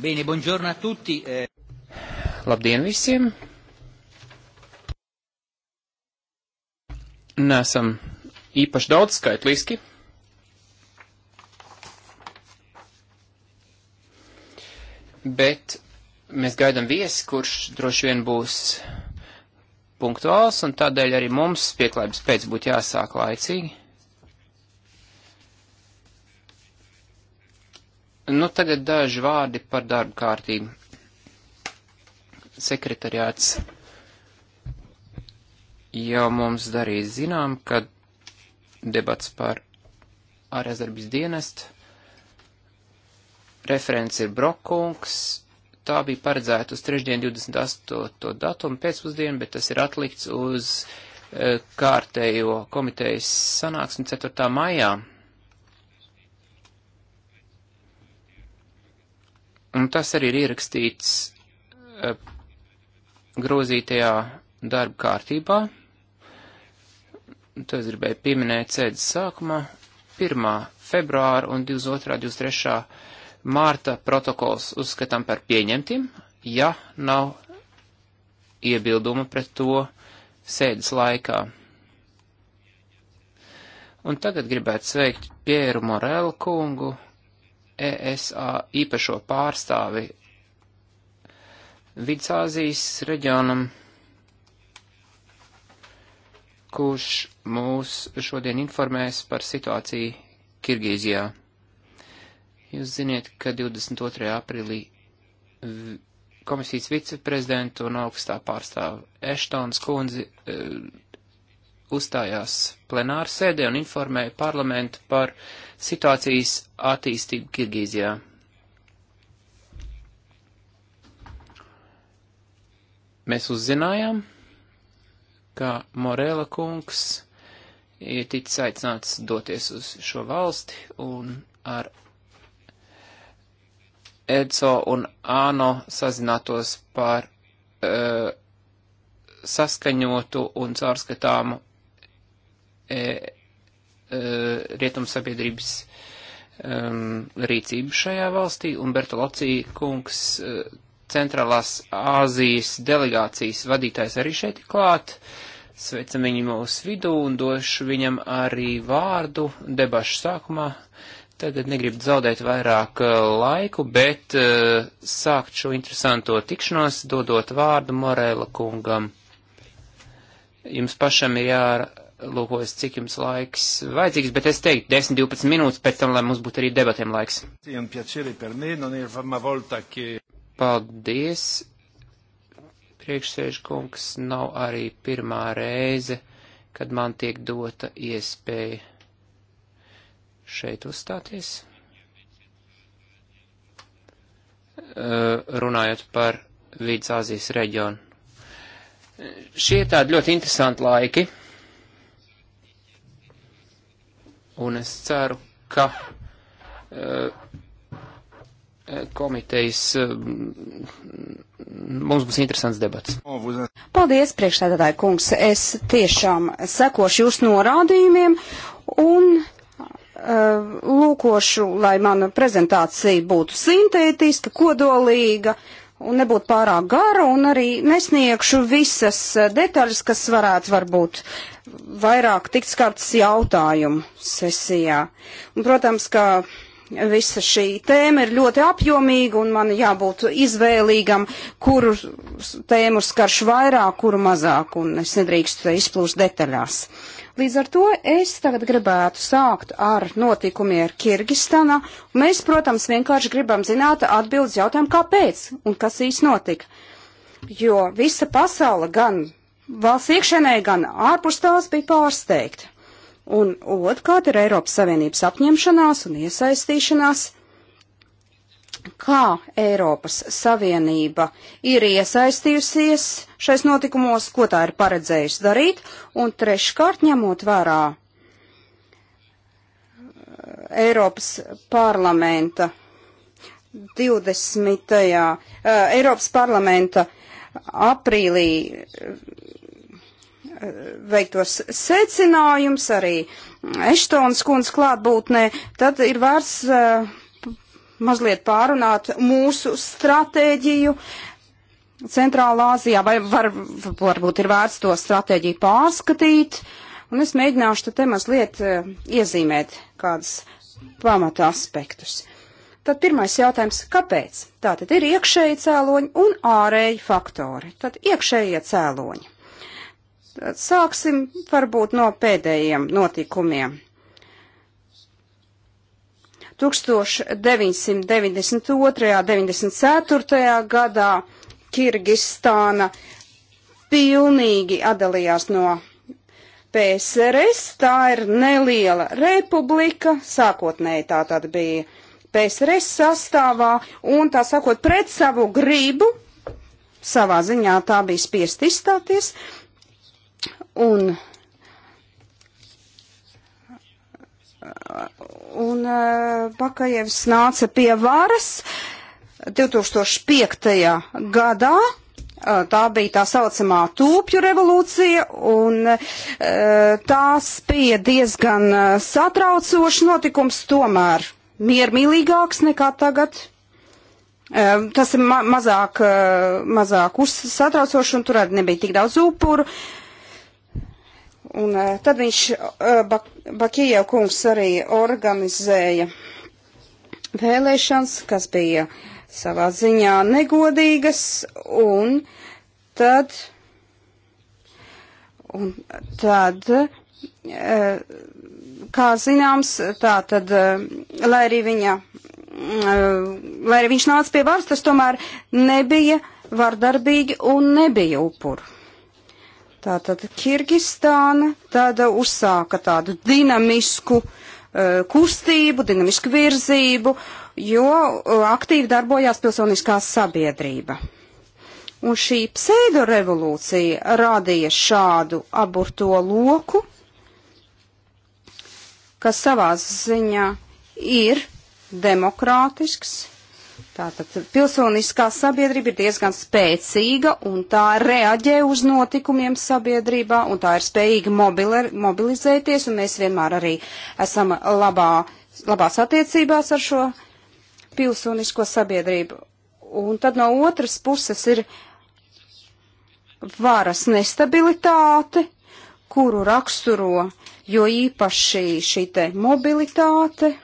Bene, buongiorno a tutti. Eh. Labdien visiem! Nesam īpaši daudz skaitliski. Bet mēs gaidām viesi, kurš droši vien būs punktuāls, un tādēļ arī mums pieklājības pēc būtu jāsāk laicīgi. Nu, tagad daži vārdi par darba kārtību. Sekretariāts jau mums darīja zinām, ka debats par ārēsdarbības dienestu referents ir Brokungs. Tā bija paredzēta uz trešdien 28. datumu pēcpusdienu, bet tas ir atlikts uz eh, kārtējo komitejas sanāksmi 4. maijā. Un tas arī ir ierakstīts uh, grozītajā darba kārtībā. To es gribēju pieminēt sēdes sākumā. 1. februāra un 22. 23. mārta protokols uzskatām par pieņemtiem, ja nav iebildumu pret to sēdes laikā. Un tagad gribētu sveikt Pieru Morelu kungu, ESA īpašo pārstāvi Vidzāzijas reģionam, kurš mūs šodien informēs par situāciju Kirgīzijā. Jūs ziniet, ka 22. aprīlī komisijas viceprezidentu un augstā pārstāva Eštons kundzi eh, uzstājās plenāra sēdē un informēja parlamentu par situācijas attīstību Kirgīzijā. Mēs uzzinājām, ka Morēla kungs ir ticis aicināts doties uz šo valsti un ar Edzo un Āno sazinātos par uh, saskaņotu un caurskatāmu e, e, rietumsabiedrības um, rīcību šajā valstī, un Bertoloci kungs, e, centrālās Āzijas delegācijas vadītājs arī šeit ir klāt. Sveicam viņu mūsu vidū un došu viņam arī vārdu debašu sākumā. Tagad negribu zaudēt vairāk e, laiku, bet uh, sākt šo interesanto tikšanos, dodot vārdu Morēla kungam. Jums pašam ir jārunā lūkos, cik jums laiks vajadzīgs, bet es teiktu 10-12 minūtes pēc tam, lai mums būtu arī debatiem laiks. Nu, Paldies, priekšsēžkungs, nav arī pirmā reize, kad man tiek dota iespēja šeit uzstāties. Eh, runājot par Vīdzāzijas reģionu. Šie tādi ļoti interesanti laiki Un es ceru, ka uh, komitejas uh, mums būs interesants debats. Paldies, priekšstādātāji kungs. Es tiešām sekošu jūsu norādījumiem un lūkošu, lai mana prezentācija būtu sintētiska, kodolīga, un nebūtu pārāk gara, un arī nesniegšu visas eh, detaļas, kas varētu varbūt vairāk tikt skartas jautājumu sesijā. Un, protams, ka visa šī tēma ir ļoti apjomīga un man jābūt izvēlīgam, kuru tēmu skarš vairāk, kuru mazāk, un es nedrīkstu izplūst detaļās. Līdz ar to es tagad gribētu sākt ar notikumiem ar Kirgistana. Mēs, protams, vienkārši gribam zināt atbildes jautājumu, kāpēc un kas īsti notika. Jo visa pasaule gan valsts iekšēnē, gan ārpus tās bija pārsteigta. Un otrkārt ir Eiropas Savienības apņemšanās un iesaistīšanās, kā Eiropas Savienība ir iesaistījusies šais notikumos, ko tā ir paredzējusi darīt, un treškārt ņemot vērā eh, Eiropas parlamenta 20. Uh, eh, Eiropas parlamenta aprīlī veiktos secinājums arī Eštons kundz klātbūtnē, tad ir vērts uh, mazliet pārunāt mūsu stratēģiju Centrālā Āzijā, vai var, varbūt ir vērts to stratēģiju pārskatīt, un es mēģināšu te mazliet uh, iezīmēt kādus pamata aspektus. Tad pirmais jautājums - kāpēc? Tātad ir iekšēji cēloņi un ārēji faktori. Tad iekšējie cēloņi Sāksim varbūt no pēdējiem notikumiem. 1992. un 94. gadā Kirgistāna pilnīgi atdalījās no PSRS. Tā ir neliela republika, sākotnēji tā tad bija PSRS sastāvā, un tā sakot pret savu gribu, savā ziņā tā bija spiest izstāties, Un, un Bakajevs uh, nāca pie varas 2005. gadā. Uh, tā bija tā saucamā tūpju revolūcija, un uh, tās bija diezgan satraucošs notikums, tomēr miermīlīgāks nekā tagad. Tas ir ma mazāk, mazāk uzsatraucoši, un tur arī nebija tik daudz upuru. Uh, Un eh, tad viņš, eh, bak, Bakijau kungs arī organizēja vēlēšanas, kas bija savā ziņā negodīgas, un tad, un tad, eh, kā zināms, tā tad, lai arī viņa, lai arī viņš nāca pie varas, tas tomēr nebija vardarbīgi un nebija upuru. Tātad Kirgistāna tāda uzsāka tādu dinamisku uh, kustību, dinamisku virzību, jo uh, aktīvi darbojās pilsoniskā sabiedrība. Un šī pseido revolūcija radīja šādu aburto loku, kas savā ziņā ir demokrātisks, Tātad pilsoniskā sabiedrība ir diezgan spēcīga un tā reaģē uz notikumiem sabiedrībā un tā ir spējīga mobiler, mobilizēties un mēs vienmēr arī esam labā, labās attiecībās ar šo pilsonisko sabiedrību. Un tad no otras puses ir varas nestabilitāte, kuru raksturo jo īpaši šī te mobilitāte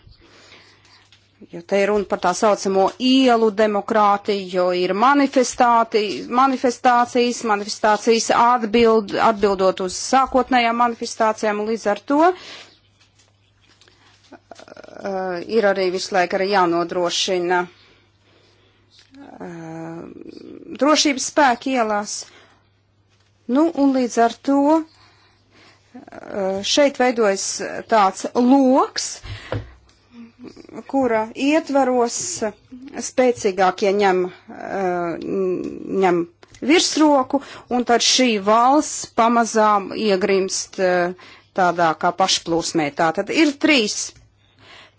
jo te ir runa par tā saucamo ielu demokrātiju, jo ir manifestācijas, manifestācijas atbild, atbildot uz sākotnējām manifestācijām, un līdz ar to uh, ir arī visu laiku arī jānodrošina uh, drošības spēki ielās. Nu, un līdz ar to uh, šeit veidojas tāds loks, uh, kura ietvaros spēcīgākie ņem, eh, ņem virsroku, un tad šī valsts pamazām iegrimst eh, tādā kā pašplūsmē. Tātad ir trīs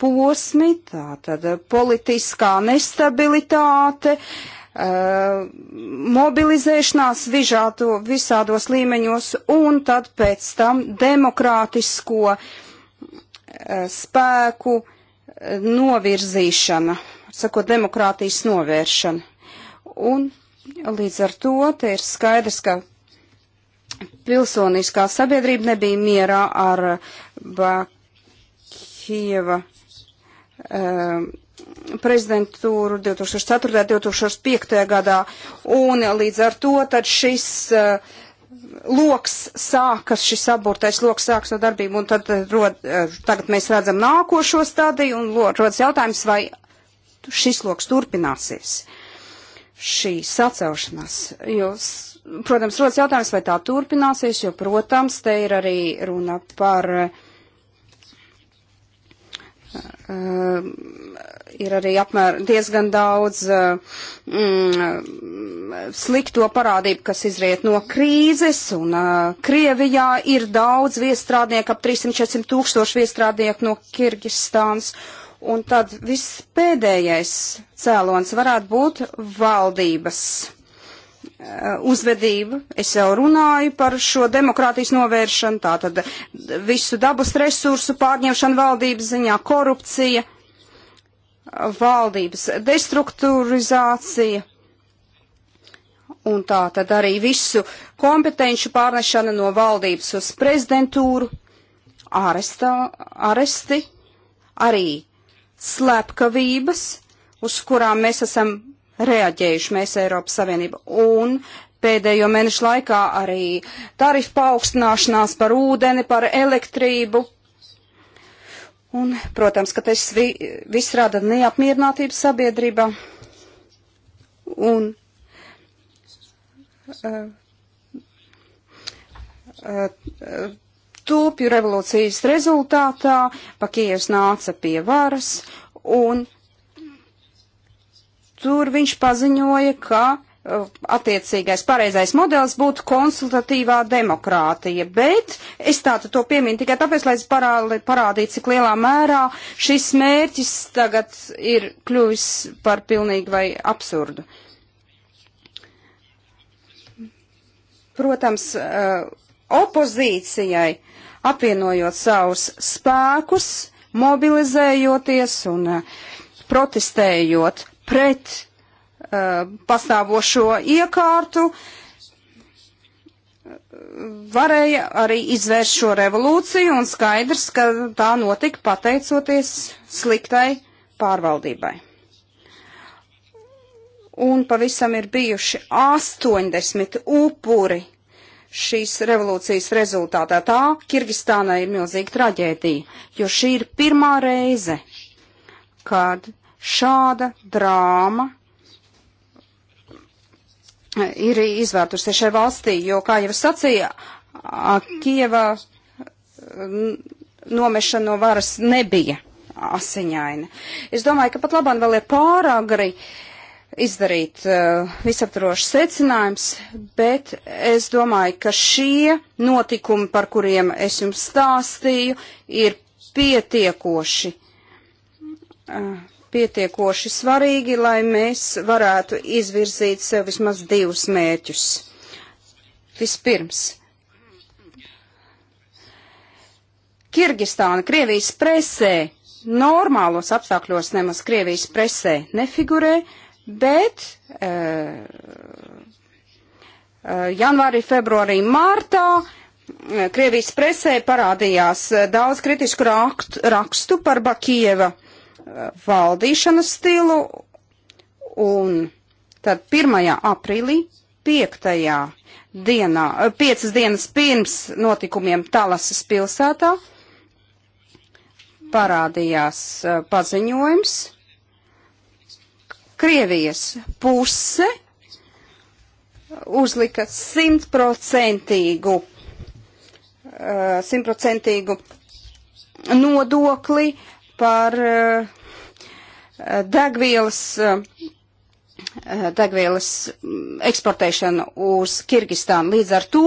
posmi, tātad politiskā nestabilitāte, eh, mobilizēšanās vižāto, visādos līmeņos, un tad pēc tam demokrātisko spēku, novirzīšana, sakot, demokrātijas novēršana. Un līdz ar to te ir skaidrs, ka pilsoniskā sabiedrība nebija mierā ar Bakieva um, prezidentūru 2004. un 2005. gadā, un līdz ar to tad šis uh, loks sākas, šis aburtais loks sākas no darbību, un tad eh, rod, eh, tagad mēs redzam nākošo stadiju, un rodas jautājums, vai šis loks turpināsies, šī sacelšanās. Jo, protams, rodas jautājums, vai tā turpināsies, jo, protams, te ir arī runa par. Uh, ir arī apmēr diezgan daudz eh, mm, slikto parādību, kas izriet no krīzes, un uh, Krievijā ir daudz viestrādnieku, ap 300-400 tūkstoši viestrādnieku no Kirgistānas, un tad viss pēdējais cēlons varētu būt valdības eh, uzvedība. Es jau runāju par šo demokrātijas novēršanu, tātad visu dabas resursu pārņemšanu valdības ziņā, korupcija, valdības destruktūrizācija un tā tad arī visu kompetenci pārnešana no valdības uz prezidentūru, arestā, aresti, arī slepkavības, uz kurām mēs esam reaģējuši, mēs Eiropas Savienība, un pēdējo mēnešu laikā arī tarifu paaugstināšanās par ūdeni, par elektrību, Un, protams, ka tas vi, viss rada neapmierinātību sabiedrībā. Un, uh, uh, Tūpju revolūcijas rezultātā Pakijevs nāca pie varas, un tur viņš paziņoja, ka attiecīgais pareizais modelis būtu konsultatīvā demokrātija, bet es tātad to pieminu tikai tāpēc, lai es parādi, parādītu, cik lielā mērā šis mērķis tagad ir kļuvis par pilnīgi vai absurdu. Protams, eh, opozīcijai apvienojot savus spēkus, mobilizējoties un eh, protestējot pret Uh, pastāvošo iekārtu, varēja arī izvērst šo revolūciju un skaidrs, ka tā notika pateicoties sliktai pārvaldībai. Un pavisam ir bijuši 80 upuri šīs revolūcijas rezultātā. Tā Kirgistānai ir milzīga traģēdija, jo šī ir pirmā reize, kad šāda drāma ir izvērtusies šai valstī, jo, kā jau sacīja, Kieva nomešana no varas nebija asiņaina. Es domāju, ka pat labāk vēl ir pāragri izdarīt uh, e, visaptrošs secinājums, bet es domāju, ka šie notikumi, par kuriem es jums stāstīju, ir pietiekoši. Uh, pietiekoši svarīgi, lai mēs varētu izvirzīt sev vismaz divus mērķus. Vispirms, Kirgistāna Krievijas presē, normālos apstākļos nemaz Krievijas presē nefigurē, bet e, janvārī, februārī, martā eh, Krievijas presē parādījās daudz kritisku rakstu par Bakieva valdīšanas stilu, un tad 1. aprīlī, 5. dienā, 5 eh, dienas pirms notikumiem Talasas pilsētā, parādījās eh, paziņojums, Krievijas puse uzlika simtprocentīgu, eh, simtprocentīgu nodokli uh, par eh, degvielas, eh, degvielas mm, eksportēšanu uz Kirgistānu. Līdz ar to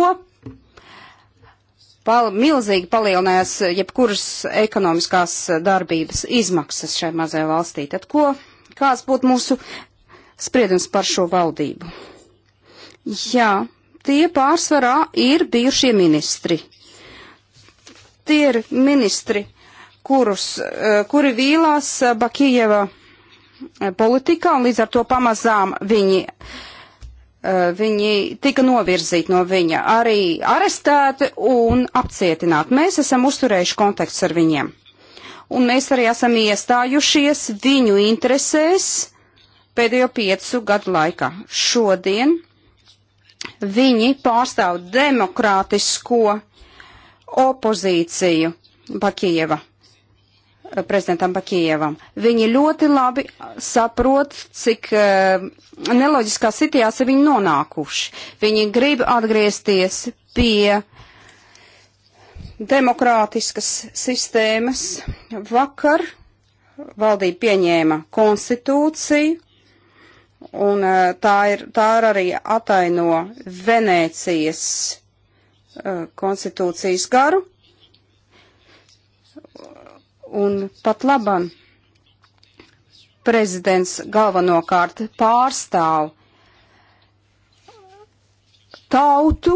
pal milzīgi palielinājās jebkuras ekonomiskās darbības izmaksas šai mazajai valstī. Tad ko, kāds būtu mūsu spriedums par šo valdību? Jā, tie pārsvarā ir bijušie ministri. Tie ir ministri, kurus, eh, kuri vīlās eh, Bakijeva eh, politikā, un līdz ar to pamazām viņi, viņi tika novirzīti no viņa, arī arestēti un apcietināti. Mēs esam uzturējuši kontakts ar viņiem. Un mēs arī esam iestājušies viņu interesēs pēdējo piecu gadu laikā. Šodien viņi pārstāv demokrātisko opozīciju Bakieva prezidentam Bakievam. Viņi ļoti labi saprot, cik uh, neloģiskā situācijā viņi nonākuši. Viņi grib atgriezties pie demokrātiskas sistēmas. Vakar valdība pieņēma konstitūciju, un uh, tā, ir, tā ir arī ataino Venēcijas uh, eh, konstitūcijas garu Un pat labam prezidents galvenokārt pārstāv tautu,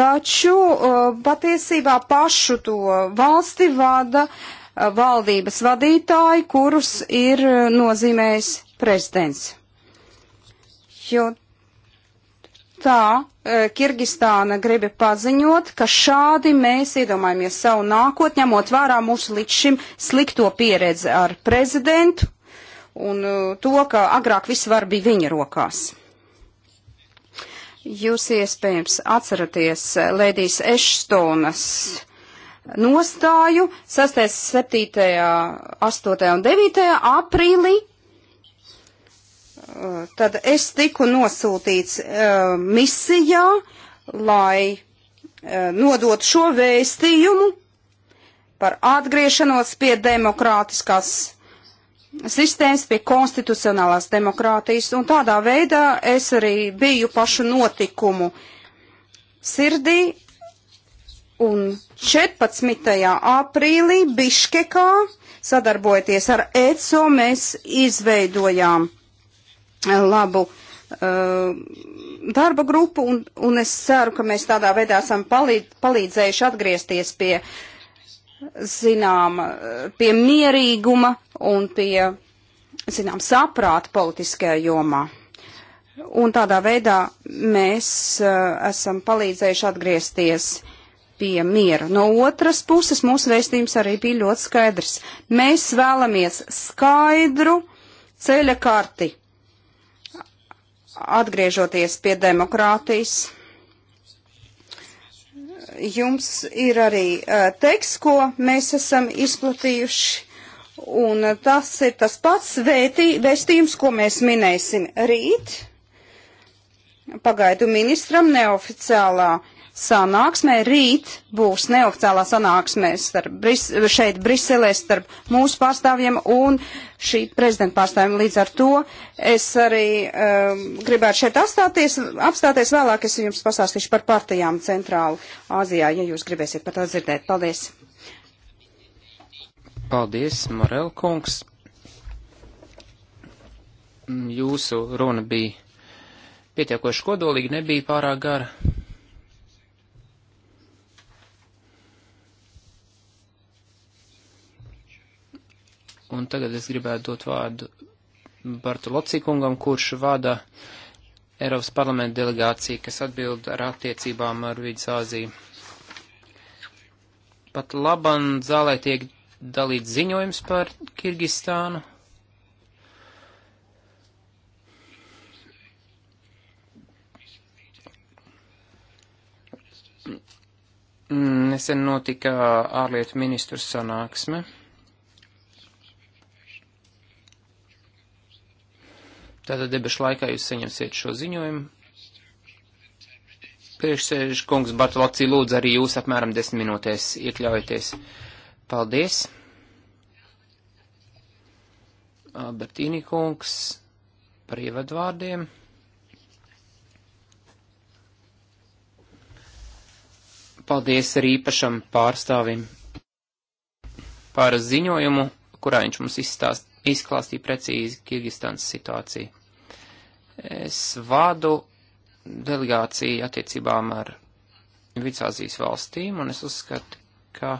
taču uh, patiesībā pašu to valsti vada uh, valdības vadītāji, kurus ir uh, nozīmējis prezidents. Jo tā eh, Kirgistāna grib paziņot, ka šādi mēs iedomājamies savu nākotni, ņemot vērā mūsu līdz šim slikto pieredzi ar prezidentu un eh, to, ka agrāk viss var bija viņa rokās. Jūs iespējams atceraties eh, Lēdijas Eštonas nostāju 6., 7., 8. un 9. aprīlī tad es tiku nosūtīts uh, misijā, lai uh, nodot šo vēstījumu par atgriešanos pie demokrātiskās sistēmas, pie konstitucionālās demokrātijas, un tādā veidā es arī biju pašu notikumu sirdī, un 14. aprīlī Biškekā, sadarbojoties ar ECO, mēs izveidojām uh, labu uh, darba grupu, un, un es ceru, ka mēs tādā veidā esam palīd, palīdzējuši atgriezties pie, zinām, eh, pie mierīguma un pie, zinām, saprāta politiskajā jomā. Un tādā veidā mēs uh, esam palīdzējuši atgriezties pie miera. No otras puses mūsu vēstījums arī bija ļoti skaidrs. Mēs vēlamies skaidru ceļa karti atgriežoties pie demokrātijas, jums ir arī uh, teksts, ko mēs esam izplatījuši, un uh, tas ir tas pats vētī, vēstījums, ko mēs minēsim rīt. Pagaidu ministram neoficiālā uh, sanāksmē. Rīt būs neoficiālā sanāksmē Bris, šeit Briselē starp mūsu pārstāvjiem un šī prezidenta pārstāvjiem. Līdz ar to es arī um, gribētu šeit apstāties. Apstāties vēlāk es jums pastāstīšu par partijām Centrālu Āzijā, ja jūs gribēsiet par to dzirdēt. Paldies! Paldies, Morel kungs! Mm, jūsu runa bija pietiekoši kodolīga, nebija pārāk gara. Un tagad es gribētu dot vārdu Bartu Locīkungam, kurš vada Eiropas parlamenta delegāciju, kas atbild ar attiecībām ar Vidzāziju. Pat laban zālē tiek dalīts ziņojums par Kirgistānu. Nesen notika ārlietu ministru sanāksme. Tātad debešu laikā jūs saņemsiet šo ziņojumu. Priekšsēž kungs Bartolacī lūdzu arī jūs apmēram desmit minūtēs iekļaujieties. Paldies. Albertīni kungs par ievadvārdiem. Paldies arī īpašam pārstāvim par ziņojumu, kurā viņš mums izstāst izklāstīja precīzi Kirgistānas situāciju. Es vādu delegāciju attiecībām ar Vicāzijas valstīm, un es uzskatu, ka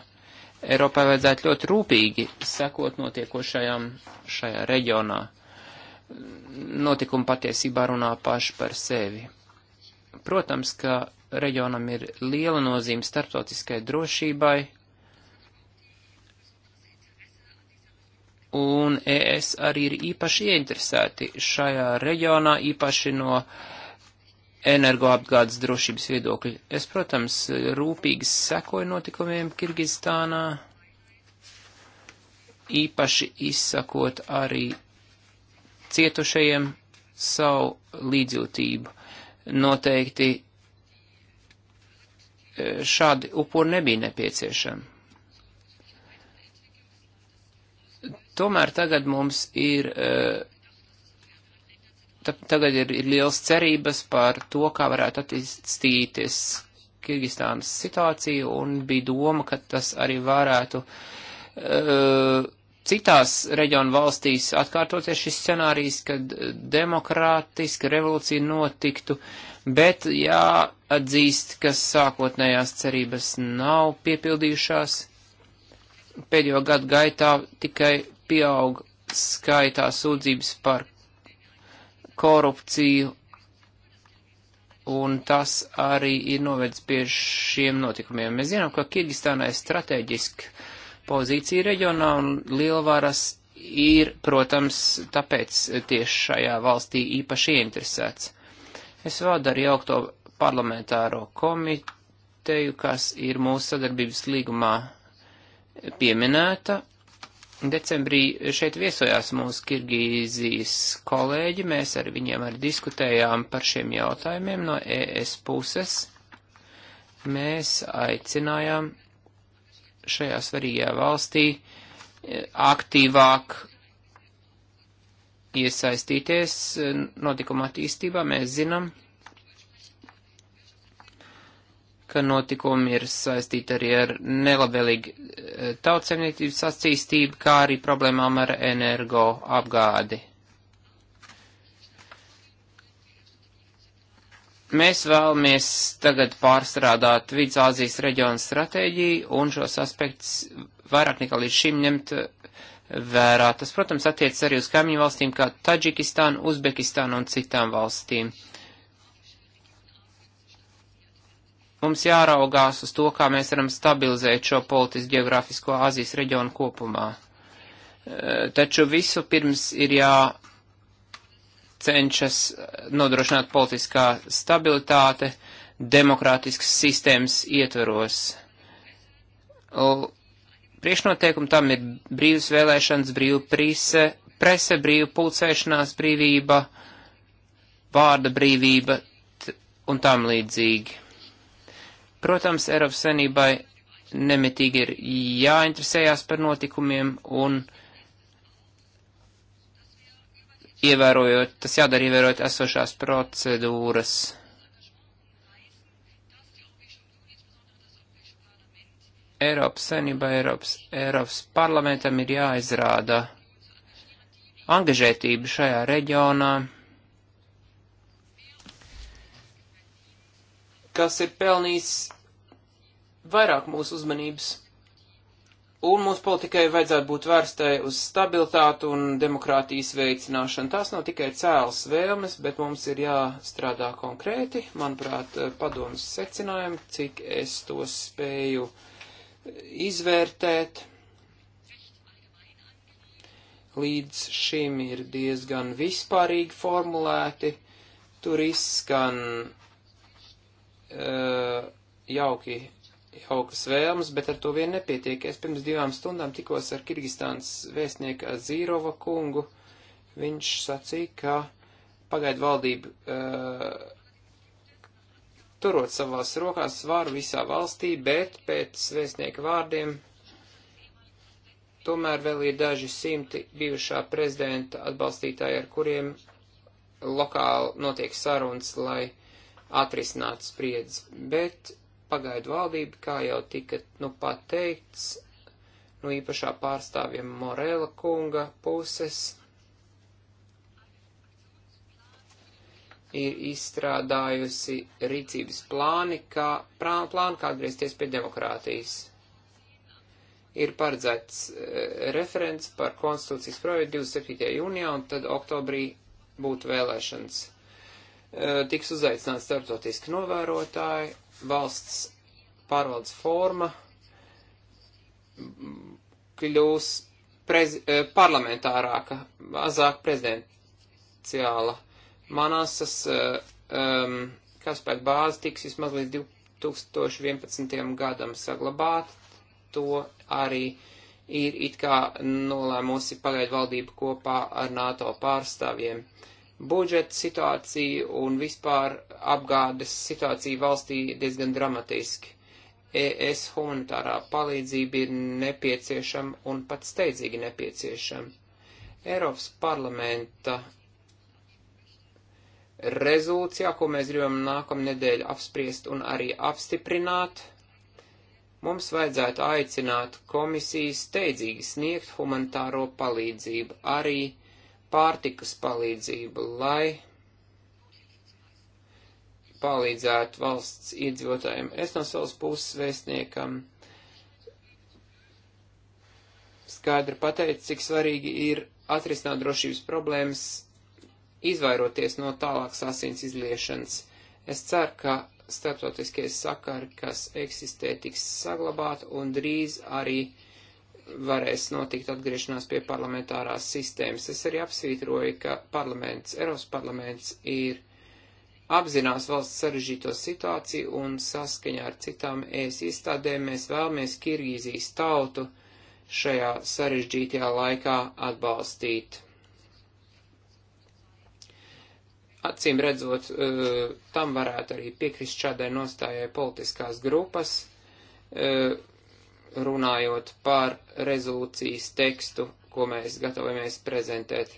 Eiropai vajadzētu ļoti rūpīgi sekot notiekošajām šajā reģionā. Notikumi patiesībā runā paši par sevi. Protams, ka reģionam ir liela nozīme starptautiskai drošībai, un ES arī ir īpaši ieinteresēti šajā reģionā, īpaši no energoapgādes drošības viedokļa. Es, protams, rūpīgi sekoju notikumiem Kirgistānā, īpaši izsakot arī cietušajiem savu līdzjūtību. Noteikti e, šādi upuri nebija nepieciešami. Tomēr tagad mums ir, eh, tagad ir, ir liels cerības par to, kā varētu attīstīties Kirgistānas situācija, un bija doma, ka tas arī varētu eh, citās reģionu valstīs atkārtoties šis scenārijs, kad eh, demokrātiska revolūcija notiktu, bet jāatzīst, ka sākotnējās cerības nav piepildījušās. Pēdējo gadu gaitā tikai pieaug skaitā sūdzības par korupciju, un tas arī ir novedis pie šiem notikumiem. Mēs zinām, ka Kirgistānai strateģiski pozīcija reģionā un lielvaras ir, protams, tāpēc tieši šajā valstī īpaši ieinteresēts. Es vadu arī augto parlamentāro komiteju, kas ir mūsu sadarbības līgumā pieminēta, Decembrī šeit viesojās mūsu Kirgīzijas kolēģi, mēs ar viņiem arī diskutējām par šiem jautājumiem no ES puses. Mēs aicinājām šajā svarīgajā valstī e, aktīvāk iesaistīties e, notikuma attīstībā. Mēs zinām, ka notikumi ir saistīti arī ar nelabvēlīgu eh, tautsemniecības attīstību, kā arī problēmām ar energo apgādi. Mēs vēlamies tagad pārstrādāt Vidzāzijas reģionu stratēģiju un šos aspektus vairāk nekā līdz šim ņemt vērā. Tas, protams, attiec arī uz kaimiņu valstīm kā Taģikistānu, Uzbekistānu un citām valstīm. Uh, Mums jāraugās uz to, kā mēs varam stabilizēt šo politiski geogrāfisko Azijas reģionu kopumā. E, taču visu pirms ir jācenšas nodrošināt politiskā stabilitāte demokrātiskas sistēmas ietveros. Priekšnoteikumi tam ir brīvas vēlēšanas, brīva prise, prese, brīva pulcēšanās brīvība, vārda brīvība un tam līdzīgi. Protams, Eiropas Savienībai nemitīgi ir jāinteresējās par notikumiem un ievērojot, tas jādara ievērojot esošās procedūras. Eiropas senībā, Eiropas, Eiropas parlamentam ir jāizrāda angažētība šajā reģionā. kas ir pelnījis vairāk mūsu uzmanības. Un mūsu politikai vajadzētu būt vērstai uz stabilitātu un demokrātijas veicināšanu. Tās nav tikai cēlas vēlmes, bet mums ir jāstrādā konkrēti. Manuprāt, padomas secinājumi, cik es tos spēju izvērtēt, līdz šim ir diezgan vispārīgi formulēti. Tur izskan Eh, jauki, jaukas vēlmes, bet ar to vien nepietiek. Es pirms divām stundām tikos ar Kirgistānas vēstnieku Zīrova kungu. Viņš sacīja, ka pagaidu valdību uh, eh, turot savās rokās varu visā valstī, bet pēc vēstnieka vārdiem tomēr vēl ir daži simti bijušā prezidenta atbalstītāji, ar kuriem lokāli notiek sarunas, lai uh, atrisināt spriedzi, bet pagaidu valdība, kā jau tika nu pat teikts, no nu, īpašā pārstāvja Morela kunga puses, ir izstrādājusi rīcības plāni, kā, plānu, kā atgriezties pie demokrātijas. Ir paredzēts eh, referents par konstitūcijas projektu 27. jūnijā un tad oktobrī būtu vēlēšanas. Eh, tiks uzaicināts starptautiski novērotāji, valsts pārvaldes forma kļūs prez, eh, parlamentārāka, mazāk prezidenciāla. Manasas, um, kas pēc bāzes tiks vismaz līdz 2011. gadam saglabāt, to arī ir it kā nolēmusi pagaidu valdība kopā ar NATO pārstāvjiem. Uh, budžeta situācija un vispār apgādes situācija valstī diezgan dramatiski. ES humanitārā palīdzība ir nepieciešama un pat steidzīgi nepieciešama. Eiropas parlamenta rezolūcijā, ko mēs gribam nākamnedēļ apspriest un arī apstiprināt, mums vajadzētu aicināt komisiju steidzīgi sniegt humanitāro palīdzību arī pārtikas palīdzību, lai palīdzētu valsts iedzīvotājiem. Es no savas puses vēstniekam skaidri pateicu, cik svarīgi ir atrisināt drošības problēmas, izvairoties no tālākas asins izliešanas. Es ceru, ka starptautiskie sakari, kas eksistē, tiks saglabāti un drīz arī varēs notikt atgriešanās pie parlamentārās sistēmas. Es arī apsvītroju, ka parlaments, Eiropas parlaments ir apzinās valsts sarežģīto situāciju un saskaņā ar citām ES iestādēm mēs vēlamies Kirgīzijas tautu šajā sarežģītajā laikā atbalstīt. Acīm redzot, eh, tam varētu arī piekrist šādai nostājai politiskās grupas eh, runājot par rezolūcijas tekstu, ko mēs gatavojamies prezentēt.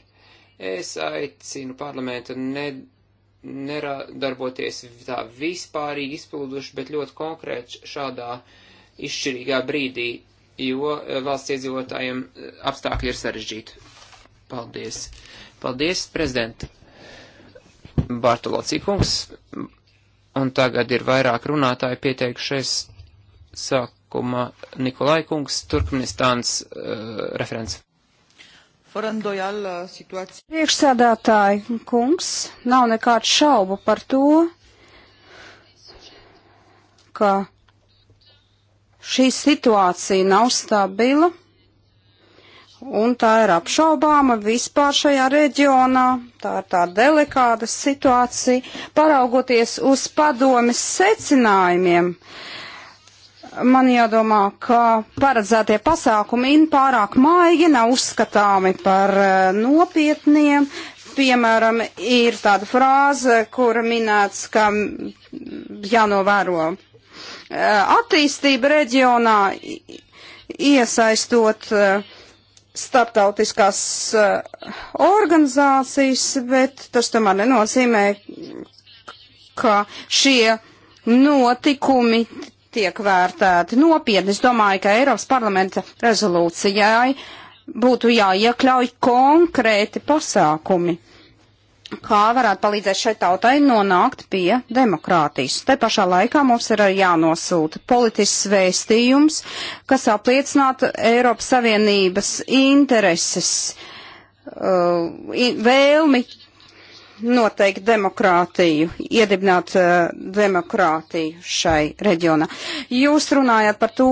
Es aicinu parlamentu ne, neradarboties tā vispārīgi izpilduši, bet ļoti konkrēti šādā izšķirīgā brīdī, jo eh, valsts iedzīvotājiem eh, apstākļi ir sarežģīti. Paldies. Paldies, prezidenta Bartolocikungs. Un tagad ir vairāk runātāji pieteikušies. Sāk sākuma Nikolai Kungs, Turkmenistāns uh, referents. Priekšsēdētāji kungs, nav nekādu šaubu par to, ka šī situācija nav stabila un tā ir apšaubāma vispār šajā reģionā. Tā ir tā delikāta situācija, paraugoties uz padomis secinājumiem. Uh, man jādomā, ka paredzētie pasākumi in pārāk maigi nav uzskatāmi par eh, nopietniem. Piemēram, ir tāda frāze, kur minēts, ka jānovēro eh, attīstība reģionā, iesaistot eh, starptautiskās organizācijas, bet tas tomēr nenozīmē, ka šie notikumi tiek vērtēti nopietni. Es domāju, ka Eiropas parlamenta rezolūcijai būtu jāiekļauj konkrēti pasākumi, kā varētu palīdzēt šai tautai nonākt pie demokrātijas. Te pašā laikā mums ir jānosūta politisks vēstījums, kas apliecinātu Eiropas Savienības intereses, uh, vēlmi noteikt demokrātiju, iedibināt uh, demokrātiju šai reģionā. Jūs runājat par to,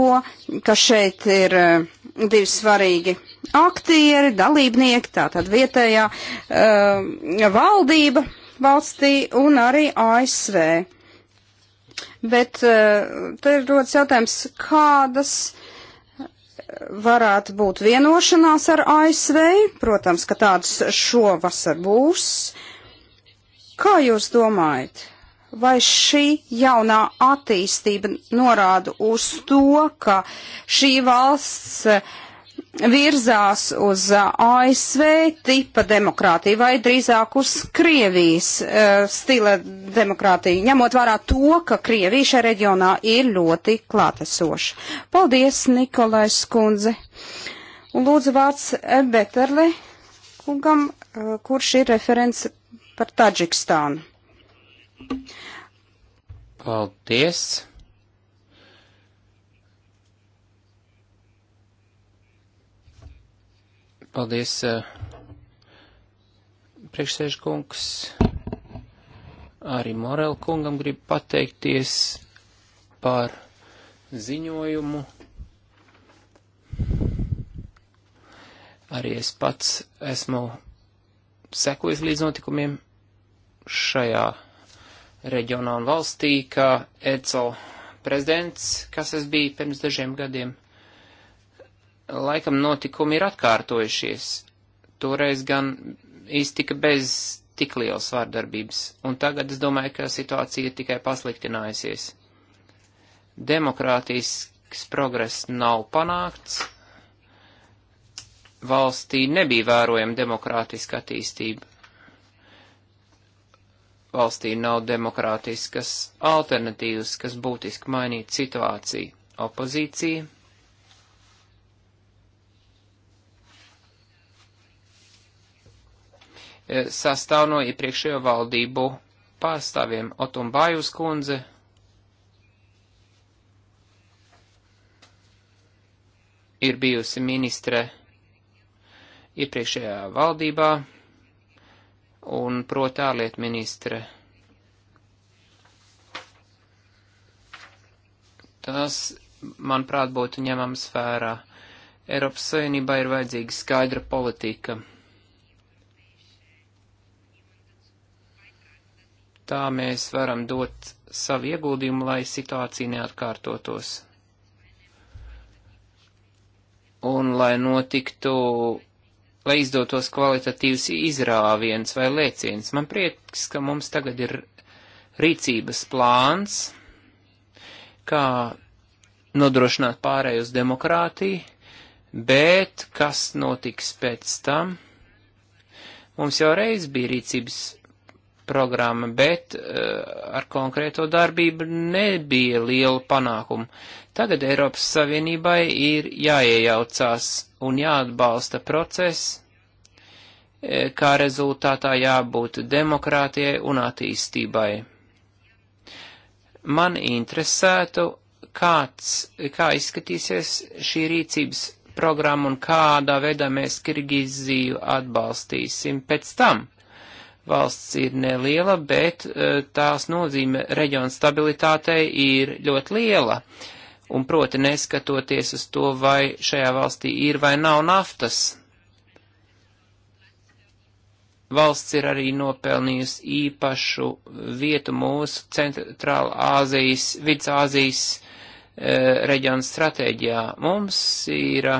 ka šeit ir uh, divi svarīgi aktieri, dalībnieki, tātad vietējā uh, valdība valstī un arī ASV. Bet uh, te rodas jautājums, kādas varētu būt vienošanās ar ASV, protams, ka tādas šovasar būs. Uh, Kā jūs domājat, vai šī jaunā attīstība norāda uz to, ka šī valsts eh, virzās uz eh, ASV tipa demokrātiju vai drīzāk uz Krievijas uh, stila demokrātiju, ņemot vērā to, ka Krievija šajā reģionā ir ļoti klātesoša. Paldies, Nikolai Skundze. Un lūdzu vārds Beterle kungam, uh, kurš ir referents par Taģikstānu. Paldies! Paldies, eh, priekšsēžkungs. Arī Morel kungam grib pateikties par ziņojumu. Arī es pats esmu sekojis līdz notikumiem šajā reģionā un valstī, kā ECO prezidents, kas es biju pirms dažiem gadiem. Laikam notikumi ir atkārtojušies. Toreiz gan iztika bez tik liels vārdarbības, un tagad es domāju, ka situācija ir tikai pasliktinājusies. Demokrātisks progress nav panākts, valstī nebija vērojama demokrātiska attīstība valstī nav demokrātiskas alternatīvas, kas būtiski mainītu situāciju. Opozīcija e, sastāv no iepriekšējo valdību pārstāvjiem Otumbājus kundze. Ir bijusi ministre iepriekšējā valdībā un proti ārlietu ministre. Tas, manuprāt, būtu ņemams vērā. Eiropas Savienībā ir vajadzīga skaidra politika. Tā mēs varam dot savu ieguldījumu, lai situācija neatkārtotos. Un lai notiktu lai izdotos kvalitatīvs izrāviens vai lēciens. Man prieks, ka mums tagad ir rīcības plāns, kā nodrošināt pārēju uz demokrātiju, bet kas notiks pēc tam? Mums jau reiz bija rīcības programma, bet uh, ar konkrēto darbību nebija liela panākuma. Tagad Eiropas Savienībai ir jāiejaucās un jāatbalsta process, e, kā rezultātā jābūt demokrātijai un attīstībai. Man interesētu, kāds, kā izskatīsies šī rīcības programma un kādā veidā mēs Kirgiziju atbalstīsim pēc tam. Valsts ir neliela, bet e, tās nozīme reģiona stabilitātei ir ļoti liela. Uh, un proti neskatoties uz to, vai šajā valstī ir vai nav naftas. Valsts ir arī nopelnījusi īpašu vietu mūsu centrāla Āzijas, vidz Āzijas e, reģiona stratēģijā. Mums ir e,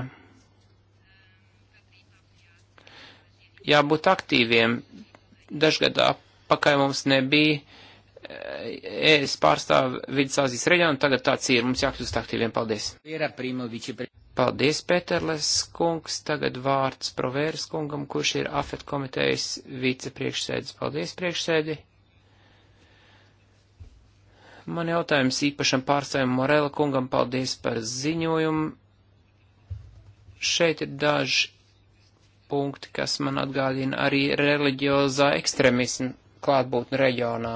jābūt aktīviem. Dažgad apakaļ mums nebija es pārstāvu Vidusāzijas reģionu, tagad tāds ir, mums jākļūst aktīviem, paldies. Paldies, Peterles kungs, tagad vārds Provēras kungam, kurš ir AFET komitejas vicepriekšsēdis. Paldies, priekšsēdi. Man jautājums īpašam pārstāvim Morela kungam, paldies par ziņojumu. Šeit ir daži punkti, kas man atgādina arī reliģiozā ekstremismu klātbūtni reģionā.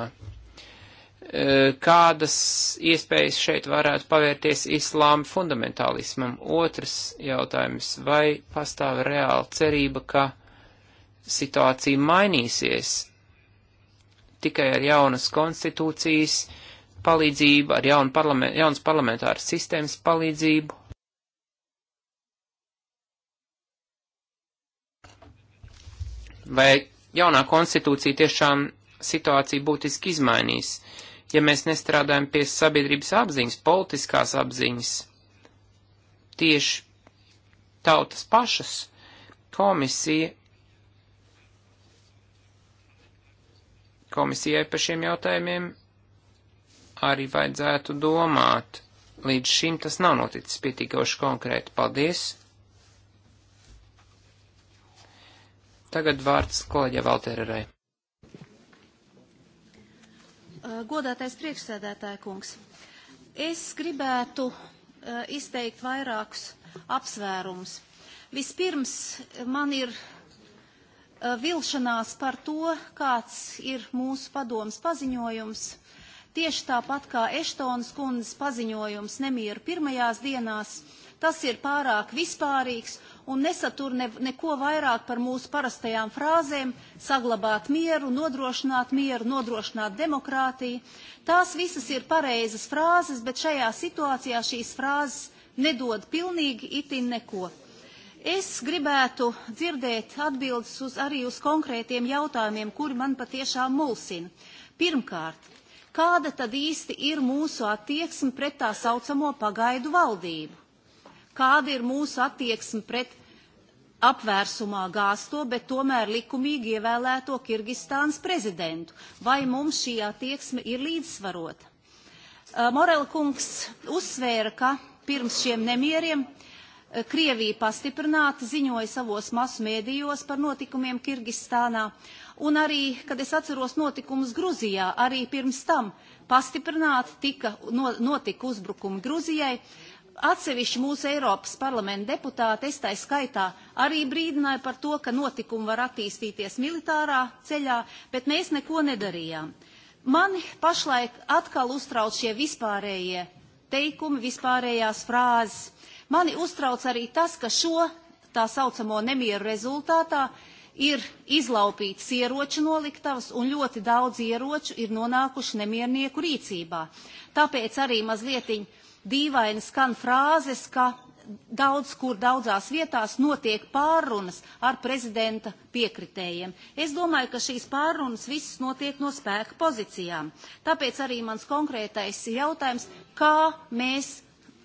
Eh, kādas iespējas šeit varētu pavērties islāma fundamentālismam. Otrs jautājums, vai pastāv reāla cerība, ka situācija mainīsies tikai ar jaunas konstitūcijas palīdzību, ar jaunu parlament, jaunas parlamentāras sistēmas palīdzību? Vai jaunā konstitūcija tiešām situāciju būtiski izmainīs? Uh, ja mēs nestrādājam pie sabiedrības apziņas, politiskās apziņas, tieši tautas pašas komisija, komisijai par šiem jautājumiem arī vajadzētu domāt. Līdz šim tas nav noticis pietiekoši konkrēti. Paldies! Tagad vārds kolēģa Valtererai. Uh, godātais priekšsēdētāja kungs, es gribētu uh, izteikt vairākus apsvērumus. Vispirms man ir uh, vilšanās par to, kāds ir mūsu padomas paziņojums. Tieši tāpat kā Eštonas kundzes paziņojums nemieru pirmajās dienās, tas ir pārāk vispārīgs un nesatur ne, neko vairāk par mūsu parastajām frāzēm - saglabāt mieru, nodrošināt mieru, nodrošināt demokrātiju. Tās visas ir pareizas frāzes, bet šajā situācijā šīs frāzes nedod pilnīgi itin neko. Es gribētu dzirdēt atbildes uz, arī uz konkrētiem jautājumiem, kuri man patiešām mulsina. Pirmkārt, kāda tad īsti ir mūsu attieksme pret tā saucamo pagaidu valdību? kāda ir mūsu attieksme pret apvērsumā gāsto, bet tomēr likumīgi ievēlēto Kirgistānas prezidentu. Vai mums šī attieksme ir līdzsvarota? Morel kungs uzsvēra, ka pirms šiem nemieriem Krievija pastiprināti ziņoja savos masu mēdījos par notikumiem Kirgistānā, un arī, kad es atceros notikumus Gruzijā, arī pirms tam pastiprināti tika, no, notika uzbrukumi Gruzijai, uh, Atsevišķi mūsu Eiropas parlamenta deputāti, es tā skaitā, arī brīdināja par to, ka notikumi var attīstīties militārā ceļā, bet mēs neko nedarījām. Mani pašlaik atkal uztrauc šie vispārējie teikumi, vispārējās frāzes. Mani uztrauc arī tas, ka šo tā saucamo nemieru rezultātā ir izlaupīts ieroču noliktavas un ļoti daudz ieroču ir nonākuši nemiernieku rīcībā. Tāpēc arī mazlietiņi dīvaini skan frāzes, ka daudz kur daudzās vietās notiek pārrunas ar prezidenta piekritējiem. Es domāju, ka šīs pārrunas visas notiek no spēka pozīcijām. Tāpēc arī mans konkrētais jautājums, kā mēs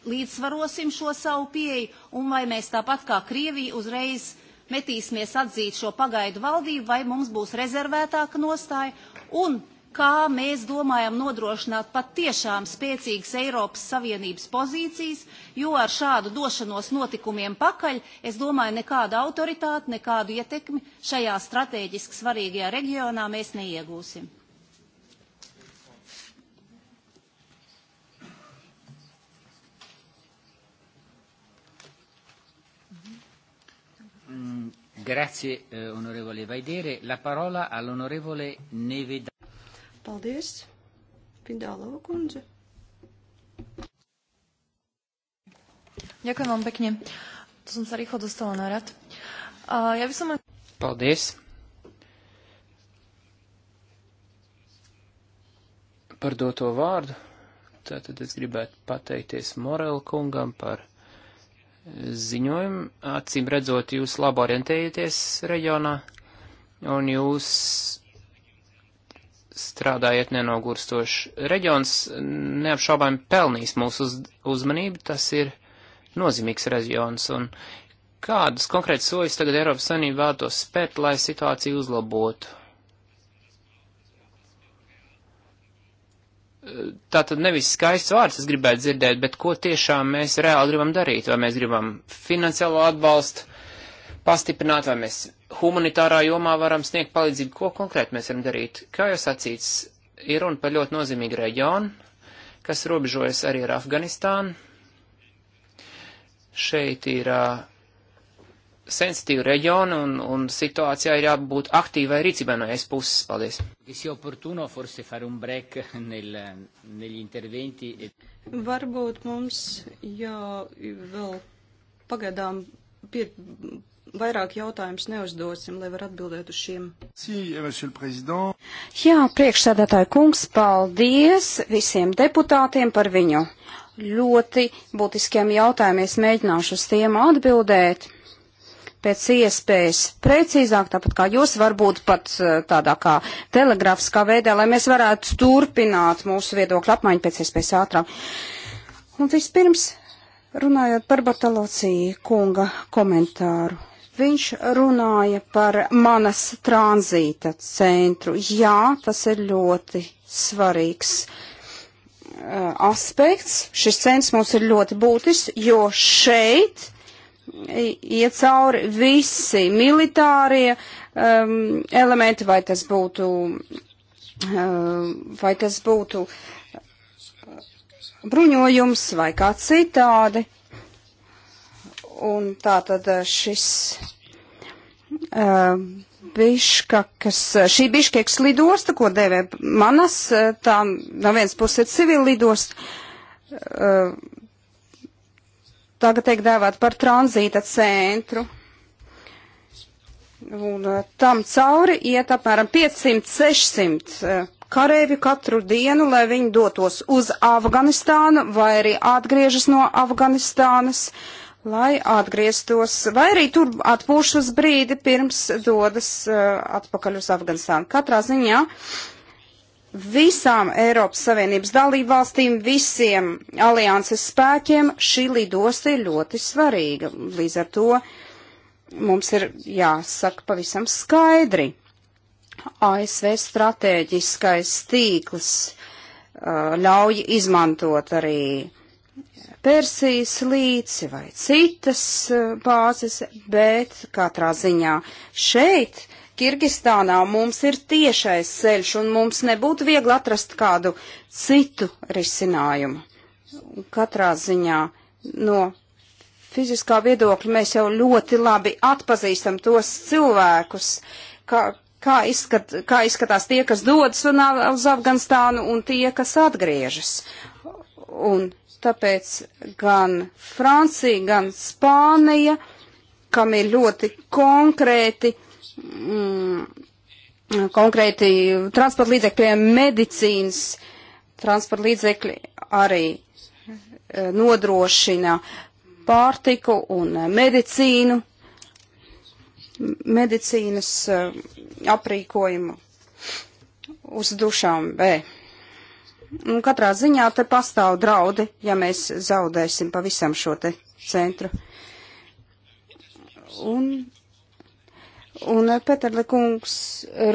līdzsvarosim šo savu pieeju un vai mēs tāpat kā Krievija uzreiz metīsimies atzīt šo pagaidu valdību, vai mums būs rezervētāka nostāja. Un kā mēs domājam nodrošināt patiešām spēcīgas Eiropas Savienības pozīcijas, jo ar šādu došanos notikumiem pakaļ, es domāju, nekādu autoritāti, nekādu ietekmi šajā strateģiski svarīgajā reģionā mēs neiegūsim. Mm, grazie, eh, onorevole Vaidere. La parola all'onorevole Nevedano. Paldies, Pindālova kundze. Ďakujem vám pekne. To som sa rýchlo dostala na rad. Uh, ja by som... Paldies. Par doto vārdu. Tātad es gribētu pateikties Morel kungam par ziņojumu. Acīm redzot, jūs labi orientējaties reģionā un jūs strādājiet nenogurstoši. Reģions neapšaubām pelnīs mūsu uz, uzmanību, tas ir nozīmīgs reģions, un kādas konkrētas soļas tagad Eiropas Savienība vēlētos spērt, lai situāciju uzlabotu? Tā tad nevis skaists vārds es gribētu dzirdēt, bet ko tiešām mēs reāli gribam darīt, vai mēs gribam finansiālo atbalstu, pastiprināt, vai mēs humanitārā jomā varam sniegt palīdzību, ko konkrēti mēs varam darīt. Kā jau sacīts, ir runa par ļoti nozīmīgu reģionu, kas robežojas arī ar Afganistānu. Šeit ir uh, sensitīva reģiona un, un situācijā ir jābūt aktīvai rīcībai no es puses. Paldies. E- Varbūt mums jā, vēl pagaidām pie, vairāk jautājumus neuzdosim, lai var atbildēt uz šiem. Jā, priekšsēdētāji kungs, paldies visiem deputātiem par viņu ļoti būtiskiem jautājumiem. Es mēģināšu uz tiem atbildēt pēc iespējas precīzāk, tāpat kā jūs varbūt pat eh, tādā kā telegrafiskā veidā, lai mēs varētu turpināt mūsu viedokļu apmaiņu pēc iespējas ātrāk. Un vispirms runājot par Batalocī kunga komentāru. Viņš runāja par manas tranzīta centru. Jā, tas ir ļoti svarīgs uh, aspekts. Šis centrs mums ir ļoti būtisks, jo šeit iet cauri visi militārie um, elementi, vai tas būtu, um, vai tas būtu bruņojums vai kā citādi. Un tā tad eh, šis uh, eh, biškakas, eh, šī biškekas lidosta, ko dēvē manas, tā no vienas puses ir civila lidosta, uh, tagad tiek dēvēt par tranzīta centru. Un uh, tam cauri iet apmēram 500-600 uh, karēvi katru dienu, lai viņi dotos uz Afganistānu vai arī atgriežas no Afganistānas. Uh, lai atgrieztos, vai arī tur atpūš uz brīdi pirms dodas uh, atpakaļ uz Afganistānu. Katrā ziņā visām Eiropas Savienības dalību valstīm, visiem alianses spēkiem šī lidosta ir ļoti svarīga. Līdz ar to mums ir jāsaka pavisam skaidri. ASV stratēģiskais tīkls uh, ļauj izmantot arī uh, Persijas līci vai citas e, bāzes, bet katrā ziņā šeit, Kirgistānā, mums ir tiešais ceļš un mums nebūtu viegli atrast kādu citu risinājumu. Katrā ziņā no fiziskā viedokļa mēs jau ļoti labi atpazīstam tos cilvēkus, kā, kā, izskat, kā izskatās tie, kas dodas uz Afganistānu un tie, kas atgriežas. Un Tāpēc gan Francija, gan Spānija, kam ir ļoti konkrēti, mm, konkrēti transporta līdzekļi, medicīnas transporta līdzekļi arī e, nodrošina pārtiku un medicīnu, medicīnas e, aprīkojumu uz dušām. Bē. Un katrā ziņā te pastāv draudi, ja mēs zaudēsim pavisam šo te centru. Un, un eh, Peterle kungs,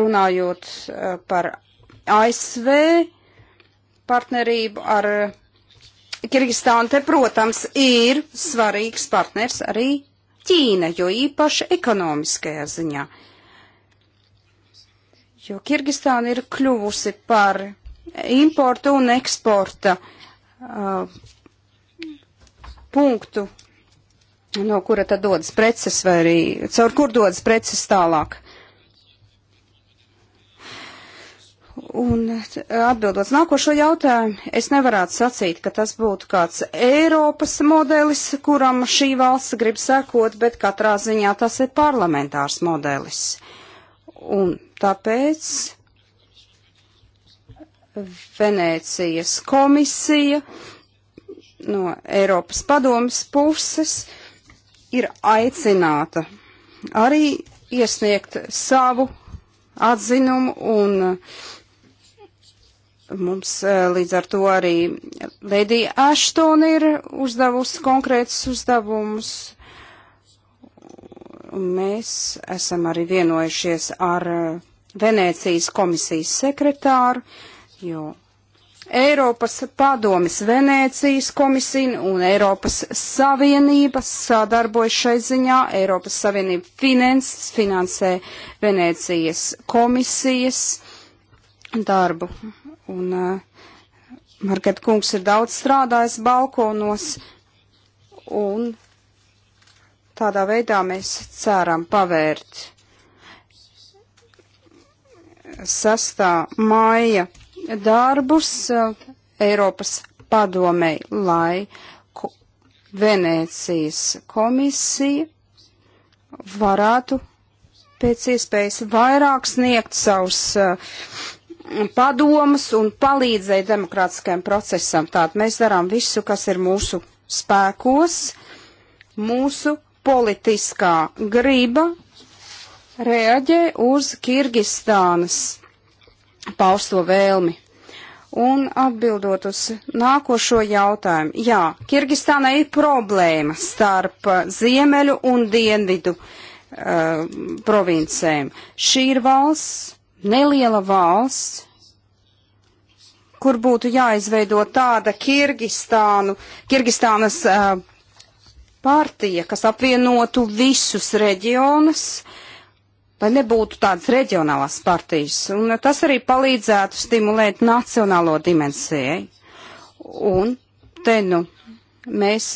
runājot eh, par ASV partnerību ar eh, Kirgistānu, te, protams, ir svarīgs partners arī Ķīna, jo īpaši ekonomiskajā ziņā. Jo Kirgistāna ir kļuvusi par importa un eksporta uh, punktu, no kura tad dodas preces vai arī caur kur dodas preces tālāk. Un atbildot nākošo jautājumu, es nevarētu sacīt, ka tas būtu kāds Eiropas modelis, kuram šī valsts grib sekot, bet katrā ziņā tas ir parlamentārs modelis. Un tāpēc Venēcijas komisija no Eiropas padomas puses ir aicināta arī iesniegt savu atzinumu un uh, mums uh, līdz ar to arī Lēdija Ashtona ir uzdevusi konkrētus uzdevumus. Mēs esam arī vienojušies ar uh, Venēcijas komisijas sekretāru, uh, jo Eiropas padomis Venēcijas komisija un Eiropas Savienība sadarbojas šai ziņā. Eiropas Savienība finanses, finansē Venēcijas komisijas darbu. Un uh, eh, Margaret Kungs ir daudz strādājis balkonos un tādā veidā mēs ceram pavērt 6. māja darbus Eiropas padomei, lai Venēcijas komisija varētu pēc iespējas vairāk sniegt savus uh, padomus un palīdzēt demokrātiskajam procesam. Tātad mēs darām visu, kas ir mūsu spēkos, mūsu politiskā griba reaģē uz Kirgistānas paust to vēlmi. Un atbildot uz nākošo jautājumu, jā, Kirgistānai ir problēma starp ziemeļu un dienvidu uh, provincēm. Šī ir valsts, neliela valsts, kur būtu jāizveido tāda Kirgistānu, Kirgistānas uh, partija, kas apvienotu visus reģionus, uh, lai nebūtu tādas reģionālās partijas. Un tas arī palīdzētu stimulēt nacionālo dimensiju. Un te nu mēs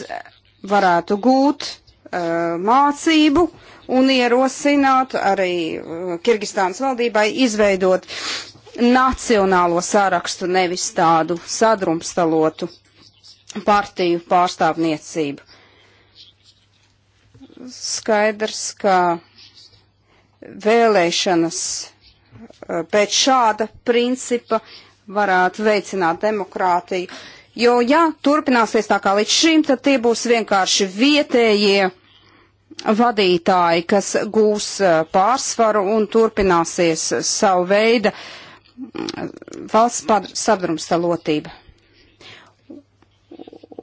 varētu gūt uh, mācību un ierosināt arī uh, Kirgistānas valdībai izveidot nacionālo sārakstu, nevis tādu sadrumstalotu partiju pārstāvniecību. Skaidrs, ka vēlēšanas eh, pēc šāda principa varētu veicināt demokrātiju. Jo, ja turpināsies tā kā līdz šim, tad tie būs vienkārši vietējie vadītāji, kas gūs eh, pārsvaru un turpināsies savu veidu mm, valsts sadrumstalotība.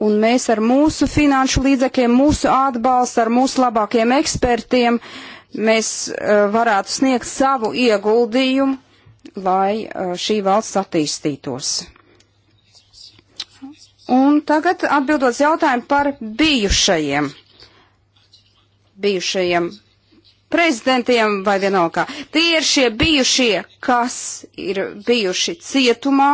Un mēs ar mūsu finanšu līdzekļiem, mūsu atbalstu, ar mūsu labākiem ekspertiem uh, mēs eh, varētu sniegt savu ieguldījumu, lai eh, šī valsts attīstītos. Un tagad atbildot jautājumu par bijušajiem, bijušajiem prezidentiem vai vienalga. Tie ir šie bijušie, kas ir bijuši cietumā,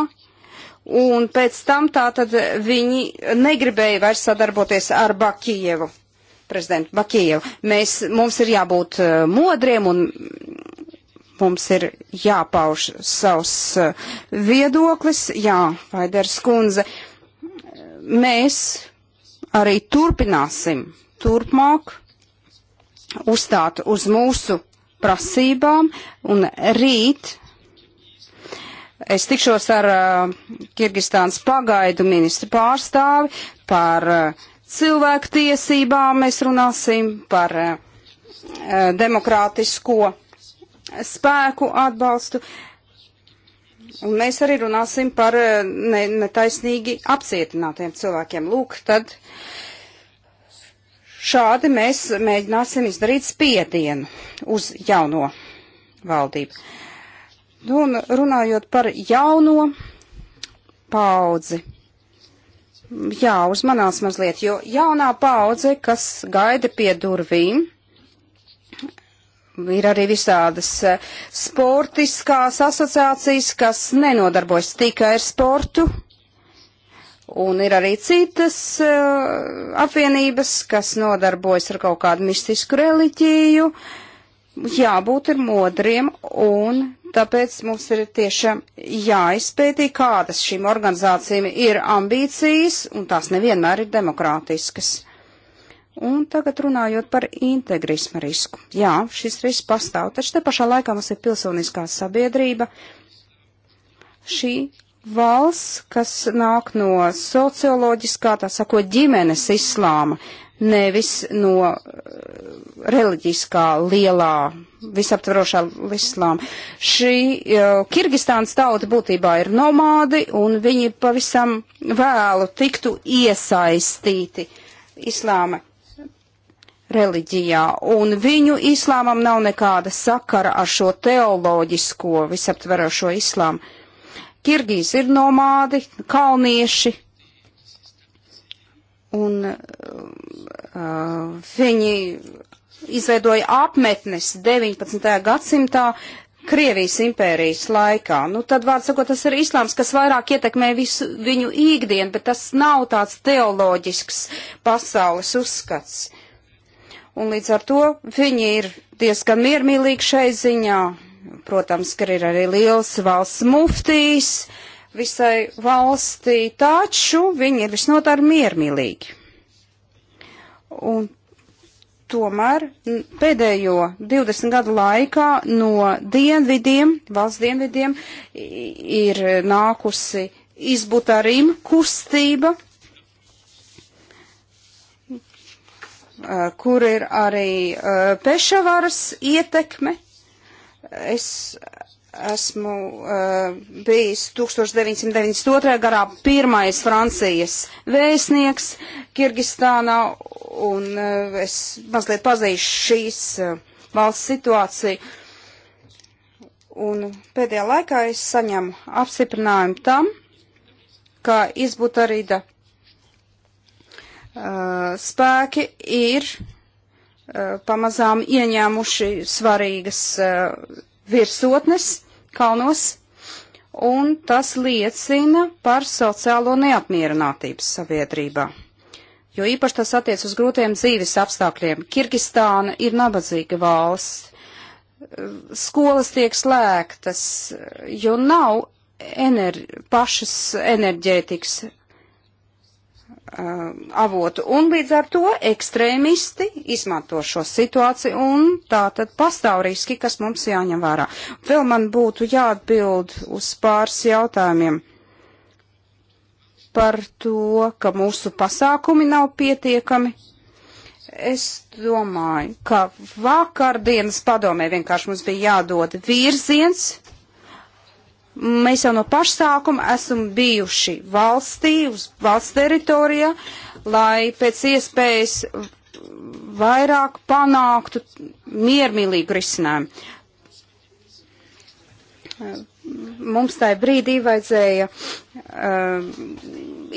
un pēc tam tā tad viņi negribēja vairs sadarboties ar Bakievu prezidentu Bakievu. Mēs, mums ir jābūt eh, modriem un mums ir jāpauž savs eh, viedoklis. Jā, Vaiders kundze, mēs arī turpināsim turpmāk uzstāt uz mūsu prasībām un rīt Es tikšos ar uh, Kirgistānas pagaidu ministru pārstāvi par uh, cilvēku tiesībām, mēs runāsim par uh, demokrātisko spēku atbalstu. Un mēs arī runāsim par uh, ne, netaisnīgi apcietinātiem cilvēkiem. Lūk, tad šādi mēs mēģināsim izdarīt spiedienu uz jauno valdību. Nu, un runājot par jauno paudzi jāuzmanās mazliet, jo jaunā paudze, kas gaida pie durvīm, ir arī visādas e, sportiskās asociācijas, kas nenodarbojas tikai ar sportu, un ir arī citas uh, apvienības, kas nodarbojas ar kaut kādu mistisku reliģiju, uh, jābūt ir modriem un tāpēc mums ir tiešām jāizpētī, kādas šīm organizācijām ir ambīcijas un tās nevienmēr ir demokrātiskas. Un tagad runājot par integrismu risku. Jā, šis risks pastāv, taču te pašā laikā mums ir pilsoniskā sabiedrība. Šī valsts, kas nāk no socioloģiskā, tā sako, ģimenes islāma, nevis no eh, reliģiskā lielā visaptvarošā islāma. Šī uh, Kirgistānas tauta būtībā ir nomādi un viņi pavisam vēlu tiktu iesaistīti islāma reliģijā, un viņu islāmam nav nekāda sakara ar šo teoloģisko visaptverošo islāmu. Kirgīs ir nomādi, kalnieši, Un uh, viņi izveidoja apmetnes 19. gadsimtā Krievijas impērijas laikā. Nu, tad, vārds sakot, tas ir islāms, kas vairāk ietekmē visu viņu ikdienu, bet tas nav tāds teoloģisks pasaules uzskats. Un līdz ar to viņi ir diezgan miermīlīgi šai ziņā. Protams, ka ir arī liels valsts muftīs, uh, visai valstī, taču viņi ir visnotaļ miermīlīgi. Un tomēr pēdējo 20 gadu laikā no dienvidiem, valsts dienvidiem, ir nākusi izbutarīm kustība, kur ir arī pešavaras ietekme. Es esmu uh, bijis 1992. garā pirmais Francijas vēstnieks Kirgistānā, un uh, es mazliet pazīšu šīs uh, valsts situāciju. Un pēdējā laikā es saņemu apstiprinājumu tam, ka izbutarīda uh, spēki ir uh, pamazām ieņēmuši svarīgas uh, virsotnes kalnos, un tas liecina par sociālo neapmierinātības sabiedrībā. Jo īpaši tas attiec uz grūtiem dzīves apstākļiem. Kirgistāna ir nabadzīga valsts, skolas tiek slēgtas, jo nav ener pašas enerģētikas Uh, avotu. Un līdz ar to ekstrēmisti izmanto šo situāciju un tā tad pastāv riski, kas mums jāņem vērā. Vēl man būtu jāatbild uz pāris jautājumiem par to, ka mūsu pasākumi nav pietiekami. Es domāju, ka vakardienas padomē vienkārši mums bija jādod virziens, Mēs jau no pašsākuma esam bijuši valstī, uz valsts teritorijā, lai pēc iespējas vairāk panāktu miermīlīgu risinājumu. Mums tajā brīdī vajadzēja uh,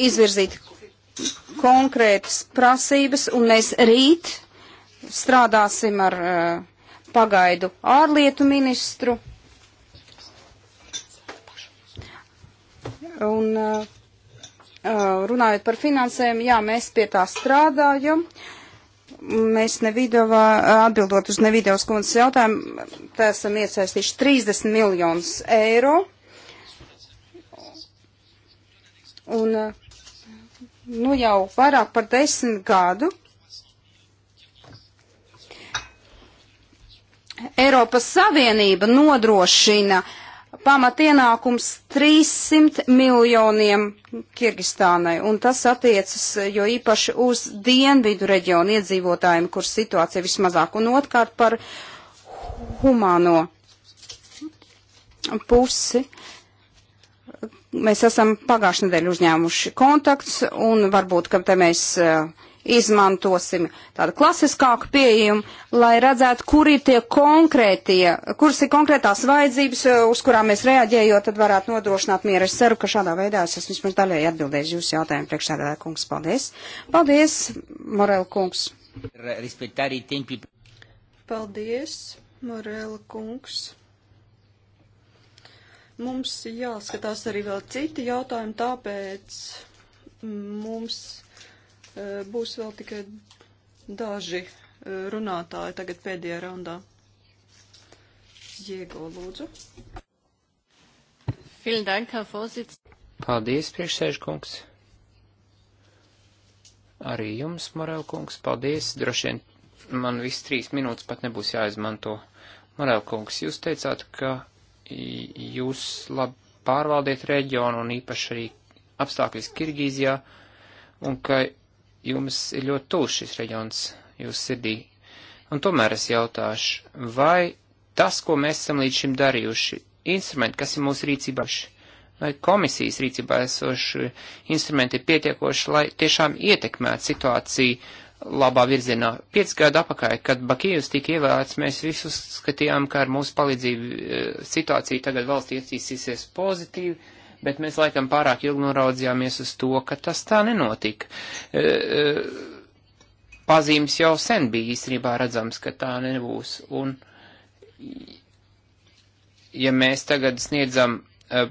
izvirzīt konkrētas prasības, un mēs rīt strādāsim ar uh, pagaidu ārlietu ministru Un uh, runājot par finansējumu, jā, mēs pie tā strādājam. Mēs Nevidovā, atbildot uz Nevidovas kundzes jautājumu, tā esam iesaistījuši 30 miljonus eiro. Un, nu jau vairāk par desmit gadu Eiropas Savienība nodrošina uh, pamatienākums 300 miljoniem Kirgistānai, un tas attiecas eh, jo īpaši uz dienvidu reģionu iedzīvotājiem, kur situācija vismazāk, un otrkārt par humāno pusi. Mēs esam pagājušajā nedēļā uzņēmuši kontakts, un varbūt, ka te mēs uh, izmantosim tādu klasiskāku pieejumu, lai redzētu, kur ir tie konkrētie, kuras ir konkrētās vajadzības, eh, uz kurām mēs reaģējot, tad varētu nodrošināt mieru. Es ceru, ka šādā veidā es esmu vismaz daļēji atbildējis jūsu jautājumu priekšsēdētāja kungs. Paldies. Paldies, Morel kungs. Paldies, Morel kungs. Mums jāskatās arī vēl citi jautājumi, tāpēc mums Eh, būs vēl tikai daži eh, runātāji tagad pēdējā raundā. Diego, lūdzu. Paldies, priekšsēžkungs. Arī jums, Morelkungs, paldies. Droši vien man viss trīs minūtes pat nebūs jāizmanto. Morelkungs, jūs teicāt, ka jūs labi pārvaldiet reģionu un īpaši arī apstākļus Kirgīzijā, un ka jums ir ļoti tūs šis reģions jūsu sirdī. Un tomēr es jautāšu, vai tas, ko mēs esam līdz šim darījuši, instrumenti, kas ir mūsu rīcībā, vai komisijas rīcībā esoši instrumenti ir pietiekoši, lai tiešām ietekmētu situāciju labā virzienā. Piec gadu apakaļ, kad Bakījus tika ievēlēts, mēs visus skatījām, kā ar mūsu palīdzību eh, situācija tagad valsts iestīsies pozitīvi bet mēs laikam pārāk ilgi noraudzījāmies uz to, ka tas tā nenotika. E, e, pazīmes jau sen bija īstenībā redzams, ka tā nebūs. Un, ja mēs tagad sniedzam e,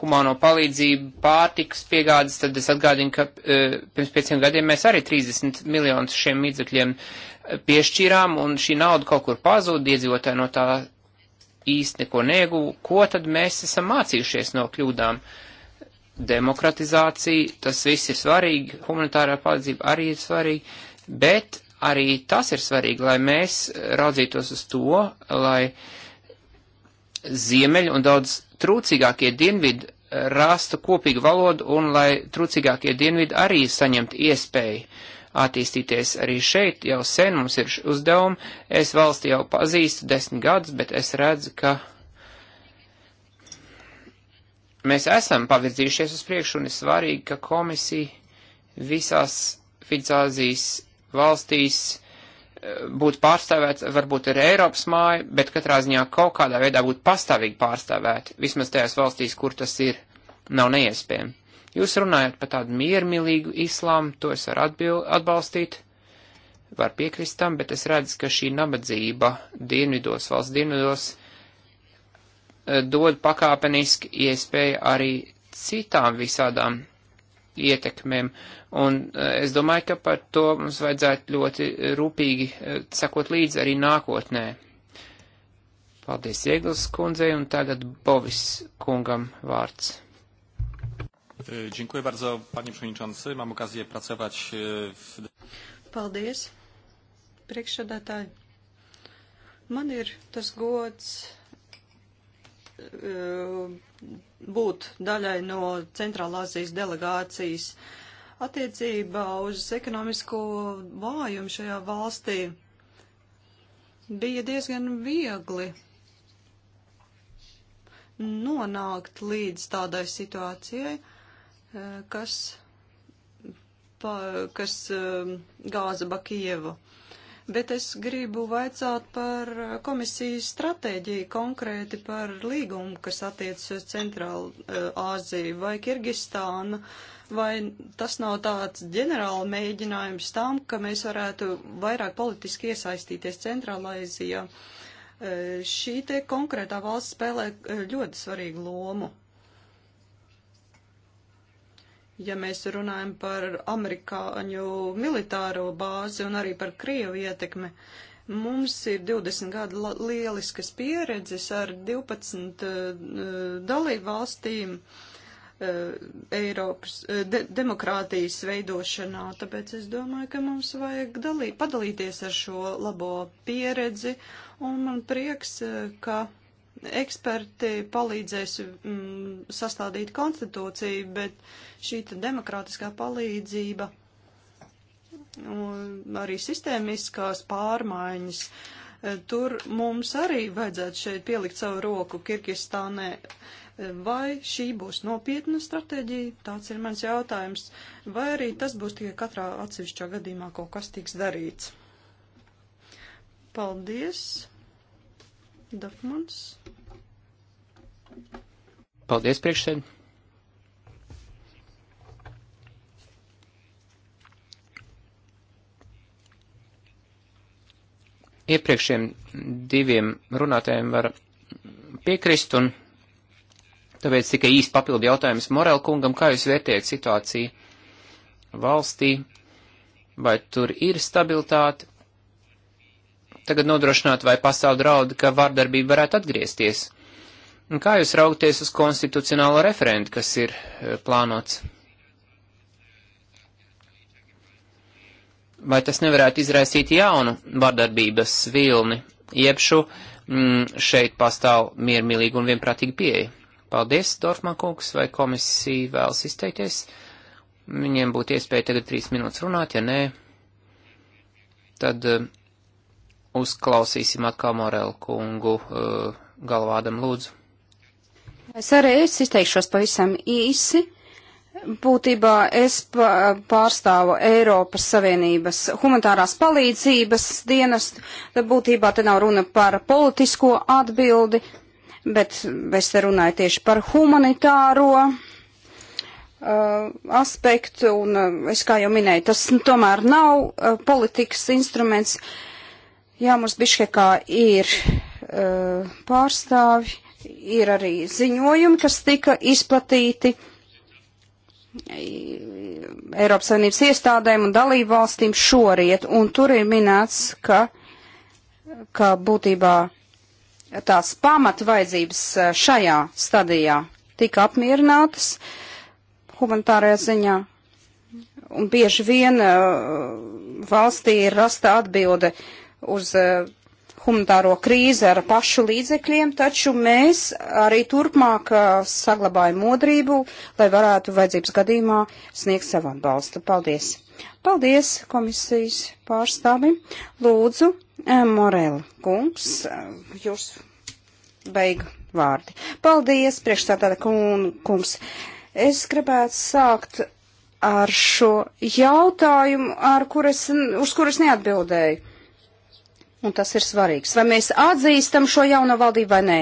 humāno palīdzību pārtikas piegādes, tad es atgādinu, ka e, pirms pieciem gadiem mēs arī 30 miljonus šiem līdzekļiem piešķīrām, un šī nauda kaut kur pazūd, iedzīvotāji no tā īsti neko neieguvu, ko tad mēs esam mācījušies no kļūdām? Demokratizācija, tas viss ir svarīgi, humanitārā palīdzība arī ir svarīga, bet arī tas ir svarīgi, lai mēs raudzītos uz to, lai ziemeļi un daudz trūcīgākie dienvidi rastu kopīgu valodu un lai trūcīgākie dienvidi arī saņemtu iespēju attīstīties arī šeit. Jau sen mums ir uzdevumi. Es valsti jau pazīstu desmit gadus, bet es redzu, ka mēs esam pavirzījušies uz priekšu un ir svarīgi, ka komisija visās Vidzāzijas valstīs e, būtu pārstāvēts, varbūt ir Eiropas māja, bet katrā ziņā kaut kādā veidā būtu pastāvīgi pārstāvēti, vismaz tajās valstīs, kur tas ir, nav neiespējami. Jūs runājat par tādu miermīlīgu islāmu, to es varu atbil, atbalstīt, var piekrist tam, bet es redzu, ka šī nabadzība dienvidos, valsts dienvidos, eh, dod pakāpeniski iespēju arī citām visādām ietekmēm, un eh, es domāju, ka par to mums vajadzētu ļoti eh, rūpīgi sakot līdzi arī nākotnē. Paldies Ieglas kundzei, un tagad Bovis kungam vārds. E, dziękuję bardzo, panie przewodniczący. Mam okazję pracować e, w... Paldies, priekšsēdētāji. Man ir tas gods e, būt daļai no Centrālāzijas delegācijas attiecībā uz ekonomisko vājumu šajā valstī. Bija diezgan viegli nonākt līdz tādai situācijai, uh, kas, pa, kas um, gāza Bakievu. Bet es gribu vaicāt par komisijas stratēģiju konkrēti par līgumu, kas attiecas uz Centrālu uh, Āziju vai Kirgistānu. Vai tas nav tāds ģenerāli mēģinājums tam, ka mēs varētu vairāk politiski iesaistīties Centrālā Āzijā? Uh, šī te konkrētā valsts spēlē uh, ļoti svarīgu lomu ja mēs runājam par amerikāņu militāro bāzi un arī par Krievu ietekmi. Mums ir 20 gadu lieliskas pieredzes ar 12 uh, eh, dalību valstīm uh, Eiropas uh, de demokrātijas veidošanā, tāpēc es domāju, ka mums vajag dalī, padalīties ar šo labo pieredzi, un man prieks, ka eksperti palīdzēs mm, sastādīt konstitūciju, bet šī demokrātiskā palīdzība un arī sistēmiskās pārmaiņas, e, tur mums arī vajadzētu šeit pielikt savu roku Kirgistānē. E, vai šī būs nopietna stratēģija? Tāds ir mans jautājums. Vai arī tas būs tikai katrā atsevišķā gadījumā kaut kas tiks darīts? Paldies! dokuments. Paldies, priekšsēd. Iepriekšiem diviem runātājiem var piekrist, un tāpēc tikai īsti papildu jautājums Morel kungam, kā jūs vērtējat situāciju valstī, vai tur ir stabilitāte, tagad nodrošināt, vai pastāv draudi, ka vardarbība varētu atgriezties? Un kā jūs raugties uz konstitucionālo referentu, kas ir e, plānots? Vai tas nevarētu izraisīt jaunu vardarbības vilni, jeb šo mm, šeit pastāv miermīlīgi un vienprātīgi pieeja? Paldies, Dorfmakungs, vai komisija vēlas izteikties? Viņiem būtu iespēja tagad trīs minūtes runāt, ja nē, tad e, uzklausīsim atkal Morelu kungu eh, galvādam lūdzu. Es arī es izteikšos pavisam īsi. Būtībā es pārstāvu Eiropas Savienības humanitārās palīdzības dienestu, tad būtībā te nav runa par politisko atbildi, bet es te runāju tieši par humanitāro uh, aspektu, un eh, es kā jau minēju, tas tomēr nav uh, politikas instruments. Uh, Jā, mums Biškekā ir uh, pārstāvi, ir arī ziņojumi, kas tika izplatīti e, Eiropas Savienības iestādēm un dalību valstīm šoriet, un tur ir minēts, ka, ka būtībā tās pamata vajadzības e, šajā stadijā tika apmierinātas humanitārajā ziņā, un bieži vien uh, valstī ir rasta atbilde uh, uz eh, humanitāro krīzi ar pašu līdzekļiem, taču mēs arī turpmāk eh, saglabājam modrību, lai varētu vajadzības gadījumā sniegt savu atbalstu. Paldies! Paldies komisijas pārstāvim! Lūdzu, eh, Morela kungs, jūs beigu vārdi. Paldies, priekšstādāta kungs! Es gribētu sākt ar šo jautājumu, ar kur es, uz kuru es neatbildēju Un tas ir svarīgs. Vai mēs atzīstam šo jauno valdību vai nē?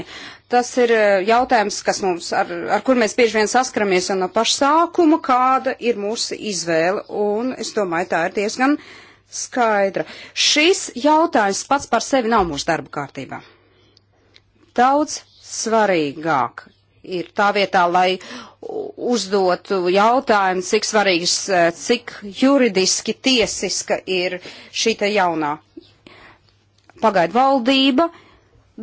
Tas ir eh, jautājums, kas mums, ar, ar kur mēs bieži vien saskaramies jau no paša sākuma, kāda ir mūsu izvēle. Un es domāju, tā ir diezgan skaidra. Šis jautājums pats par sevi nav mūsu darba kārtībā. Daudz svarīgāk ir tā vietā, lai uzdotu jautājumu, cik svarīgs, eh, cik juridiski tiesiska ir šī jaunā pagaidu valdība.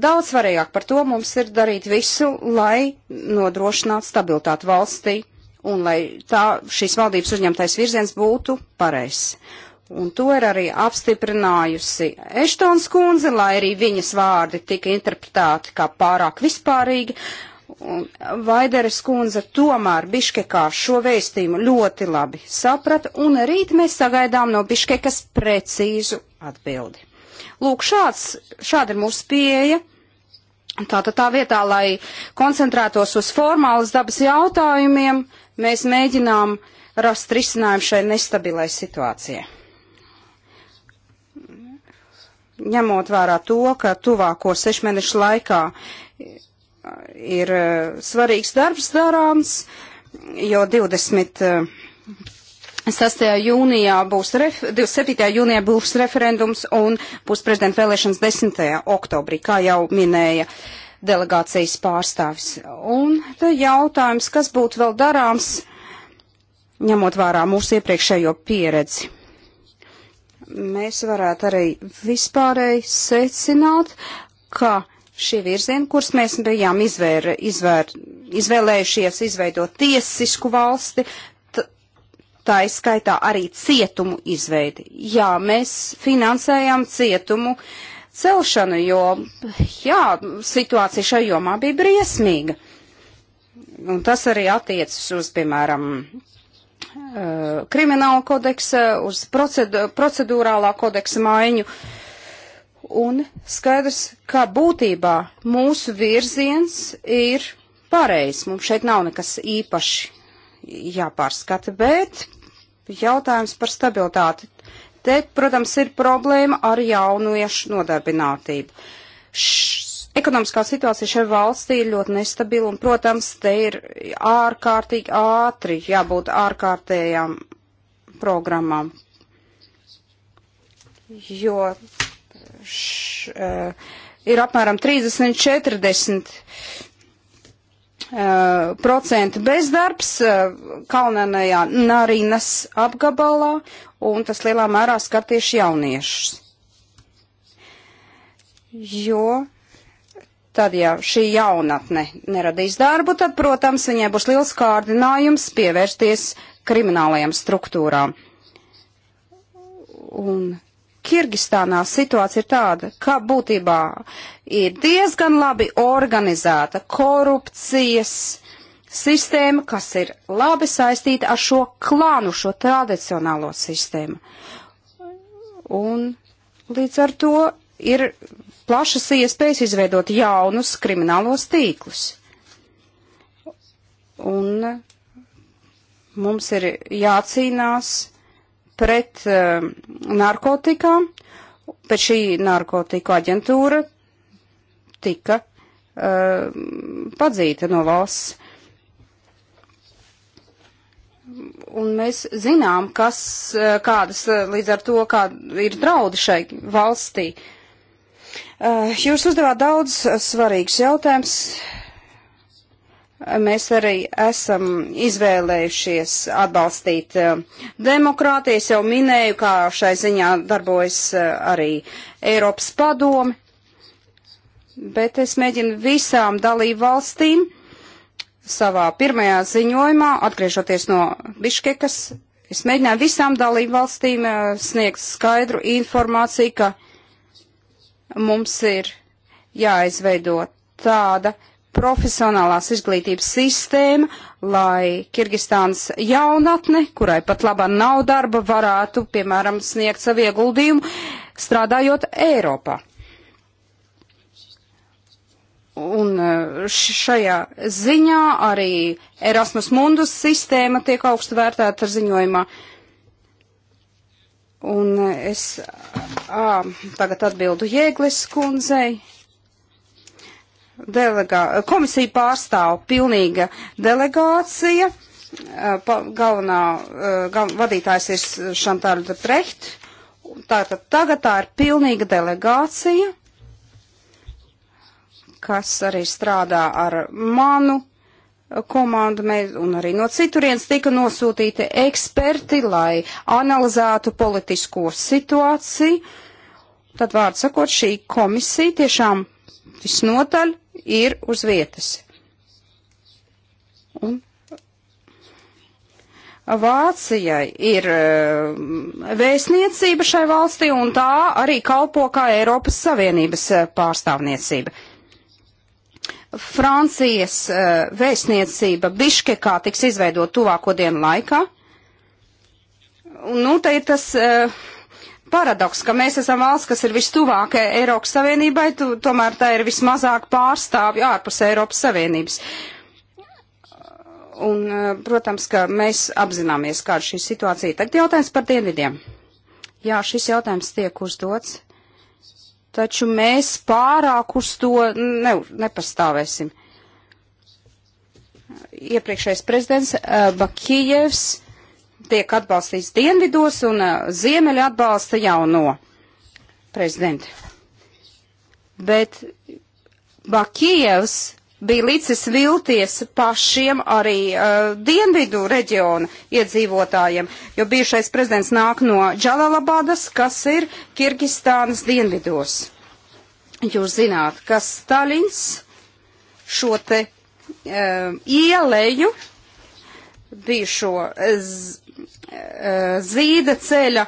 Daudz svarīgāk par to mums ir darīt visu, lai nodrošinātu stabilitāti valstī un lai tā šīs valdības uzņemtais virziens būtu pareizs. Un to ir arī apstiprinājusi Eštons kundze, lai arī viņas vārdi tika interpretēti kā pārāk vispārīgi. Un Vaideres kundze tomēr Biškekā šo vēstījumu ļoti labi saprata, un rīt mēs sagaidām no Biškekas precīzu atbildi. Lūk, šāds, šāda ir mūsu pieeja. Tātad tā vietā, lai koncentrētos uz formālas dabas jautājumiem, mēs mēģinām rast risinājumu šai nestabilai situācijai. Ņemot vērā to, ka tuvāko sešu mēnešu laikā ir eh, svarīgs darbs darāms, jo 20 6. jūnijā būs, ref, 27. jūnijā būs referendums un būs prezidenta vēlēšanas 10. oktobrī, kā jau minēja delegācijas pārstāvis. Un te jautājums, kas būtu vēl darāms, ņemot vērā mūsu iepriekšējo pieredzi. Mēs varētu arī vispārēji secināt, ka šī virziena, kuras mēs bijām izvēr, izvēr, izvēlējušies izveidot tiesisku valsti, tā izskaitā arī cietumu izveidi. Jā, mēs finansējam cietumu celšanu, jo, jā, situācija šajā jomā bija briesmīga. Un tas arī attiecas uz, piemēram, krimināla kodeksa, uz procedūrālā kodeksa maiņu. Un skaidrs, ka būtībā mūsu virziens ir pareizs. Mums šeit nav nekas īpaši jāpārskata, bet jautājums par stabilitāti. Te, protams, ir problēma ar jauniešu nodarbinātību. Š Ekonomiskā situācija šajā valstī ir ļoti nestabila un, protams, te ir ārkārtīgi ātri jābūt ārkārtējām programmām. Jo š, uh, ir apmēram 30-40 Eh, procentu bezdarbs eh, kalnanajā Narinas apgabalā, un tas lielā mērā skar tieši jauniešus. Jo tad, ja šī jaunatne neradīs darbu, tad, protams, viņai būs liels kārdinājums pievērsties kriminālajām struktūrām. Un Kirgistānā situācija ir tāda, ka būtībā ir diezgan labi organizēta korupcijas sistēma, kas ir labi saistīta ar šo klānu, šo tradicionālo sistēmu. Un līdz ar to ir plašas iespējas izveidot jaunus kriminālos tīklus. Un mums ir jācīnās pret uh, narkotikām, bet šī narkotika aģentūra tika uh, padzīta no valsts. Un mēs zinām, kas, uh, kādas līdz ar to kāda ir draudi šai valstī. Jūs uzdevāt daudz svarīgs jautājums Mēs arī esam izvēlējušies atbalstīt eh, demokrātijas, jau minēju, kā šai ziņā darbojas eh, arī Eiropas padomi, bet es mēģinu visām dalību valstīm savā pirmajā ziņojumā, atgriežoties no Biškekas, es mēģināju visām dalību valstīm eh, sniegt skaidru informāciju, ka mums ir jāizveido tāda profesionālās izglītības sistēma, lai Kirgistānas jaunatne, kurai pat labā nav darba, varētu, piemēram, sniegt savu ieguldījumu, strādājot Eiropā. Un e, šajā ziņā arī Erasmus Mundus sistēma tiek augstu vērtēta ziņojumā. Un e, es ā, tagad atbildu Jēglis kundzei delegā, komisija pārstāv pilnīga delegācija. Eh, pa, galvenā eh, gal, vadītājs ir Šantāra de Precht. Tātad tagad tā ir pilnīga delegācija, kas arī strādā ar manu eh, komandu mēs, un arī no citurienes tika nosūtīti eksperti, lai analizētu politisko situāciju. Tad vārds sakot, šī komisija tiešām visnotaļ ir uz vietas. Un Vācijai ir eh, vēstniecība šai valstī, un tā arī kalpo kā Eiropas Savienības eh, pārstāvniecība. Francijas eh, vēstniecība Biškekā tiks izveidot tuvāko dienu laikā. Nu, te ir tas paradoks, ka mēs esam valsts, kas ir vistuvāk Eiropas Savienībai, tu, tomēr tā ir vismazāk pārstāvju ārpus Eiropas Savienības. Un, eh, protams, ka mēs apzināmies, kāda šī situācija. Tad jautājums par dienvidiem. Jā, šis jautājums tiek uzdots, taču mēs pārāk uz to ne, nepastāvēsim. Iepriekšējais prezidents eh, Bakījevs. Uh, tiek atbalstīts dienvidos un uh, ziemeļi atbalsta jauno prezidentu. Bet Bakievs bija licis vilties pašiem arī uh, dienvidu reģiona iedzīvotājiem, jo bijušais prezidents nāk no Džalalabadas, kas ir Kirgistānas dienvidos. Jūs zināt, ka Stalins šo te uh, ieleju bijušo Eh, zīda ceļa,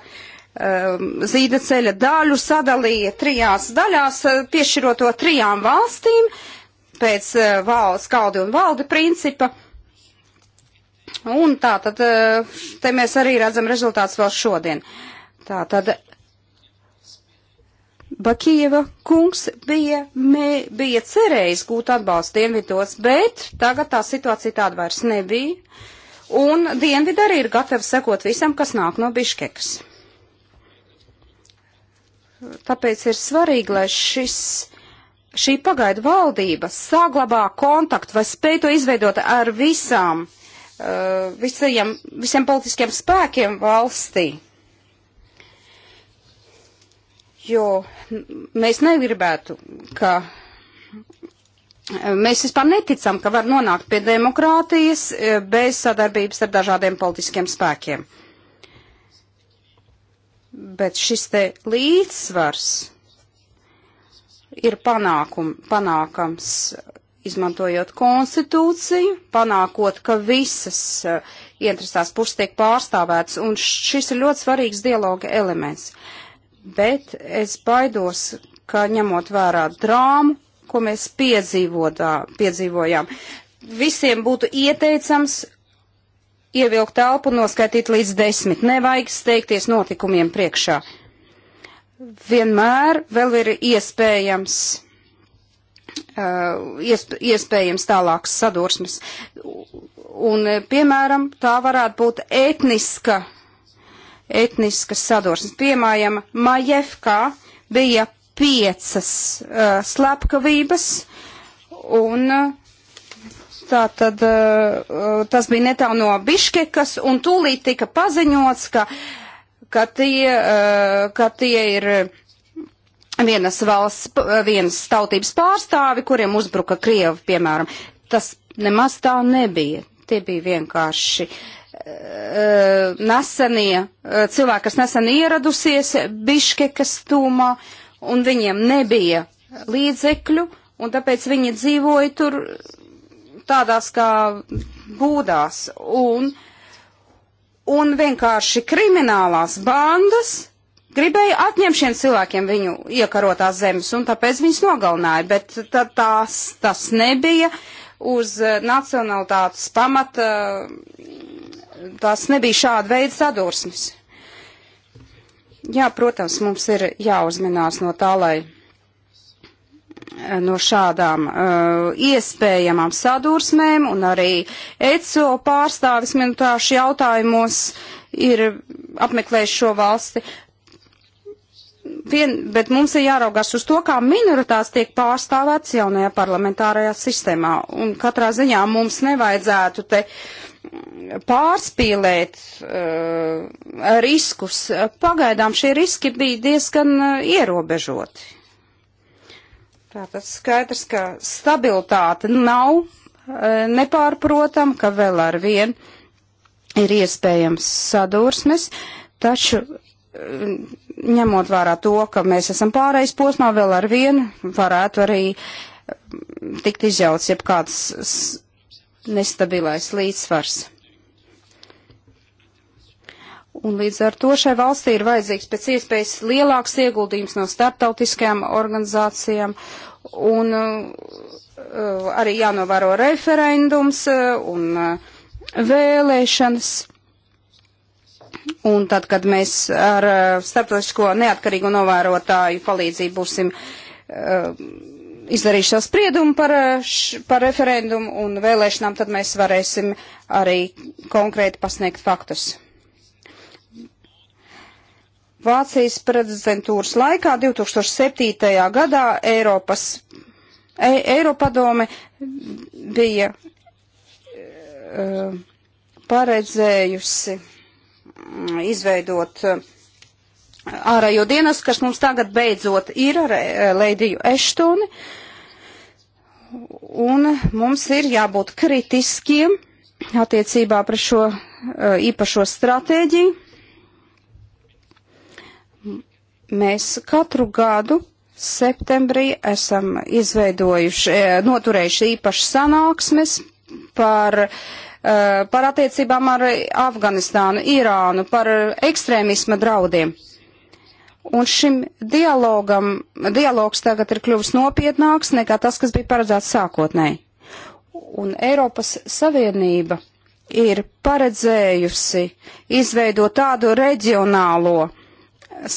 eh, zīda ceļa daļu sadalīja trijās daļās, eh, piešķirot to trijām valstīm pēc valsts kaldi un valdi principa. Un tā tad, te mēs arī redzam rezultāts vēl šodien. Tā tad Bakieva kungs bija, mē, bija cerējis gūt atbalstu dienvidos, bet tagad tā situācija tāda vairs nebija. Uh, un Dienvid arī ir gatavi sekot visam, kas nāk no Biškekas. Tāpēc ir svarīgi, lai šis, šī pagaidu valdība saglabā kontaktu vai spēj to izveidot ar visām, uh, visiem, visiem politiskiem spēkiem valstī. Jo mēs negribētu, ka Mēs vispār neticam, ka var nonākt pie demokrātijas e, bez sadarbības ar dažādiem politiskiem spēkiem. Bet šis te līdzsvars ir panākum, panākams izmantojot konstitūciju, panākot, ka visas uh, interesētās puses tiek pārstāvētas, un šis ir ļoti svarīgs dialoga elements. Bet es baidos, ka ņemot vērā drāmu, ko mēs piedzīvojām. Visiem būtu ieteicams ievilkt telpu, noskaitīt līdz desmit. Nevajag steigties notikumiem priekšā. Vienmēr vēl ir iespējams, uh, iesp iespējams tālāks sadursmes. Un, uh, piemēram, tā varētu būt etniska, etniska sadursmes. Piemēram, Majevkā bija piecas uh, slepkavības un uh, tā tad uh, uh, tas bija netālu no Biškekas, un tūlīt tika paziņots, ka, ka, tie, uh, ka tie ir vienas valsts, vienas tautības pārstāvi, kuriem uzbruka Krievi, piemēram. Tas nemaz tā nebija. Tie bija vienkārši uh, nesenie uh, cilvēki, kas nesen ieradusies Biškekas tūmā. Uh, un viņiem nebija līdzekļu, un tāpēc viņi dzīvoja tur tādās kā būdās. Un, un vienkārši kriminālās bandas gribēja atņemt šiem cilvēkiem viņu iekarotās zemes, un tāpēc viņus nogalināja, bet tā, tās, tas nebija uz eh, nacionalitātes pamata, tas nebija šāda veida sadursmes. Jā, protams, mums ir jāuzminās no tā, lai eh, no šādām uh, iespējamām sadursmēm un arī ECO pārstāvis minutāšu jautājumos ir apmeklējis šo valsti. Vien, bet mums ir jāraugās uz to, kā minoritāts tiek pārstāvēts jaunajā parlamentārajā sistēmā. Un katrā ziņā mums nevajadzētu te uh, pārspīlēt uh, riskus. Pagaidām šie riski bija diezgan uh, ierobežoti. Tātad skaidrs, ka stabilitāte nav uh, nepārprotam, ka vēl ar vien ir iespējams sadursmes, taču uh, ņemot vērā to, ka mēs esam pārējais posmā, vēl ar vienu varētu arī uh, tikt izjauts jebkādas nestabilais līdzsvars. Un līdz ar to šai valstī ir vajadzīgs pēc iespējas lielāks ieguldījums no starptautiskajām organizācijām un uh, arī jānovēro referendums uh, un uh, vēlēšanas. Un tad, kad mēs ar uh, starptautisko neatkarīgo novērotāju palīdzību būsim uh, izdarīšu savu spriedumu par, eh, š, par referendumu un vēlēšanām, tad mēs varēsim arī konkrēti pasniegt faktus. Vācijas prezidentūras laikā 2007. gadā Eiropas, e, Eiropadome bija e, paredzējusi mm, izveidot eh, ārējo dienas, kas mums tagad beidzot ir ar Leidiju Eštoni. E, un mums ir jābūt kritiskiem attiecībā par šo eh, īpašo stratēģiju. Mēs katru gadu septembrī esam izveidojuši, eh, noturējuši īpašas sanāksmes par, eh, par attiecībām ar Afganistānu, Irānu, par ekstrēmisma draudiem. Un šim dialogam, dialogs tagad ir kļuvis nopietnāks nekā tas, kas bija paredzēts sākotnēji. Un Eiropas Savienība ir paredzējusi izveidot tādu reģionālo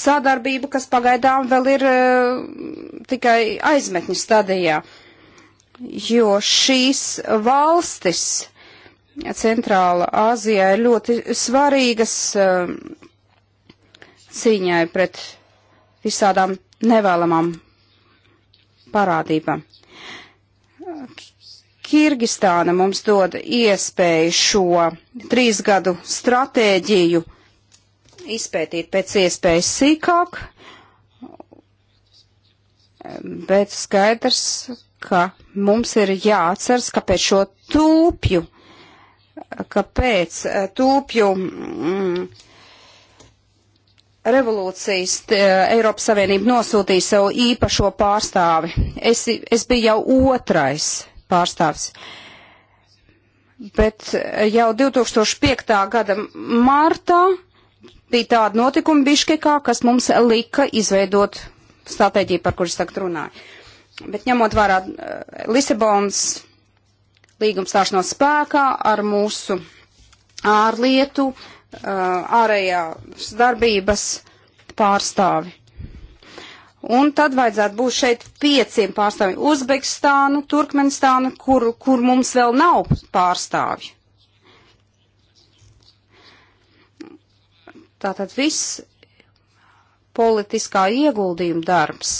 sadarbību, kas pagaidām vēl ir uh, tikai aizmetņu stadijā. Jo šīs valstis Centrāla Āzijā ir ļoti svarīgas uh, cīņai pret visādām nevēlamām parādībām. Kirgistāna mums dod iespēju šo trīs gadu stratēģiju izpētīt pēc iespējas sīkāk, bet skaidrs, ka mums ir jāatceras, ka pēc šo tūpju, ka pēc tūpju mm, revolūcijas t, Eiropas Savienība nosūtīja savu īpašo pārstāvi. Es, es biju jau otrais pārstāvis. Bet jau 2005. gada martā bija tāda notikuma Biškekā, kas mums lika izveidot stratēģiju, par kuras tagad runāju. Bet ņemot vērā eh, Lisabons līgums stāšanos spēkā ar mūsu ārlietu, uh, Uh, ārējās darbības pārstāvi. Un tad vajadzētu būt šeit pieciem pārstāvjiem - Uzbekistānu, Turkmenistānu, kur, kur mums vēl nav pārstāvju. Tātad viss politiskā ieguldījuma darbs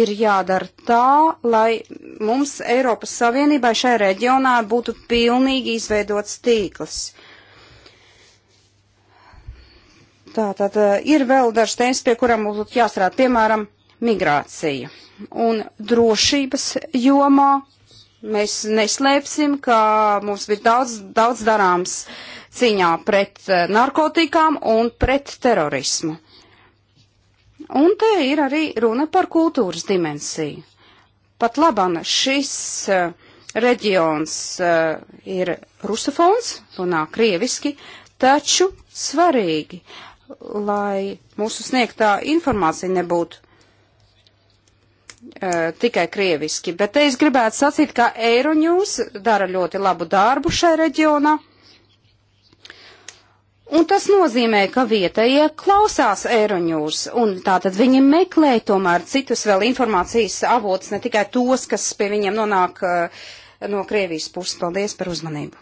ir jādara tā, lai mums Eiropas Savienībai šajā reģionā būtu pilnīgi izveidots tīkls. Tā tad eh, ir vēl dažs tēmas, pie kurām mums būtu jāstrādā, piemēram, migrācija. Un drošības jomā mēs neslēpsim, ka mums bija daudz, daudz darāms cīņā pret eh, narkotikām un pret terorismu. Un te ir arī runa par kultūras dimensiju. Pat labam šis eh, reģions ir rusofons, runā krieviski, taču svarīgi, lai mūsu sniegtā informācija nebūtu uh, tikai krieviski. Bet te es gribētu sacīt, ka Eironews dara ļoti labu darbu šai reģionā. Un tas nozīmē, ka vietējie klausās Eironews, un tātad viņi meklē tomēr citus vēl informācijas avots, ne tikai tos, kas pie viņiem nonāk uh, no Krievijas puses. Paldies par uzmanību.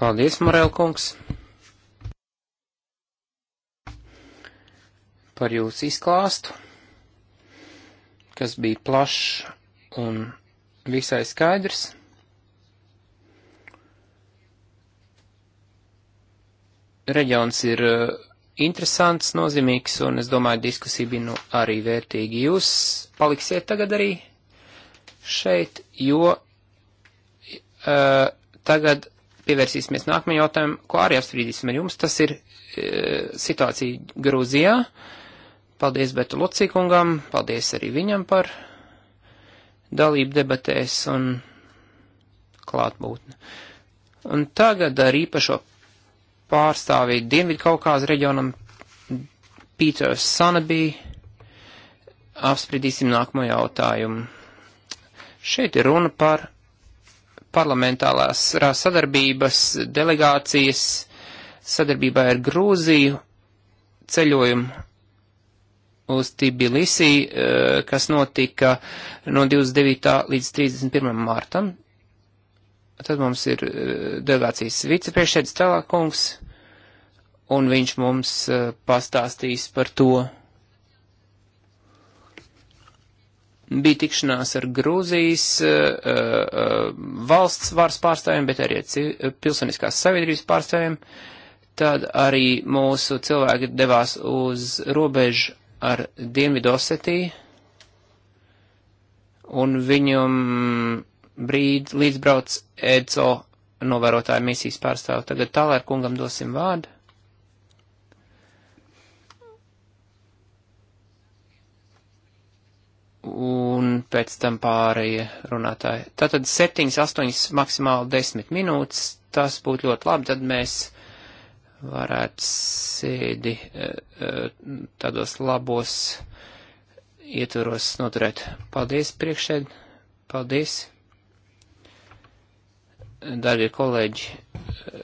Paldies, Morel kungs. par jūsu izklāstu, kas bija plašs un visai skaidrs. Reģions ir eh, interesants, nozīmīgs, un es domāju, diskusija bija nu arī vērtīga. Jūs paliksiet tagad arī šeit, jo uh, tagad pievērsīsimies nākamajam jautājumam, ko arī apspriedīsim ar jums. Tas ir uh, situācija Grūzijā. Uh, Paldies Betu Locīkungam, paldies arī viņam par dalību debatēs un klātbūtni. Un tagad ar īpašo pārstāvī Dienvidkaukāza reģionam Pīters Sanabī apspridīsim nākamo jautājumu. Šeit ir runa par parlamentālās sadarbības delegācijas sadarbībā ar Grūziju ceļojumu uz Tbilisi, eh, kas notika no 29. līdz 31. martam. Tad mums ir eh, delegācijas vicepriekšēdis Celakungs, un viņš mums eh, pastāstīs par to. Bija tikšanās ar Grūzijas valsts varas pārstāvjiem, bet arī pilsoniskās sabiedrības pārstāvjiem. Tad arī mūsu cilvēki devās uz robežu ar Dienvidu Osetiju, un viņam brīd līdzbrauc ECO novērotāju misijas pārstāvu. Tagad tālāk kungam dosim vārdu. Un pēc tam pārējie runātāji. Tātad 7, 8, maksimāli 10 minūtes, tas būtu ļoti labi, tad mēs varētu sēdi e, e, tādos labos ietvaros noturēt. Paldies priekšēd, paldies. Darbie kolēģi, e,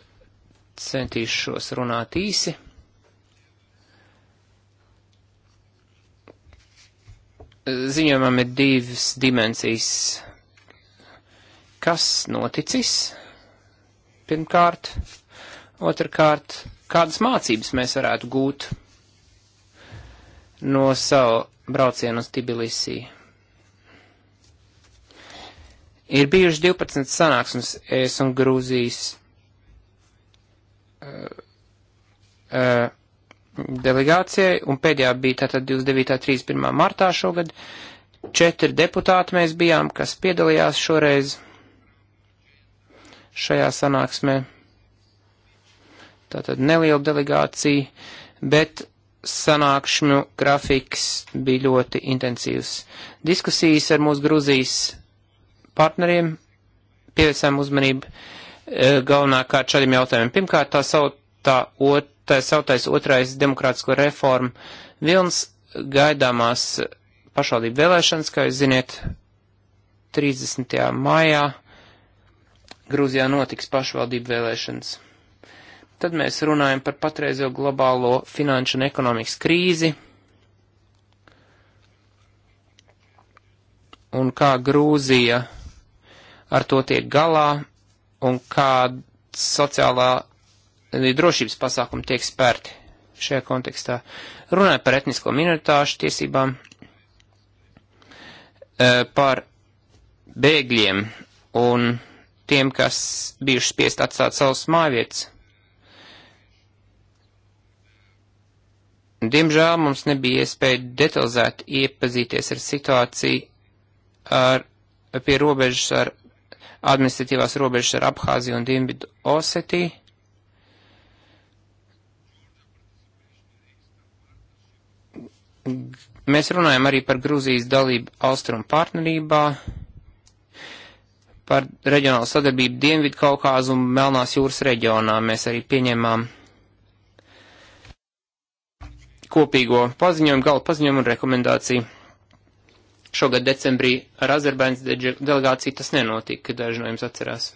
centīšos runāt īsi. Ziņojumam ir divas dimensijas. Kas noticis? Pirmkārt, Otrakārt, kādas mācības mēs varētu gūt no savu braucienu uz Tbilisī? Ir bijuši 12 sanāksmes ES un Grūzijas uh, uh, delegācijai, un pēdējā bija tātad 29.31. martā šogad. Četri deputāti mēs bijām, kas piedalījās šoreiz šajā sanāksmē tātad neliela delegācija, bet sanākšņu grafiks bija ļoti intensīvs. Diskusijas ar mūsu Gruzijas partneriem pievērsām uzmanību e, galvenākārt šādiem jautājumiem. Pirmkārt, tā, saut, tā, ot, tā sautais otrais demokrātisko reformu vilns gaidāmās pašvaldību vēlēšanas, kā jūs ziniet, 30. maijā Grūzijā notiks pašvaldību vēlēšanas. Tad mēs runājam par patreizējo globālo finanšu un ekonomikas krīzi un kā Grūzija ar to tiek galā un kā sociālā drošības pasākumi tiek spērti šajā kontekstā. Runāja par etnisko minoritāšu tiesībām, eh, par bēgļiem un tiem, kas bijuši spiest atstāt savus mājvietas. Diemžēl mums nebija iespēja detalizēti iepazīties ar situāciju ar, pie robežas ar administratīvās robežas ar Abhāziju un Dienvidu Osetiju. Mēs runājam arī par Grūzijas dalību austrumu partnerībā, par reģionālu sadarbību Dienvidu Kaukāzu un Melnās jūras reģionā. Mēs arī pieņēmām kopīgo paziņojumu, gala paziņojumu un rekomendāciju. Šogad decembrī ar Azerbaidžas de delegāciju tas nenotika, kad daži no jums atcerās.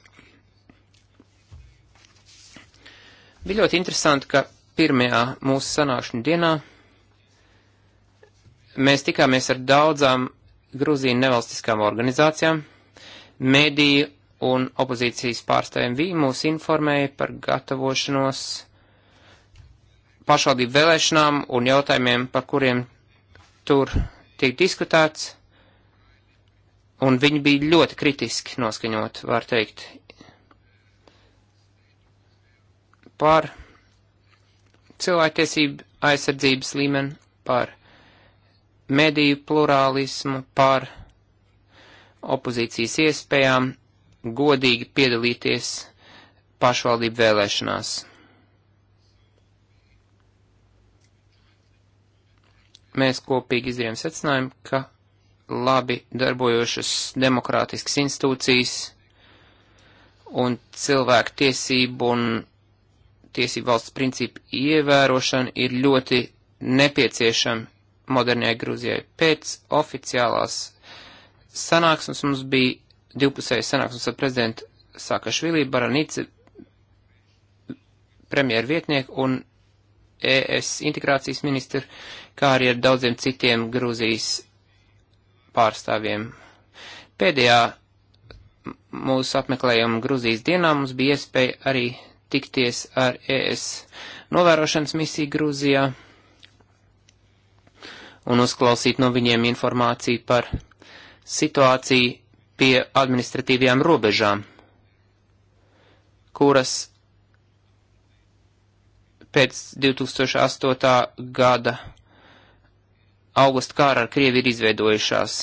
Bija ļoti interesanti, ka pirmajā mūsu sanākšņu dienā mēs tikāmies ar daudzām Gruzīnu nevalstiskām organizācijām, mēdīju un opozīcijas pārstāvjiem. Viņi mūs informēja par gatavošanos pašvaldību vēlēšanām un jautājumiem, par kuriem tur tiek diskutēts, un viņi bija ļoti kritiski noskaņot, var teikt, par cilvēktiesību aizsardzības līmeni, par mediju plurālismu, par opozīcijas iespējām godīgi piedalīties pašvaldību vēlēšanās. mēs kopīgi izdarījām secinājumu, ka labi darbojošas demokrātiskas institūcijas un cilvēku tiesību un tiesību valsts principu ievērošana ir ļoti nepieciešama modernajai Grūzijai. Pēc oficiālās sanāksmes mums bija divpusēja sanāksmes ar prezidentu Sakašvili, Baranici, premjeru vietnieku un ES integrācijas ministru, kā arī ar daudziem citiem Grūzijas pārstāvjiem. Pēdējā mūsu apmeklējuma Grūzijas dienā mums bija iespēja arī tikties ar ES novērošanas misiju Grūzijā un uzklausīt no viņiem informāciju par situāciju pie administratīvajām robežām, kuras pēc 2008. gada augusta kāra ar Krievi ir izveidojušās.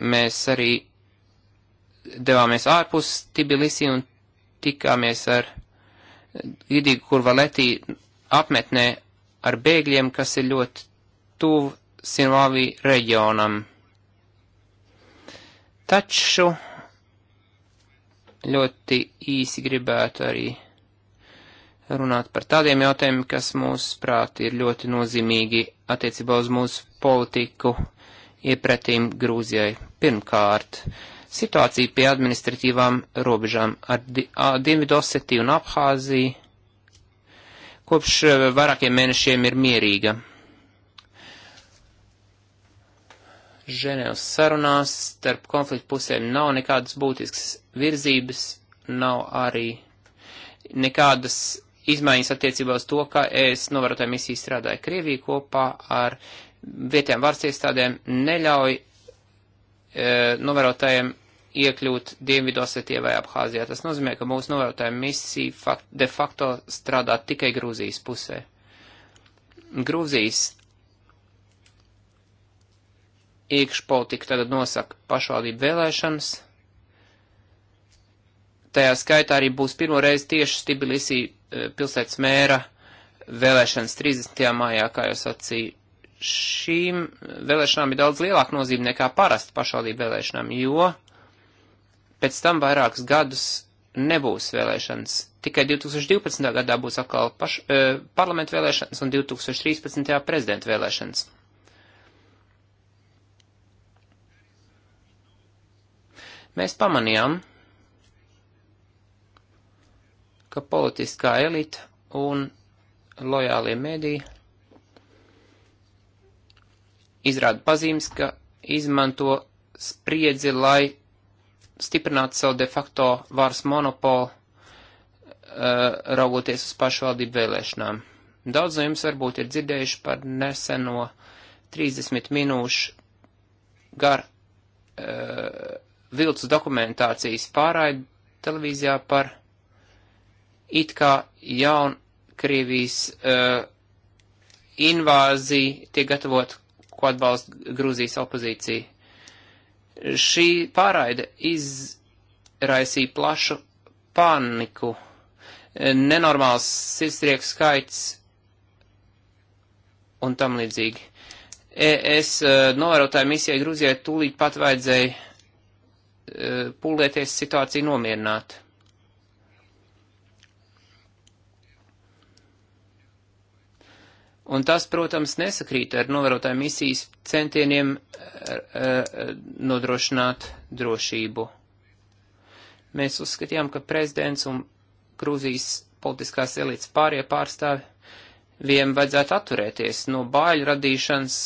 Mēs arī devāmies ārpus Tbilisi un tikāmies ar Gidīgu Kurvaletī apmetnē ar bēgļiem, kas ir ļoti tuvu Sinvāvī reģionam. Taču ļoti īsi gribētu arī runāt par tādiem jautājumiem, kas mūsu prāt ir ļoti nozīmīgi attiecībā uz mūsu politiku iepretīm Grūzijai. Pirmkārt, situācija pie administratīvām robežām ar di Dienvidosetiju un Abhāziju kopš eh, vairākiem mēnešiem ir mierīga. Ženēvas sarunās starp konfliktu pusēm nav nekādas būtiskas virzības, nav arī nekādas izmaiņas attiecībā uz to, ka es novērotāju misiju strādāju Krieviju kopā ar vietējām varas iestādēm, neļauj e, novērotājiem iekļūt Dienvidosetijā vai Abhāzijā. Tas nozīmē, ka mūsu novērotāja misija de facto strādā tikai Grūzijas pusē. Grūzijas iekšpolitika tagad nosaka pašvaldību vēlēšanas. Tajā skaitā arī būs pirmo reizi tieši Stibilisī eh, pilsētas mēra vēlēšanas 30. mājā, kā jau sacīja. Šīm vēlēšanām ir daudz lielāka nozīme nekā parasti pašvaldību vēlēšanām, jo pēc tam vairākus gadus nebūs vēlēšanas. Tikai 2012. gadā būs atkal paš, e, parlamentu vēlēšanas un 2013. prezidenta vēlēšanas. Mēs pamanījām, ka politiskā elita un lojālie mēdī izrāda pazīmes, ka izmanto spriedzi, lai stiprinātu savu de facto varas monopolu, eh, raugoties uz pašvaldību vēlēšanām. Daudz no jums varbūt ir dzirdējuši par neseno 30 minūšu gar eh, viltus dokumentācijas pārraidi televīzijā par it kā jaunkrievijas uh, invāziju tiek gatavot, ko atbalsta Grūzijas opozīcija. Šī pārraide izraisīja plašu paniku. Nenormāls sirdsrieks skaits un tam līdzīgi. E, es uh, novērotāju misijai Grūzijai tūlīt pat vajadzēja Eh, pūlēties situāciju nomierināt. Un tas, protams, nesakrīt ar novērotāju misijas centieniem eh, eh, nodrošināt drošību. Mēs uzskatījām, ka prezidents un Grūzijas politiskās elites pārie pārstāvi viem vajadzētu atturēties no bāļu radīšanas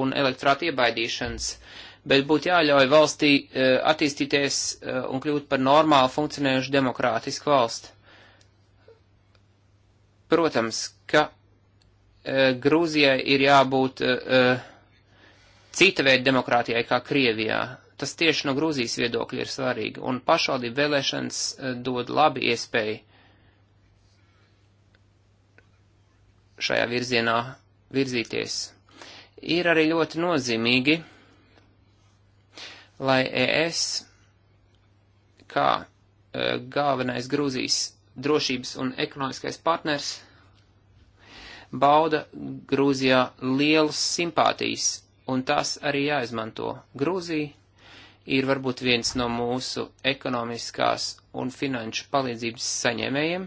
un elektrāta iebaidīšanas. Uh, bet būtu jāļauj valstī e, attīstīties e, un kļūt par normālu funkcionējušu demokrātisku valsti. Protams, ka e, Grūzijai ir jābūt cita veida demokrātijai kā Krievijā. Tas tieši no Grūzijas viedokļa ir svarīgi, un pašvaldību vēlēšanas dod labi iespēju šajā virzienā virzīties. Ir arī ļoti nozīmīgi, lai ES kā e, galvenais Grūzijas drošības un ekonomiskais partners bauda Grūzijā lielas simpātijas, un tās arī jāizmanto. Grūzija ir varbūt viens no mūsu ekonomiskās un finanšu palīdzības saņēmējiem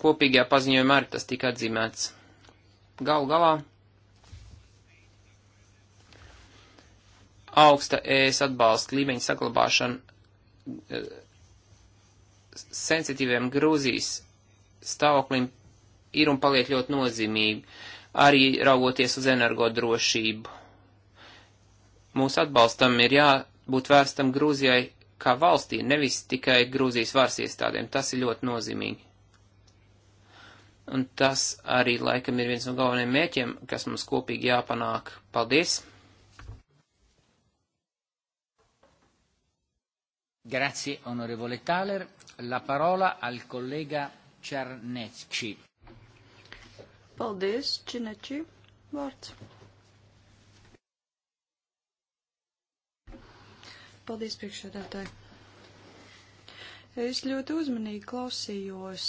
kopīgajā paziņojumā arī tas tika atzīmēts. Gal galā augsta ES atbalsta līmeņa saglabāšana e, sensitīviem Grūzijas stāvoklim ir un paliek ļoti nozīmīgi, arī raugoties uz energodrošību. Mūsu atbalstam ir jābūt vērstam Grūzijai kā valstī, nevis tikai Grūzijas varas iestādēm. Tas ir ļoti nozīmīgi. Un tas arī laikam ir viens no galvenajiem mērķiem, kas mums kopīgi jāpanāk. Paldies! Grazie, onorevole Thaler. La parola al collega Černecki. Paldies, Činečī. Vārds. Paldies, priekšsēdētāji. Es ļoti uzmanīgi klausījos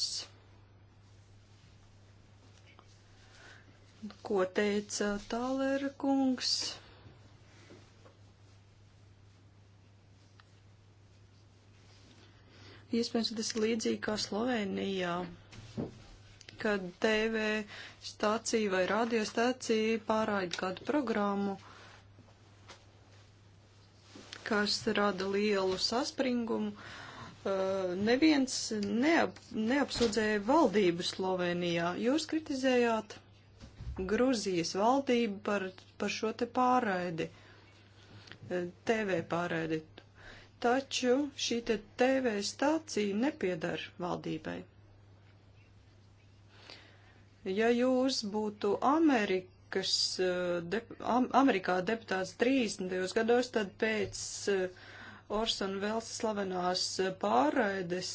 ko teica Tālēra kungs. Iespējams, ka tas ir līdzīgi kā Slovenijā, kad TV stācija vai radiostacija pārraida kādu programmu, kas rada lielu saspringumu. Uh, neviens neap, neapsūdzēja valdību Slovenijā. Jūs kritizējāt Gruzijas valdību par, par šo te pārraidi, e, TV pārraidi. Taču šī te TV stācija nepiedar valdībai. Ja jūs būtu Amerikas, e, de, Amerikā deputāts 30. gados, tad pēc e, Orson Velsa slavenās pārraides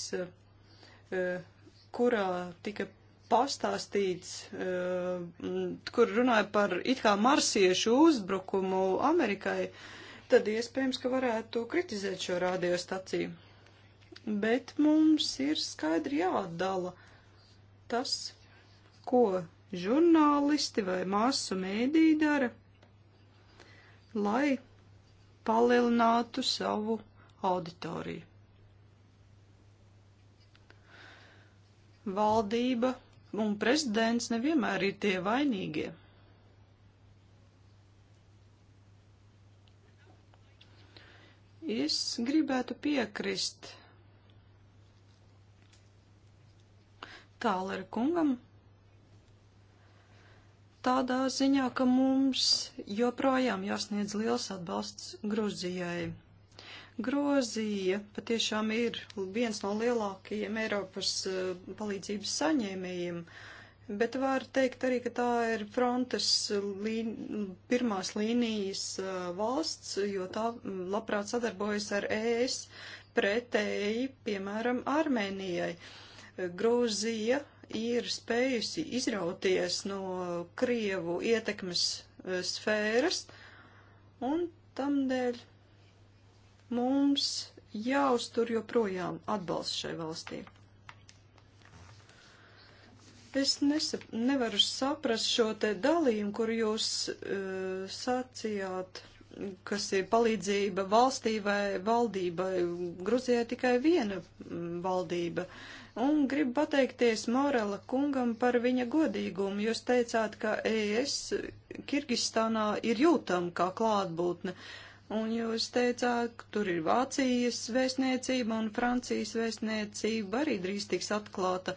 kurā tika pastāstīts, eh, kur runāja par it kā marsiešu uzbrukumu Amerikai, tad iespējams, ka varētu kritizēt šo radiostaciju. Bet mums ir skaidri jāatdala tas, ko žurnālisti vai māsu mēdī dara, lai palielinātu savu auditoriju. Valdība un prezidents nevienmēr ir tie vainīgie. Es gribētu piekrist Tālera kungam tādā ziņā, ka mums joprojām jāsniedz liels atbalsts Gruzijai. Grozija patiešām ir viens no lielākajiem Eiropas eh, palīdzības saņēmējiem, bet var teikt arī, ka tā ir frontes līn, pirmās līnijas eh, valsts, jo tā mm, labprāt sadarbojas ar ES pretēji, piemēram, Armēnijai. Grūzija ir spējusi izrauties no Krievu ietekmes eh, sfēras, un tamdēļ Mums jāuztur joprojām atbalsts šai valstī. Es nesap, nevaru saprast šo te dalījumu, kur jūs uh, sacījāt, kas ir palīdzība valstī vai valdībai. Gruzijai tikai viena valdība. Un gribu pateikties Morela kungam par viņa godīgumu. Jūs teicāt, ka ES Kirgistānā ir jūtama kā klātbūtne. Uh, Un jūs teicāt, tur ir Vācijas vēstniecība un Francijas vēstniecība arī drīz tiks atklāta.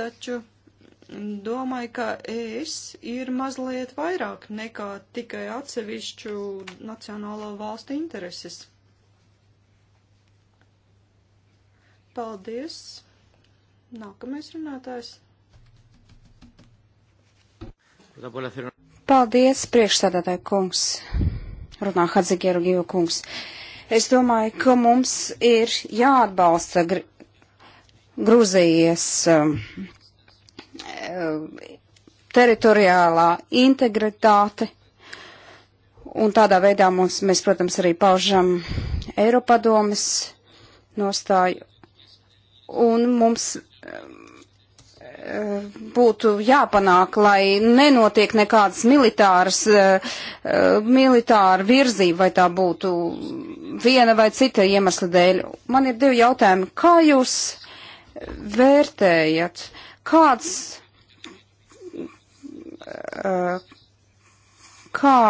Taču mm, domāju, ka es ir mazliet vairāk nekā tikai atsevišķu nacionālo valstu intereses. Paldies! Nākamais runātājs. Paldies, priekšstādātāji kungs! runā Hadzigērgīva kungs. Es domāju, ka mums ir jāatbalsta gr Gruzijas um, um, teritoriālā integritāte, un tādā veidā mums, mēs, protams, arī paužam Eiropadomes nostāju, un mums um, Eh, būtu jāpanāk, lai nenotiek nekādas militāras, eh, eh, militāra virzība, vai tā būtu viena vai cita iemesla dēļ. Man ir divi jautājumi. Kā jūs vērtējat, kāds, kā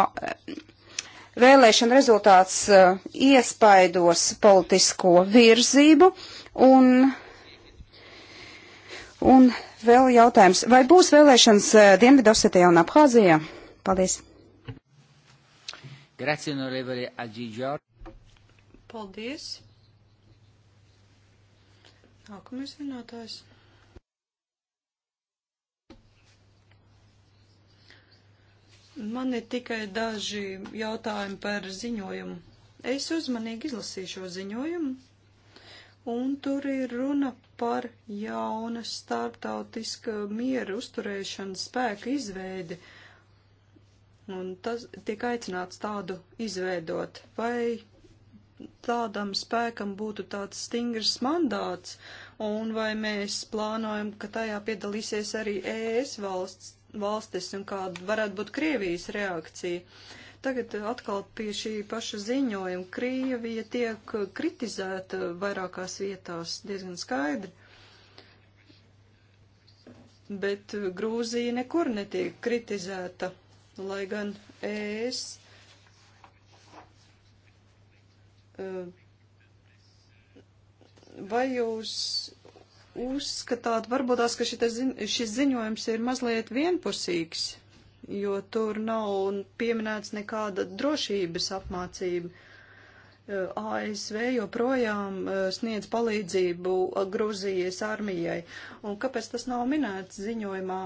vēlēšana rezultāts iespaidos politisko virzību un, un Vēl jautājums. Vai būs vēlēšanas eh, Dienvidosetijā un Abhāzijā? Paldies. Grazie, onorevole Adžiģor. Paldies. Nākamais runātājs. Man ir tikai daži jautājumi par ziņojumu. Es uzmanīgi izlasīju šo ziņojumu un tur ir runa par jauna starptautiska miera uzturēšanas spēka izveidi. Un tas tiek aicināts tādu izveidot, vai tādam spēkam būtu tāds stingrs mandāts, un vai mēs plānojam, ka tajā piedalīsies arī ES valsts, valstis, un kāda varētu būt Krievijas reakcija. Uh, Tagad atkal pie šī paša ziņojuma. Krievija tiek kritizēta vairākās vietās diezgan skaidri. Bet Grūzija nekur netiek kritizēta, lai gan es e, vai jūs uzskatāt, varbūt tās, ka šis ziņojums ir mazliet vienpusīgs? jo tur nav pieminēts nekāda drošības apmācība. Eh, ASV joprojām eh, sniedz palīdzību eh, Grūzijas armijai. Un kāpēc tas nav minēts ziņojumā?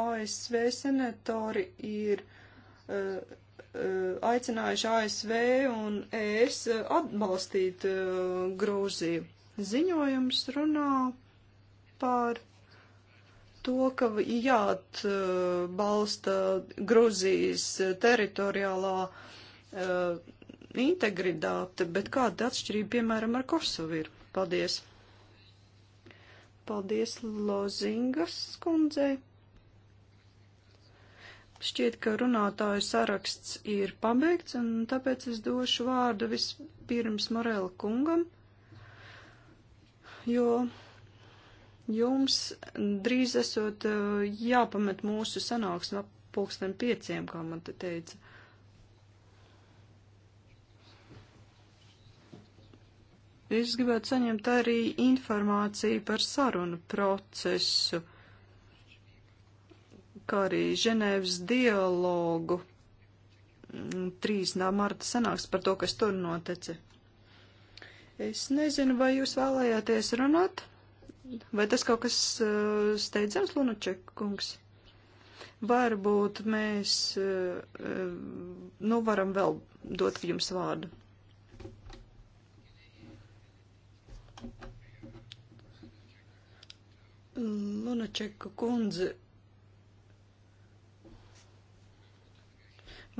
ASV senatori ir aicinājuši ASV un ES atbalstīt Grūziju. Ziņojums runā par to, ka jāatbalsta Gruzijas teritoriālā uh, integritāte, bet kāda atšķirība, piemēram, ar Kosovu ir? Paldies! Paldies Lozingas kundzei! Šķiet, ka runātāju saraksts ir pabeigts, un tāpēc es došu vārdu vispirms Morela kungam, jo Jums drīz esot eh, jāpamet mūsu sanāksme ap pulksten pieciem, kā man te teica. Es gribētu saņemt arī informāciju par sarunu procesu, kā arī Ženēvas dialogu 3. Mm, marta sanāks par to, kas tur notece. Es nezinu, vai jūs vēlējāties runāt? Vai tas kaut kas uh, steidzams, Lunaček kungs? Varbūt mēs, uh, uh nu, varam vēl dot jums vārdu. Lunačeka kundze,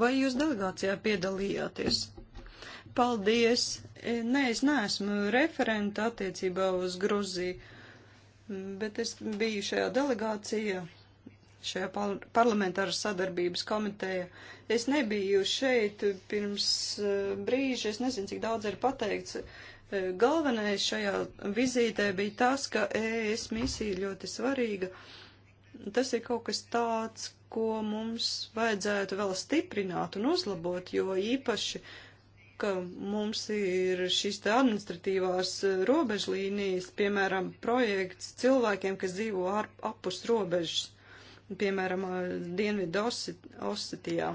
vai jūs delegācijā piedalījāties? Paldies! Nē, es neesmu referenta attiecībā uz Gruziju bet es biju šajā delegācijā, šajā par parlamentāras sadarbības komitejā. Es nebiju šeit pirms eh, brīža, es nezinu, cik daudz ir pateikts. Eh, galvenais šajā vizītē bija tas, ka ES misija ir ļoti svarīga. Tas ir kaut kas tāds, ko mums vajadzētu vēl stiprināt un uzlabot, jo īpaši uh, ka mums ir šīs tā administratīvās e, robežlīnijas, piemēram, projekts cilvēkiem, kas dzīvo ar, apus robežas, piemēram, e, Dienvidu Osetijā.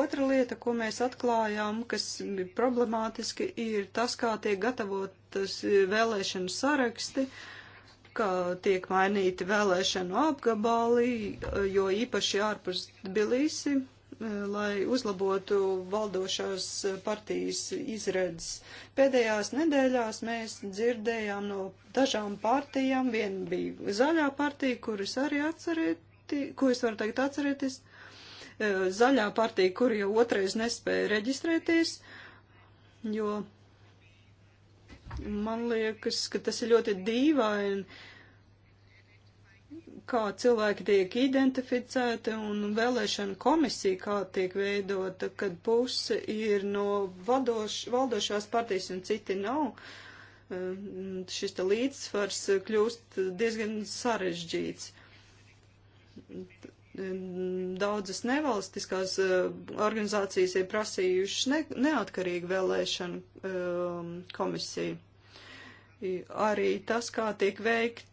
Otra lieta, ko mēs atklājām, kas ir problemātiski, ir tas, kā tiek gatavotas e, vēlēšanu saraksti, kā tiek mainīti vēlēšanu apgabali, jo īpaši ārpus Tbilisi, lai uzlabotu valdošās partijas izredzes. Pēdējās nedēļās mēs dzirdējām no dažām partijām, viena bija zaļā partija, kuras arī atcerēti, ko es varu teikt atcerēties, e, zaļā partija, kur jau otrais nespēja reģistrēties, jo man liekas, ka tas ir ļoti dīvaini kā cilvēki tiek identificēti un vēlēšana komisija, kā tiek veidota, kad puse ir no vadoš, valdošās partijas un citi nav, eh, šis te līdzsvars kļūst diezgan sarežģīts. Daudzas nevalstiskās eh, organizācijas ir prasījušas ne, neatkarīgu vēlēšanu eh, komisiju. Arī tas, kā tiek veikt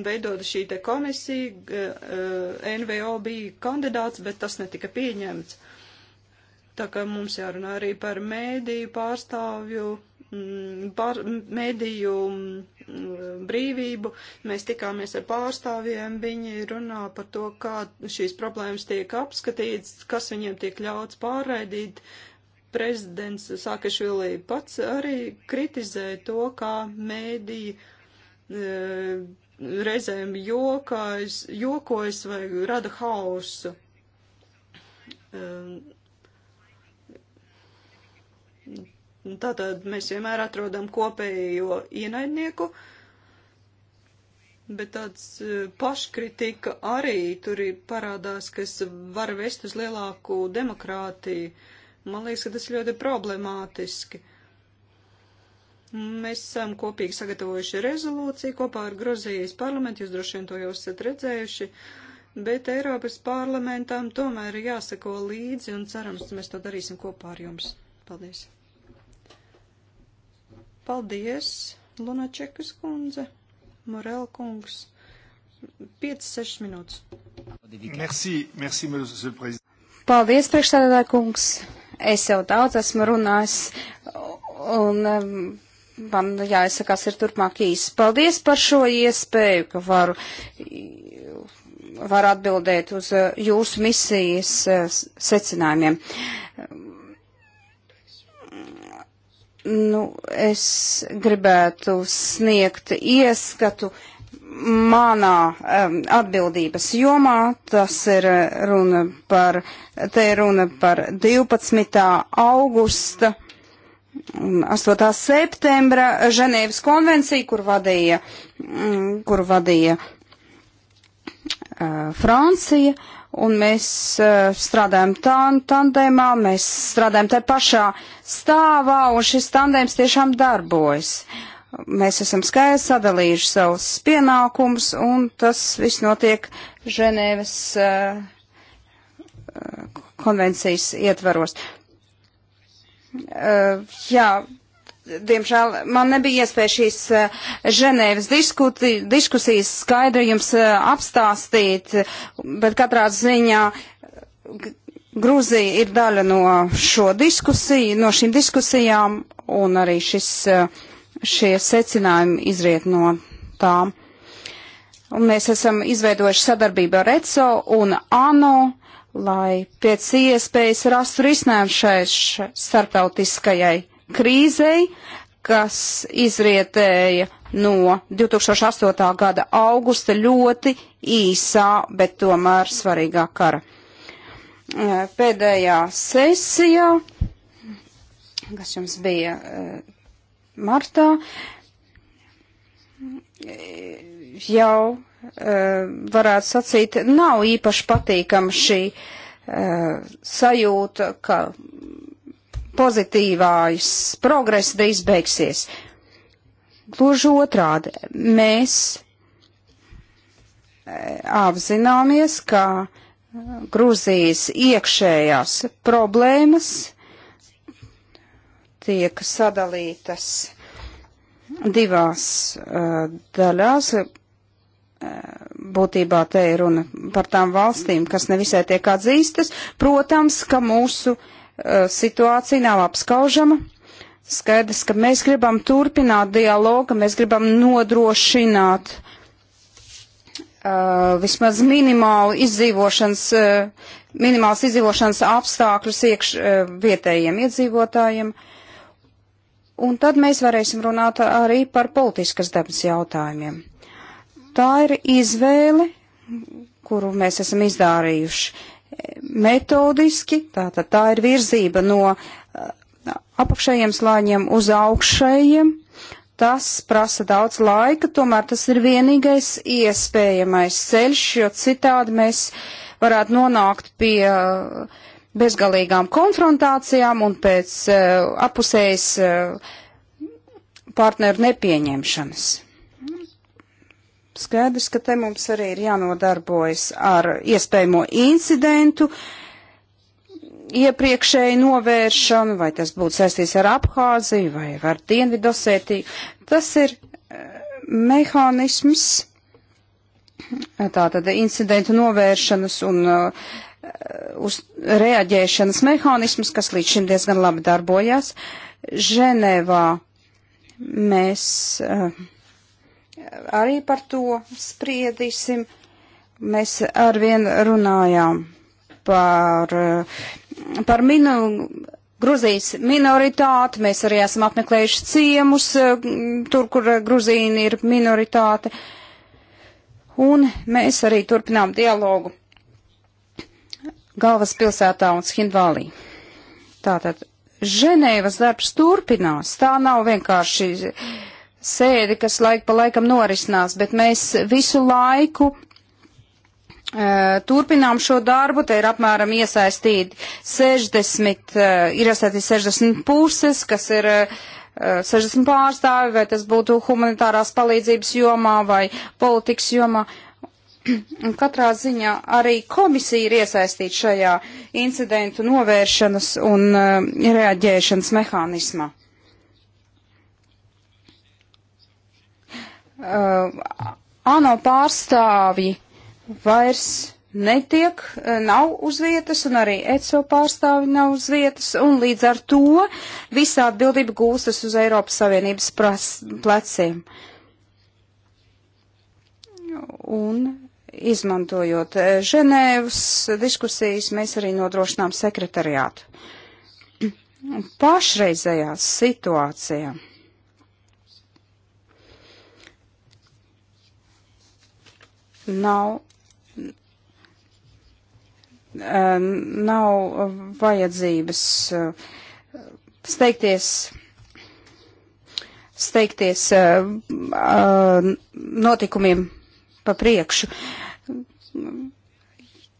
veidota šī te komisija, e, NVO bija kandidāts, bet tas netika pieņemts. Tā kā mums jārunā arī par mēdīju pārstāvju, pār, mēdīju brīvību. Mēs tikāmies ar pārstāvjiem, viņi runā par to, kā šīs problēmas tiek apskatītas, kas viņiem tiek ļauts pārraidīt. Prezidents Sākašvilī pats arī kritizē to, kā mēdīja e, reizēm jokais, jokojas vai rada hausu. Ehm, tātad mēs vienmēr atrodam kopējo ienaidnieku, bet tāds eh, paškritika arī tur parādās, kas var vest uz lielāku demokrātiju. Man liekas, ka tas ļoti problemātiski. Mēs esam kopīgi sagatavojuši rezolūciju kopā ar Grozijas parlamentu, jūs droši vien to jau esat redzējuši, bet Eiropas parlamentam tomēr ir jāsako līdzi un cerams, mēs to darīsim kopā ar jums. Paldies! Paldies, Lunačekas kundze, Morel kungs. 5-6 minūtes. Merci, merci, Paldies, priekšstādātā kungs. Es jau daudz esmu runājis, un um, man jāizsakās ir turpmāk īsi. Paldies par šo iespēju, ka varu, varu atbildēt uz eh, jūsu misijas eh, secinājumiem. Nu, es gribētu sniegt ieskatu manā um, atbildības jomā, tas ir eh, runa par, te ir runa par 12. augusta 8. septembra Ženēvas konvencija, kur vadīja, mm, kur vadīja uh, Francija, un mēs uh, strādājam tan, tandēmā, mēs strādājam te pašā stāvā, un šis tandēms tiešām darbojas. Mēs esam skaidri sadalījuši savus pienākumus, un tas viss notiek Ženēvas uh, konvencijas ietvaros. Uh, jā, diemžēl man nebija iespēja šīs eh, Ženēvas diskuti, diskusijas skaidri jums eh, apstāstīt, bet katrā ziņā Grūzija ir daļa no šo diskusiju, no šīm diskusijām, un arī šis, šie secinājumi izriet no tām. Un mēs esam izveidojuši sadarbību ar ECO un ANO lai pēc iespējas rastu risinājumu šai starptautiskajai krīzei, kas izrietēja no 2008. gada augusta ļoti īsā, bet tomēr svarīgā kara. Pēdējā sesijā, kas jums bija martā, jau eh, varētu sacīt, nav īpaši patīkama šī eh, sajūta, ka pozitīvājs progress drīz beigsies. Gluži otrādi, mēs eh, apzināmies, ka Gruzijas iekšējās problēmas tiek sadalītas divās uh, daļās būtībā te ir runa par tām valstīm, kas nevisai tiek atzīstas. Protams, ka mūsu eh, situācija nav apskaužama. Skaidrs, ka mēs gribam turpināt dialogu, mēs gribam nodrošināt uh, vismaz minimālu izdzīvošanas, uh, eh, minimāls izdzīvošanas apstākļus iekš uh, vietējiem iedzīvotājiem. Un tad mēs varēsim runāt arī par politiskas dabas jautājumiem. Tā ir izvēle, kuru mēs esam izdarījuši metodiski, tātad tā ir virzība no eh, apakšējiem slāņiem uz augšējiem. Tas prasa daudz laika, tomēr tas ir vienīgais iespējamais ceļš, jo citādi mēs varētu nonākt pie eh, bezgalīgām konfrontācijām un pēc uh, apusējas uh, partneru nepieņemšanas skaidrs, ka te mums arī ir jānodarbojas ar iespējamo incidentu iepriekšēju novēršanu, vai tas būtu saistīts ar Abhāziju vai ar Dienvidosētiju. Tas ir eh, mehānisms, eh, tātad incidentu novēršanas un uh, uz reaģēšanas mehānismus, kas līdz šim diezgan labi darbojās. Ženēvā mēs uh, arī par to spriedīsim. Mēs arvien runājām par, par minu, Gruzijas minoritāti, mēs arī esam apmeklējuši ciemus, tur, kur Gruzīni ir minoritāte, un mēs arī turpinām dialogu galvaspilsētā un Schindvālī. Tātad Ženēvas darbs turpinās, tā nav vienkārši sēdi, kas laik pa laikam norisinās, bet mēs visu laiku turpinām šo darbu, te ir apmēram iesaistīti 60, ir iesaistīti 60 puses, kas ir 60 pārstāvi, vai tas būtu humanitārās palīdzības jomā vai politikas jomā. Un katrā ziņā arī komisija ir iesaistīta šajā incidentu novēršanas un reaģēšanas mehānismā. uh, ANO pārstāvji vairs netiek, uh, nav uz vietas, un arī ECO pārstāvi nav uz vietas, un līdz ar to visā atbildība gūstas uz Eiropas Savienības pras, pleciem. Un izmantojot uh, Ženēvas diskusijas, mēs arī nodrošinām sekretariātu. Pašreizējā situācija. nav um, nav vajadzības uh, steigties, steigties uh, uh, notikumiem pa priekšu.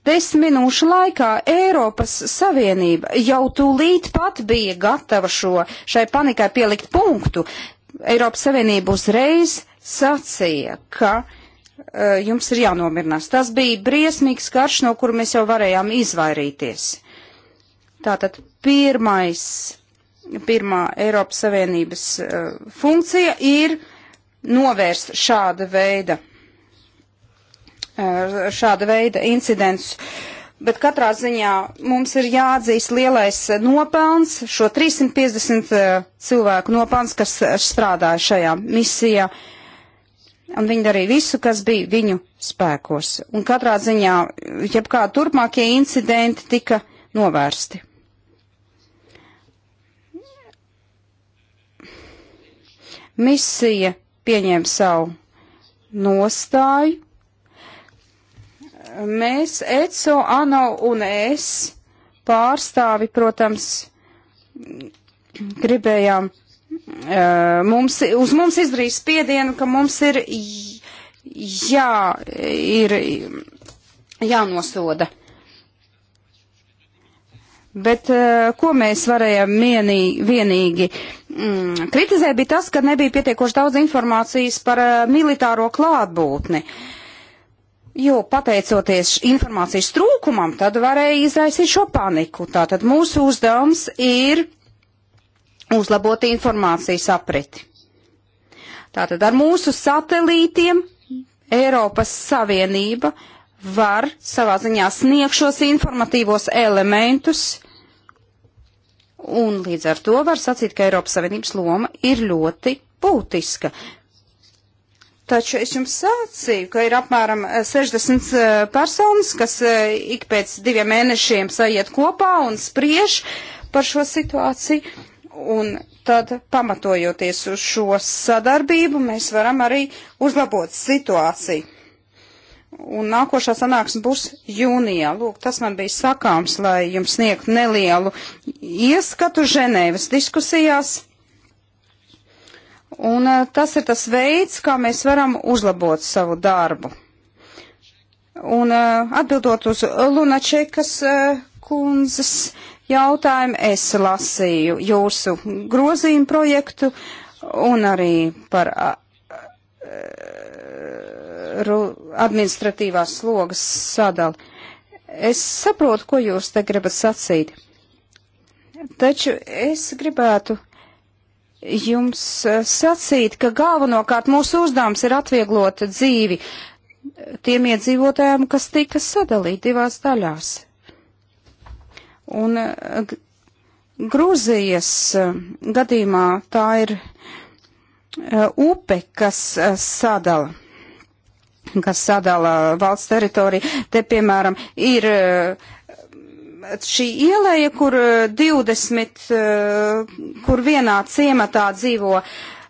Desmit minūšu laikā Eiropas Savienība jau tūlīt pat bija gatava šo, šai panikai pielikt punktu. Eiropas Savienība uzreiz sacīja, ka uh, Eh, jums ir jānomirinās. Tas bija briesmīgs karš, no kura mēs jau varējām izvairīties. Tātad pirmais, pirmā Eiropas Savienības uh, funkcija ir novērst šāda veida, uh, šāda veida incidents. Bet katrā ziņā mums ir jāatzīst lielais nopelns, šo 350 uh, cilvēku nopelns, kas strādāja šajā misijā. Uh, un viņi darīja visu, kas bija viņu spēkos. Un katrā ziņā, jebkādi turpmākie incidenti tika novērsti. Misija pieņēma savu nostāju. Mēs, ECO, ANO un es pārstāvi, protams, gribējām Eh, mums, uz mums izdarīs spiedienu, ka mums ir, jā, ir jānosoda. Bet eh, ko mēs varējām vienī, vienīgi mm, kritizēt, bija tas, ka nebija pietiekoši daudz informācijas par eh, militāro klātbūtni. Jo pateicoties informācijas trūkumam, tad varēja izraisīt šo paniku. Tātad mūsu uzdevums ir uzlabot informācijas apriti. Tātad ar mūsu satelītiem Eiropas Savienība var savā ziņā sniegt šos informatīvos elementus, un līdz ar to var sacīt, ka Eiropas Savienības loma ir ļoti būtiska. Taču es jums sacīju, ka ir apmēram 60 eh, eh, personas, kas eh, ik pēc diviem mēnešiem sajiet kopā un spriež par šo situāciju. Un tad, pamatojoties uz šo sadarbību, mēs varam arī uzlabot situāciju. Un nākošā sanāksme būs jūnijā. Lūk, tas man bija sakāms, lai jums sniegtu nelielu ieskatu Ženēvas diskusijās. Un eh, tas ir tas veids, kā mēs varam uzlabot savu darbu. Un eh, atbildot uz Lunačekas eh, kundzes jautājumu. Es lasīju jūsu grozījumu projektu un arī par administratīvās slogas sadali. Es saprotu, ko jūs te gribat sacīt, taču es gribētu jums sacīt, ka galvenokārt mūsu uzdevums ir atvieglot dzīvi tiem iedzīvotājiem, kas tika sadalīti divās daļās. Un eh, Grūzijas eh, gadījumā tā ir eh, upe, kas sadala kas sadala valsts teritoriju. Te, piemēram, ir šī ielēja, kur 20, kur vienā ciematā dzīvo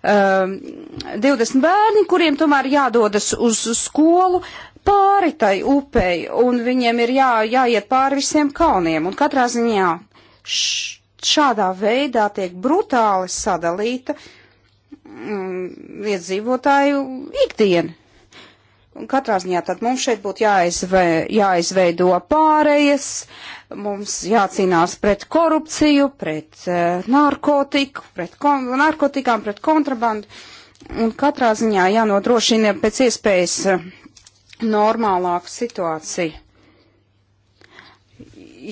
20 bērni, kuriem tomēr jādodas uz skolu pāri tai upei, un viņiem ir jā, jāiet pāri visiem kalniem, un katrā ziņā šādā veidā tiek brutāli sadalīta mm, iedzīvotāju ikdiena. Un katrā ziņā tad mums šeit būtu jāizve, jāizveido pārējas, mums jācīnās pret korupciju, pret uh, narkotiku, pret kon, narkotikām, pret kontrabandu. Un katrā ziņā jānodrošina pēc iespējas uh, normālāku situāciju.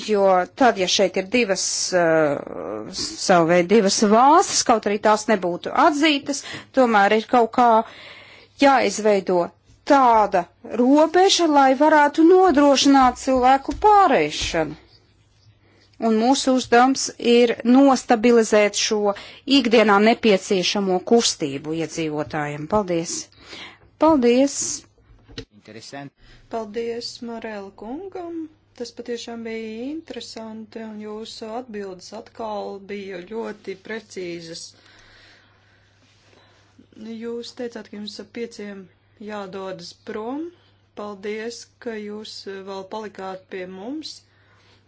Jo tad, ja šeit ir divas, uh, savu veidu divas valstis, kaut arī tās nebūtu atzītas, tomēr ir kaut kā jāizveido tāda robeža, lai varētu nodrošināt cilvēku pārēšanu. Un mūsu uzdevums ir nostabilizēt šo ikdienā nepieciešamo kustību iedzīvotājiem. Paldies! Paldies! interesanti. Paldies Marēla kungam. Tas patiešām bija interesanti, un jūsu atbildes atkal bija ļoti precīzas. Jūs teicāt, ka jums ap pieciem jādodas prom. Paldies, ka jūs vēl palikāt pie mums,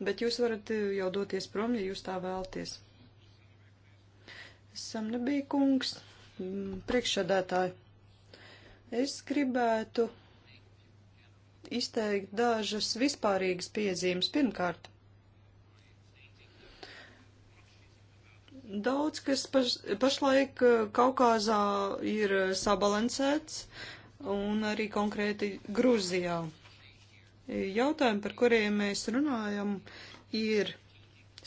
bet jūs varat jau doties prom, ja jūs tā vēlties. Sam nebija kungs, priekšsēdētāji. Es gribētu izteikt dažas vispārīgas piezīmes. Pirmkārt, daudz, kas paš, pašlaik eh, Kaukāzā ir sabalansēts un arī konkrēti Gruzijā. Jautājumi, par kuriem mēs runājam, ir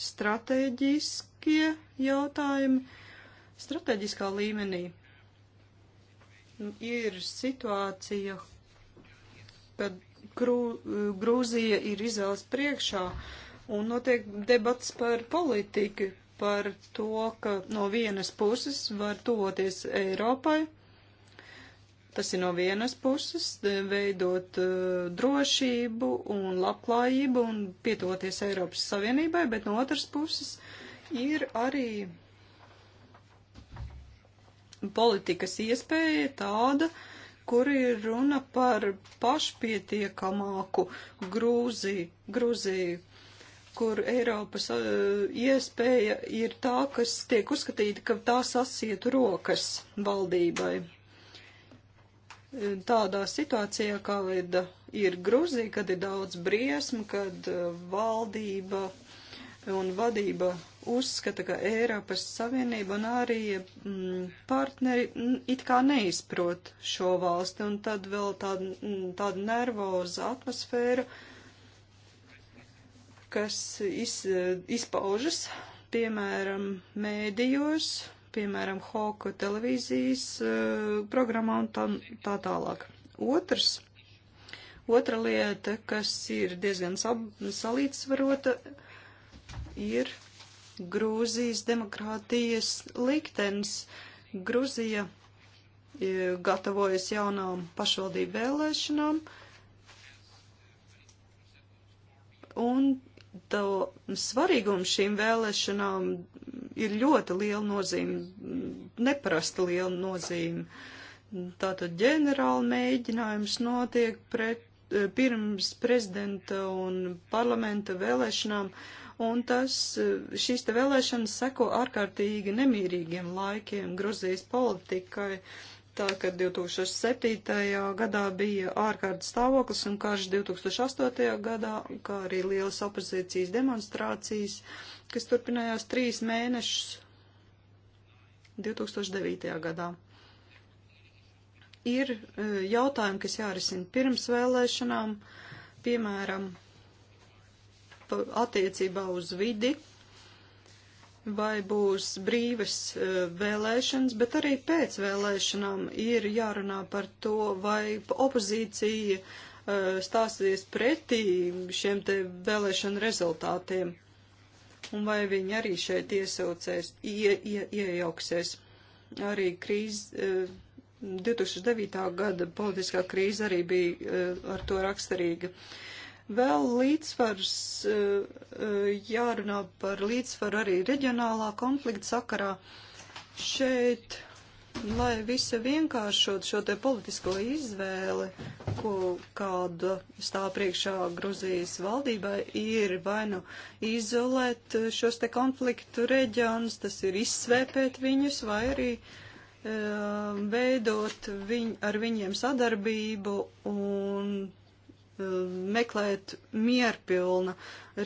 stratēģiskie jautājumi, stratēģiskā līmenī ir situācija, kad Grūzija ir izvēles priekšā un notiek debats par politiku, par to, ka no vienas puses var tuvoties Eiropai. Tas ir no vienas puses veidot uh, drošību un labklājību un pietuvoties Eiropas Savienībai, bet no otras puses ir arī politikas iespēja tāda, uh, kur ir runa par pašpietiekamāku Grūziju, Grūziju kur Eiropas uh, iespēja ir tā, kas tiek uzskatīta, ka tā sasiet rokas valdībai. Tādā situācijā, kā ir Grūzija, kad ir daudz briesmu, kad uh, valdība un vadība uzskata, ka Eiropas Savienība un arī mm, partneri mm, it kā neizprot šo valsti, un tad vēl tāda, mm, tāda nervoza atmosfēra, kas iz, izpaužas, piemēram, mēdījos, piemēram, Hoka televīzijas eh, programmā un tā, tā tālāk. Otrs Otra lieta, kas ir diezgan sab, salīdzvarota, ir Grūzijas demokrātijas liktenis. Grūzija e, gatavojas jaunām pašvaldību vēlēšanām, un to svarīgums šīm vēlēšanām ir ļoti liela nozīme, neparasta liela nozīme. Tātad ģenerāli mēģinājums notiek pret, e, pirms prezidenta un parlamenta vēlēšanām. Uh, un tas, eh, šīs te vēlēšanas seko ārkārtīgi nemierīgiem laikiem Gruzijas politikai. Tā kā 2007. gadā bija ārkārtas stāvoklis un karš 2008. gadā, kā arī lielas opozīcijas demonstrācijas, kas turpinājās trīs mēnešus 2009. gadā. Ir eh, jautājumi, kas jārisina pirms vēlēšanām, piemēram, attiecībā uz vidi, vai būs brīvas e, vēlēšanas, bet arī pēc vēlēšanām ir jārunā par to, vai opozīcija e, stāsies pretī šiem te vēlēšanu rezultātiem, un vai viņi arī šeit iesaucēs, ie, ie, iejauksies. Arī krīze, 2009. gada politiskā krīze arī bija e, ar to raksturīga. Vēl līdzsvars eh, eh, jārunā par līdzsvaru arī reģionālā konflikta sakarā. Šeit, lai visu vienkāršot šo te politisko izvēli, ko kāda stāv priekšā Gruzijas valdībai, ir vai nu izolēt šos te konfliktu reģionus, tas ir izsvēpēt viņus, vai arī eh, veidot viņ, ar viņiem sadarbību un Eh, meklēt mierpilna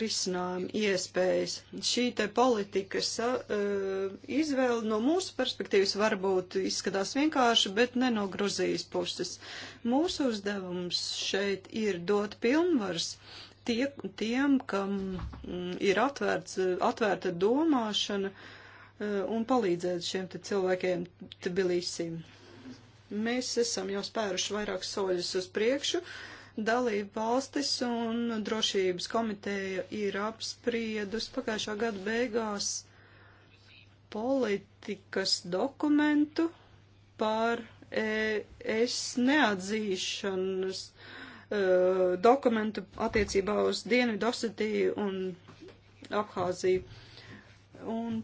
risinājuma iespējas. Šī te politikas uh, eh, izvēle no mūsu perspektīvas varbūt izskatās vienkārši, bet ne no Gruzijas puses. Mūsu uzdevums šeit ir dot pilnvars tie, tiem, kam mm, ir atvērts, atvērta domāšana uh, un palīdzēt šiem te cilvēkiem Tbilisim. Mēs esam jau spēruši vairāk soļus uz priekšu. Uh, dalību valstis un drošības komiteja ir apspriedus pagājušā gada beigās politikas dokumentu par es neatzīšanas uh, dokumentu attiecībā uz Dienvidu Osetiju un Abhāziju. Un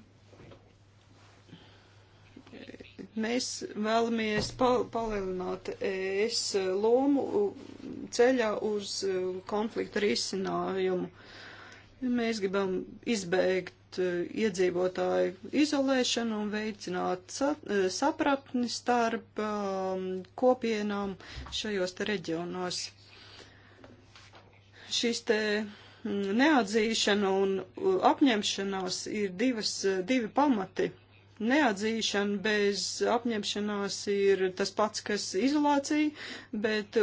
Mēs vēlamies palielināt es lomu ceļā uz uh, konfliktu risinājumu. Mēs gribam izbeigt uh, iedzīvotāju izolēšanu un veicināt uh, sapratni starp um, kopienām šajos te reģionos. Šis te mm, neatzīšana un apņemšanās ir divas, divi pamati Neatzīšana bez apņemšanās ir tas pats, kas izolācija, bet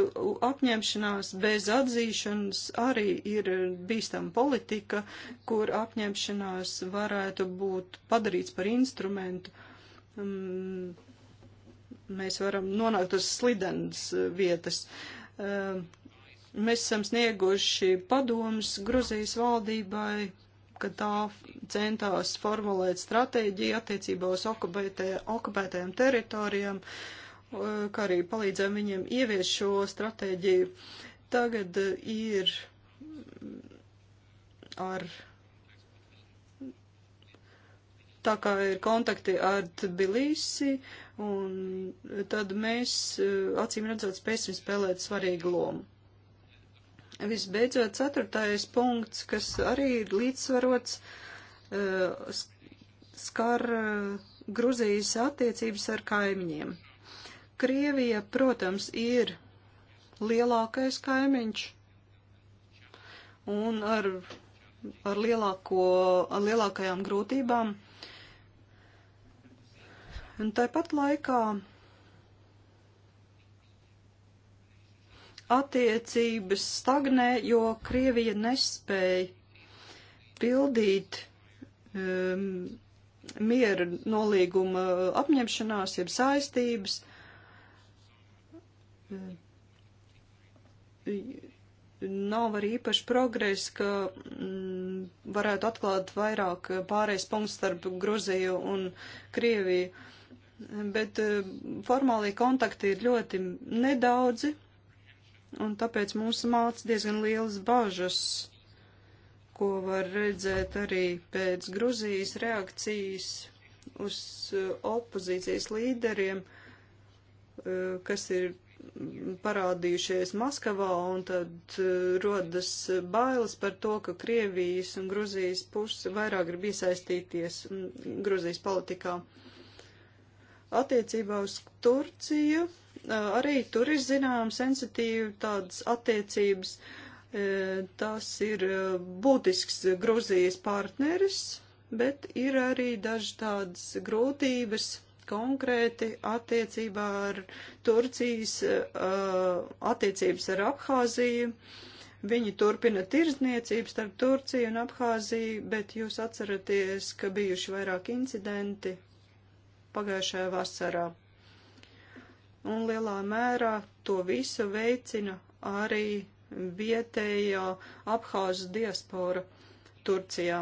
apņemšanās bez atzīšanas arī ir bīstama politika, kur apņemšanās varētu būt padarīts par instrumentu. Um, mēs varam nonākt uz slidenas vietas. Um, mēs esam snieguši padomus Gruzijas valdībai ka tā centās formulēt stratēģiju attiecībā uz okupētē, okupētajām teritorijām, eh, kā arī palīdzēja viņiem ievies šo stratēģiju. Tagad eh, ir mm, ar. Tā kā ir kontakti ar Tbilisi, un tad mēs, eh, acīm redzot, spēsim spēlēt svarīgu lomu. Visbeidzot, ceturtais punkts, kas arī ir līdzsvarots, eh, skar eh, Gruzijas attiecības ar kaimiņiem. Krievija, protams, ir lielākais kaimiņš un ar, ar, lielāko, ar lielākajām grūtībām. Un tāpat laikā attiecības stagnē, jo Krievija nespēja pildīt um, miera nolīguma apņemšanās, jeb saistības. Nav arī īpaši progress, ka mm, varētu atklāt vairāk pārējais punkts starp Gruziju un Krieviju, bet eh, formālie kontakti ir ļoti nedaudzi, un tāpēc mūs māca diezgan lielas bažas, ko var redzēt arī pēc Gruzijas reakcijas uz uh, opozīcijas līderiem, uh, kas ir parādījušies Maskavā, un tad uh, rodas bailes par to, ka Krievijas un Gruzijas puse vairāk grib iesaistīties mm, Gruzijas politikā. Uh, Attiecībā uz Turciju arī tur ir zinām sensitīvi tādas attiecības. Tas ir būtisks Gruzijas partneris, bet ir arī daži tādas grūtības konkrēti attiecībā ar Turcijas attiecības ar Abhāziju. Viņi turpina tirzniecību starp Turciju un Abhāziju, bet jūs atceraties, ka bijuši vairāk incidenti pagājušajā vasarā. Un lielā mērā to visu veicina arī vietējā apkāzu diaspora Turcijā.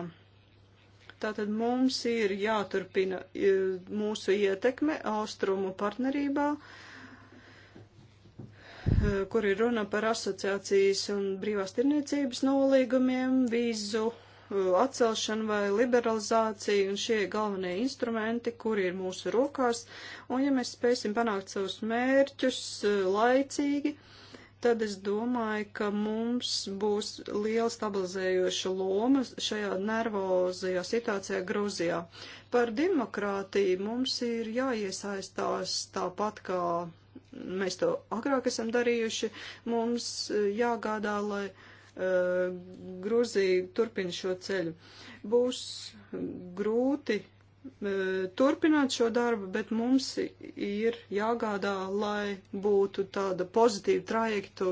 Tātad mums ir jāturpina e, mūsu ietekme austrumu partnerībā, e, kur ir runa par asociācijas un brīvās tirniecības nolīgumiem, vīzu atcelšana vai liberalizācija, un šie galvenie instrumenti, kuri ir mūsu rokās, un ja mēs spēsim panākt savus mērķus eh, laicīgi, tad es domāju, ka mums būs liela stabilizējoša loma šajā nervozajā situācijā Gruzijā. Par demokrātiju mums ir jāiesaistās tāpat kā mēs to agrāk esam darījuši, mums eh, jāgādā, lai Eh, Gruzija turpina šo ceļu. Būs grūti eh, turpināt šo darbu, bet mums ir jāgādā, lai būtu tāda pozitīva trajektu,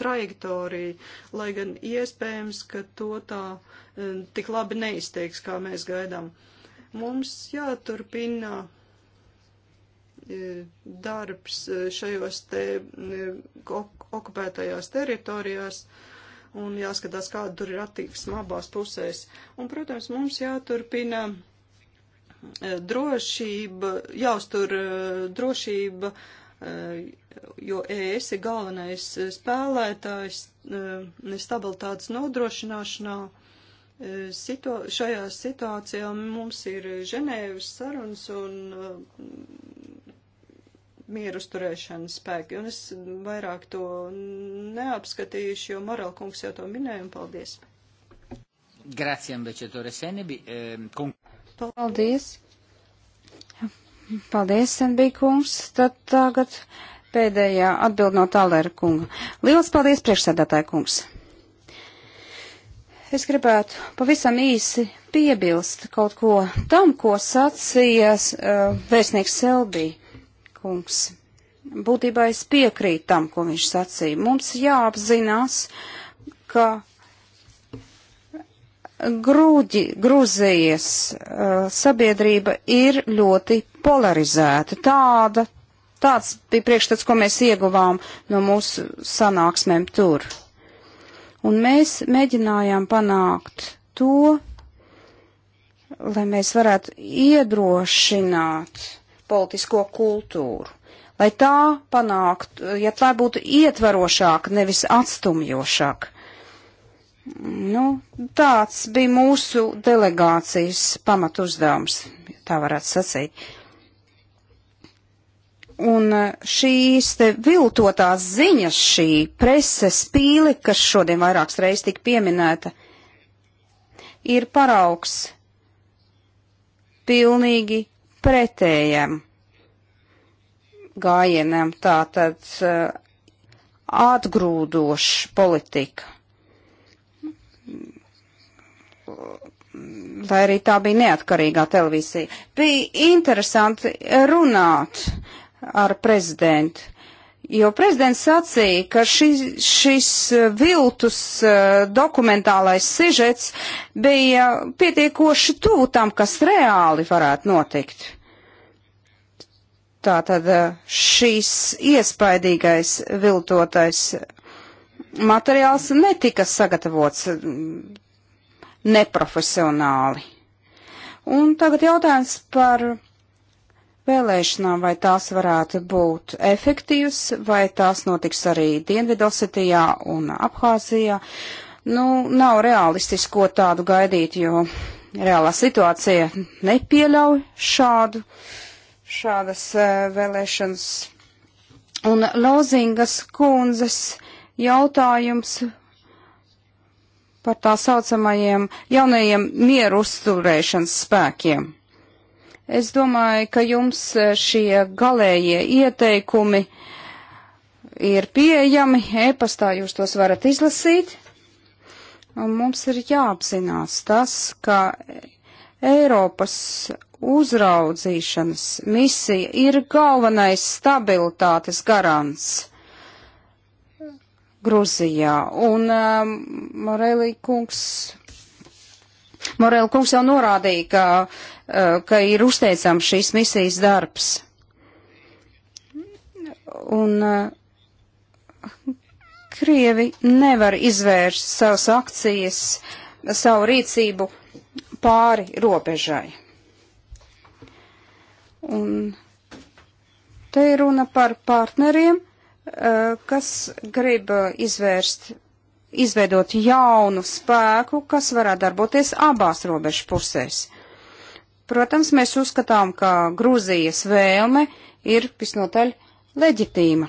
trajektorija, lai gan iespējams, ka to tā eh, tik labi neizteiks, kā mēs gaidām. Mums jāturpina darbs šajos te okupētajās teritorijās. Uh, un jāskatās, kāda tur ir attieksme abās pusēs. Un, protams, mums jāturpina e, drošība, jāuztur e, drošība, e, jo ES ir galvenais spēlētājs stabilitātes nodrošināšanā. Situ šajā situācijā mums ir Ženēvas sarunas un mieru uzturēšanas spēki, un es vairāk to neapskatījuši, jo Morel kungs jau to minēja, un paldies. Grazie, ambasciatore Senebi. Ehm, paldies. Paldies, Senbī kungs. Tad tagad pēdējā atbild no Tālēra kunga. Lielas paldies, priekšsēdētāja kungs. Es gribētu pavisam īsi piebilst kaut ko tam, ko sacīja uh, vēstnieks Selbija kungs. Būtībā es piekrītu tam, ko viņš sacīja. Mums jāapzinās, ka Grūģi, Grūzijas uh, sabiedrība ir ļoti polarizēta. Tāda, tāds bija priekšstats, ko mēs ieguvām no mūsu sanāksmēm tur. Un mēs mēģinājām panākt to, lai mēs varētu iedrošināt politisko kultūru. Lai tā panāktu, ja tā būtu ietvarošāka, nevis atstumjošāka. Nu, tāds bija mūsu delegācijas pamat uzdevums, tā varētu sacīt. Un e, šīs te viltotās ziņas, šī preses pīle, kas šodien vairākas reizes tika pieminēta, ir paraugs pilnīgi pretējam gājienam, tā tad uh, atgrūdoša politika. Lai arī tā bija neatkarīgā televīzija. Bija interesanti runāt ar prezidentu Jo prezidents sacīja, ka šis, šis eh, viltus eh, dokumentālais sižets bija pietiekoši tuvu tam, kas reāli varētu notikt. Tātad eh, šīs iespaidīgais viltotais materiāls netika sagatavots mm, neprofesionāli. Un tagad jautājums par vēlēšanām, vai tās varētu būt efektīvas, vai tās notiks arī Dienvidosetijā un Abhāzijā. Nu, nav realistiski, ko tādu gaidīt, jo reālā situācija nepieļauj šādu, šādas eh, vēlēšanas. Un Lozingas kundzes jautājums par tā saucamajiem jaunajiem mieru uzturēšanas spēkiem. Es domāju, ka jums eh, šie galējie ieteikumi ir pieejami, e-pastā jūs tos varat izlasīt. Un mums ir jāapzinās tas, ka Eiropas uzraudzīšanas misija ir galvenais stabilitātes garants Gruzijā. Un um, Morelī kungs, Morelī kungs jau norādīja, ka uh, Eh, ka ir uzteicams šīs misijas darbs. Un eh, Krievi nevar izvērst savas akcijas, savu rīcību pāri robežai. Un te ir runa par partneriem, eh, kas grib izvērst, izveidot jaunu spēku, kas varētu darboties abās robežu pusēs. Protams, mēs uzskatām, ka Grūzijas vēlme ir visnotaļ leģitīma.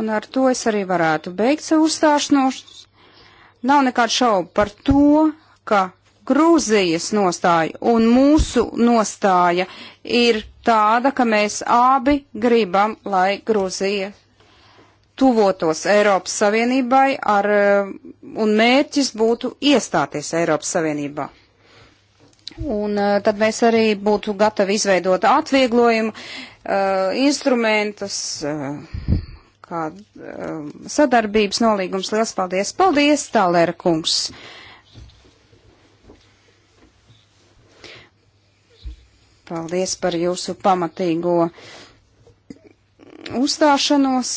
Un ar to es arī varētu beigt savu uzstāšanos. Nav nekādu šaubu par to, ka Grūzijas nostāja un mūsu nostāja ir tāda, ka mēs abi gribam, lai Grūzija tuvotos Eiropas Savienībai ar, eh, un mērķis būtu iestāties Eiropas Savienībā. Un uh, tad mēs arī būtu gatavi izveidot atvieglojumu, uh, instrumentus, uh, kā uh, sadarbības nolīgums. Lielas paldies! Paldies, Tālēra kungs! Paldies par jūsu pamatīgo uzstāšanos.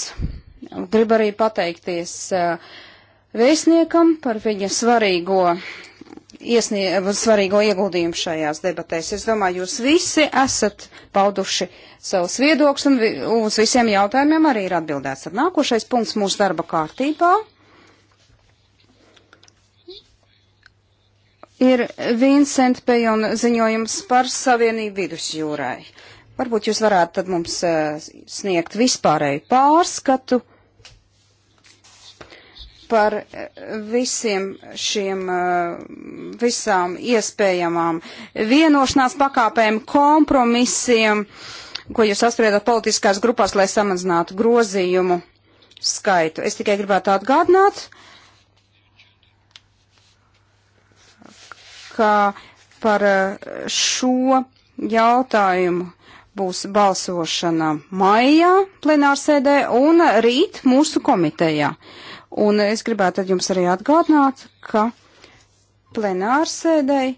Gribu arī pateikties uh, vēstniekam par viņa svarīgo iesniegu svarīgo ieguldījumu šajās debatēs. Es domāju, jūs visi esat pauduši savus viedokļus un vi uz visiem jautājumiem arī ir atbildēts. Tad nākošais punkts mūsu darba kārtībā ir Vincent Pejona ziņojums par Savienību vidusjūrai. Varbūt jūs varētu tad mums eh, sniegt vispārēju pārskatu par visiem šiem, eh, visām iespējamām vienošanās pakāpēm, kompromisiem, ko jūs apspriedat politiskās grupās, lai samazinātu grozījumu skaitu. Es tikai gribētu atgādināt, ka par eh, šo jautājumu būs balsošana maijā plenārsēdē un rīt mūsu komitejā. Uh, Un es gribētu jums arī atgādināt, ka plenārsēdēji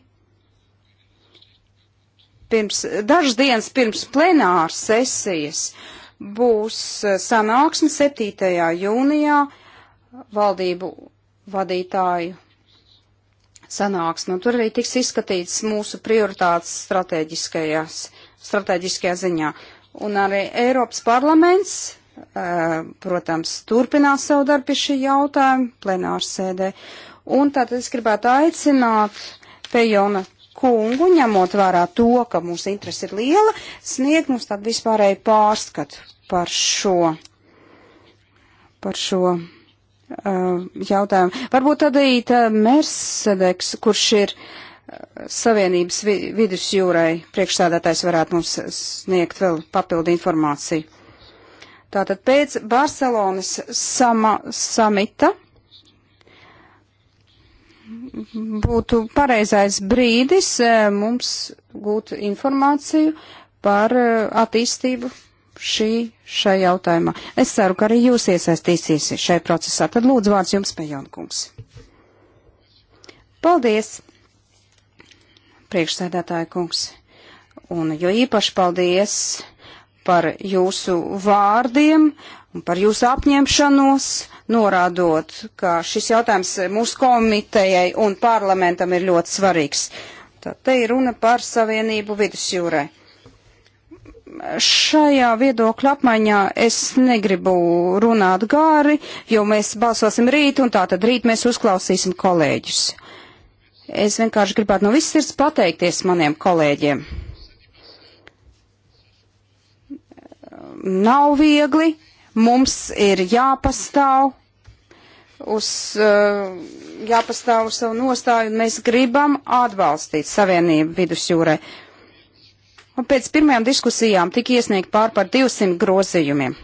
pirms, dažas dienas pirms plenāras sesijas būs eh, sanāksme 7. jūnijā valdību vadītāju sanāksme. Tur arī tiks izskatīts mūsu prioritātes stratēģiskajā ziņā. Un arī Eiropas parlaments protams, turpinās savu darbu pie šī jautājuma plenārsēdē. Un tātad es gribētu aicināt Pejona kungu, ņemot vērā to, ka mūsu interesi ir liela, sniegt mums tādu vispārēju pārskatu par šo, par šo uh, jautājumu. Varbūt tad arī tā Mercedes, kurš ir uh, Savienības vidusjūrai priekšstādātājs varētu mums sniegt vēl papildu informāciju. Tātad pēc Barcelonas sama, samita būtu pareizais brīdis e, mums gūt informāciju par e, attīstību šī, šai jautājumā. Es ceru, ka arī jūs iesaistīsies šai procesā. Tad lūdzu vārds jums, Pejonkungs. Paldies, priekšsēdētāja kungs. Un jo īpaši paldies par jūsu vārdiem un par jūsu apņemšanos, norādot, ka šis jautājums mūsu komitejai un parlamentam ir ļoti svarīgs. Tad te ir runa par savienību vidusjūrai. Šajā viedokļa apmaiņā es negribu runāt gāri, jo mēs balsosim rīt, un tā tad rīt mēs uzklausīsim kolēģus. Es vienkārši gribētu no viss sirds pateikties maniem kolēģiem. nav viegli, mums ir jāpastāv uz, eh, jāpastāv uz savu nostāju, un mēs gribam atbalstīt Savienību vidusjūrai. Un pēc pirmajām diskusijām tika iesniegt pār par 200 grozījumiem.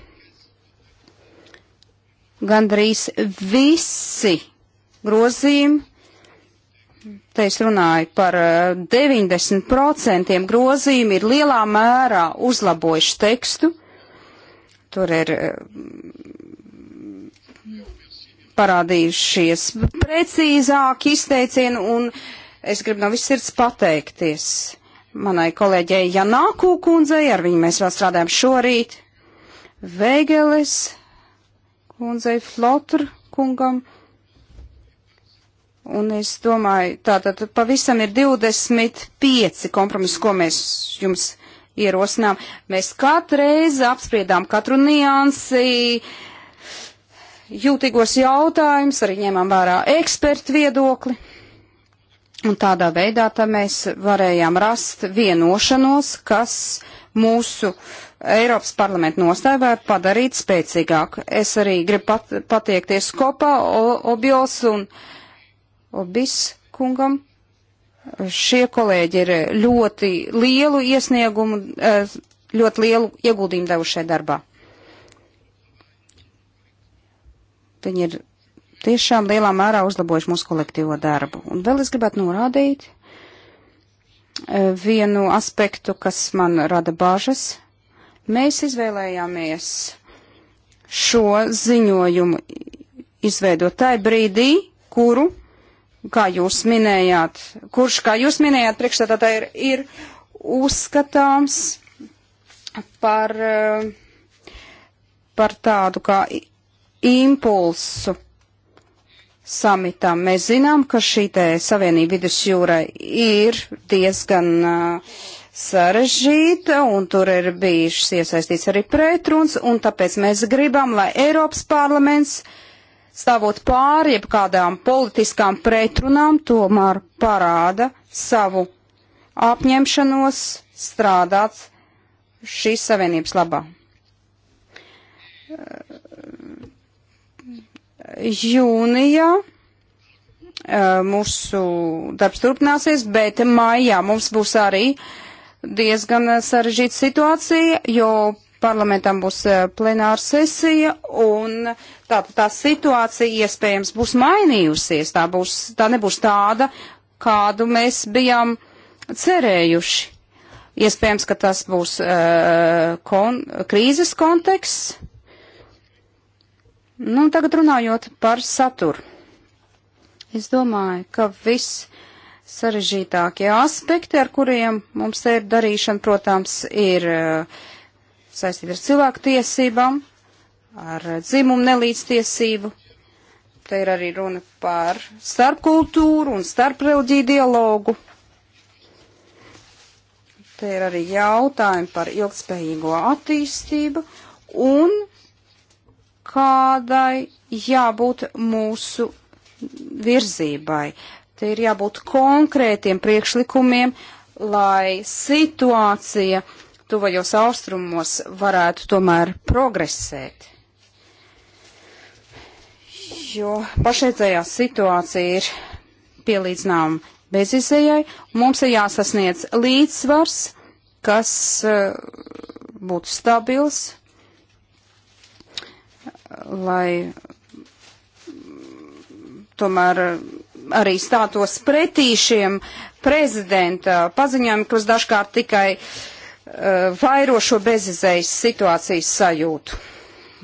Gandrīz visi grozījumi, te es runāju par 90% eh, grozījumi, ir lielā mērā uzlabojuši tekstu Tur ir eh, parādījušies precīzāk izteicieni, un es gribu no viss sirds pateikties manai kolēģei Janāku kundzei, ar viņu mēs vēl strādājam šorīt, Vēgeles kundzei Flotr kungam. Un es domāju, tātad pavisam ir 25 kompromisi, ko mēs jums ierosinām. Mēs katru reizi apspriedām katru niansi, jūtīgos jautājumus, arī ņēmām vērā ekspertu viedokli. Un tādā veidā tā mēs varējām rast vienošanos, kas mūsu Eiropas parlamentu nostāju var padarīt spēcīgāku. Es arī gribu pat, pateikties kopā Objos un Obis kungam Šie kolēģi ir ļoti lielu iesniegumu, eh, ļoti lielu ieguldījumu devušai darbā. Viņi ir tiešām lielā mērā uzlabojuši mūsu kolektīvo darbu. Un vēl es gribētu norādīt eh, vienu aspektu, kas man rada bažas. Mēs izvēlējāmies šo ziņojumu izveidot tajā brīdī, kuru kā jūs minējāt, kurš, kā jūs minējāt, priekšstādātā ir, ir uzskatāms par, par tādu kā impulsu samitam. Mēs zinām, ka šī te savienība vidusjūrai ir diezgan uh, sarežģīta, un tur ir bijušas iesaistīts arī pretruns, un tāpēc mēs gribam, lai Eiropas parlaments uh, stāvot pāri jebkādām politiskām pretrunām, tomēr parāda savu apņemšanos strādāt šīs savienības labā. Jūnijā eh, mūsu darbs turpināsies, bet maijā mums būs arī diezgan sarežģīta situācija, jo parlamentam būs eh, plenāra sesija un tā, tā situācija iespējams būs mainījusies, tā, būs, tā nebūs tāda, kādu mēs bijām cerējuši. Iespējams, ka tas būs uh, kon, krīzes konteksts. Nu, tagad runājot par saturu. Es domāju, ka viss sarežģītākie aspekti, ar kuriem mums ir darīšana, protams, ir uh, saistīti ar cilvēku tiesībām, ar dzimumu nelīdztiesību. Te ir arī runa par starpkultūru un starpreliģiju dialogu. Te ir arī jautājumi par ilgspējīgo attīstību un kādai jābūt mūsu virzībai. Te ir jābūt konkrētiem priekšlikumiem, lai situācija tuvajos austrumos varētu tomēr progresēt jo pašreizējā situācija ir pielīdzināma bezizējai. Mums ir jāsasniedz līdzsvars, kas uh, būtu stabils, lai tomēr arī stātos pretī šiem prezidenta paziņojumiem, kas dažkārt tikai uh, eh, vairošo bezizējas situācijas sajūtu.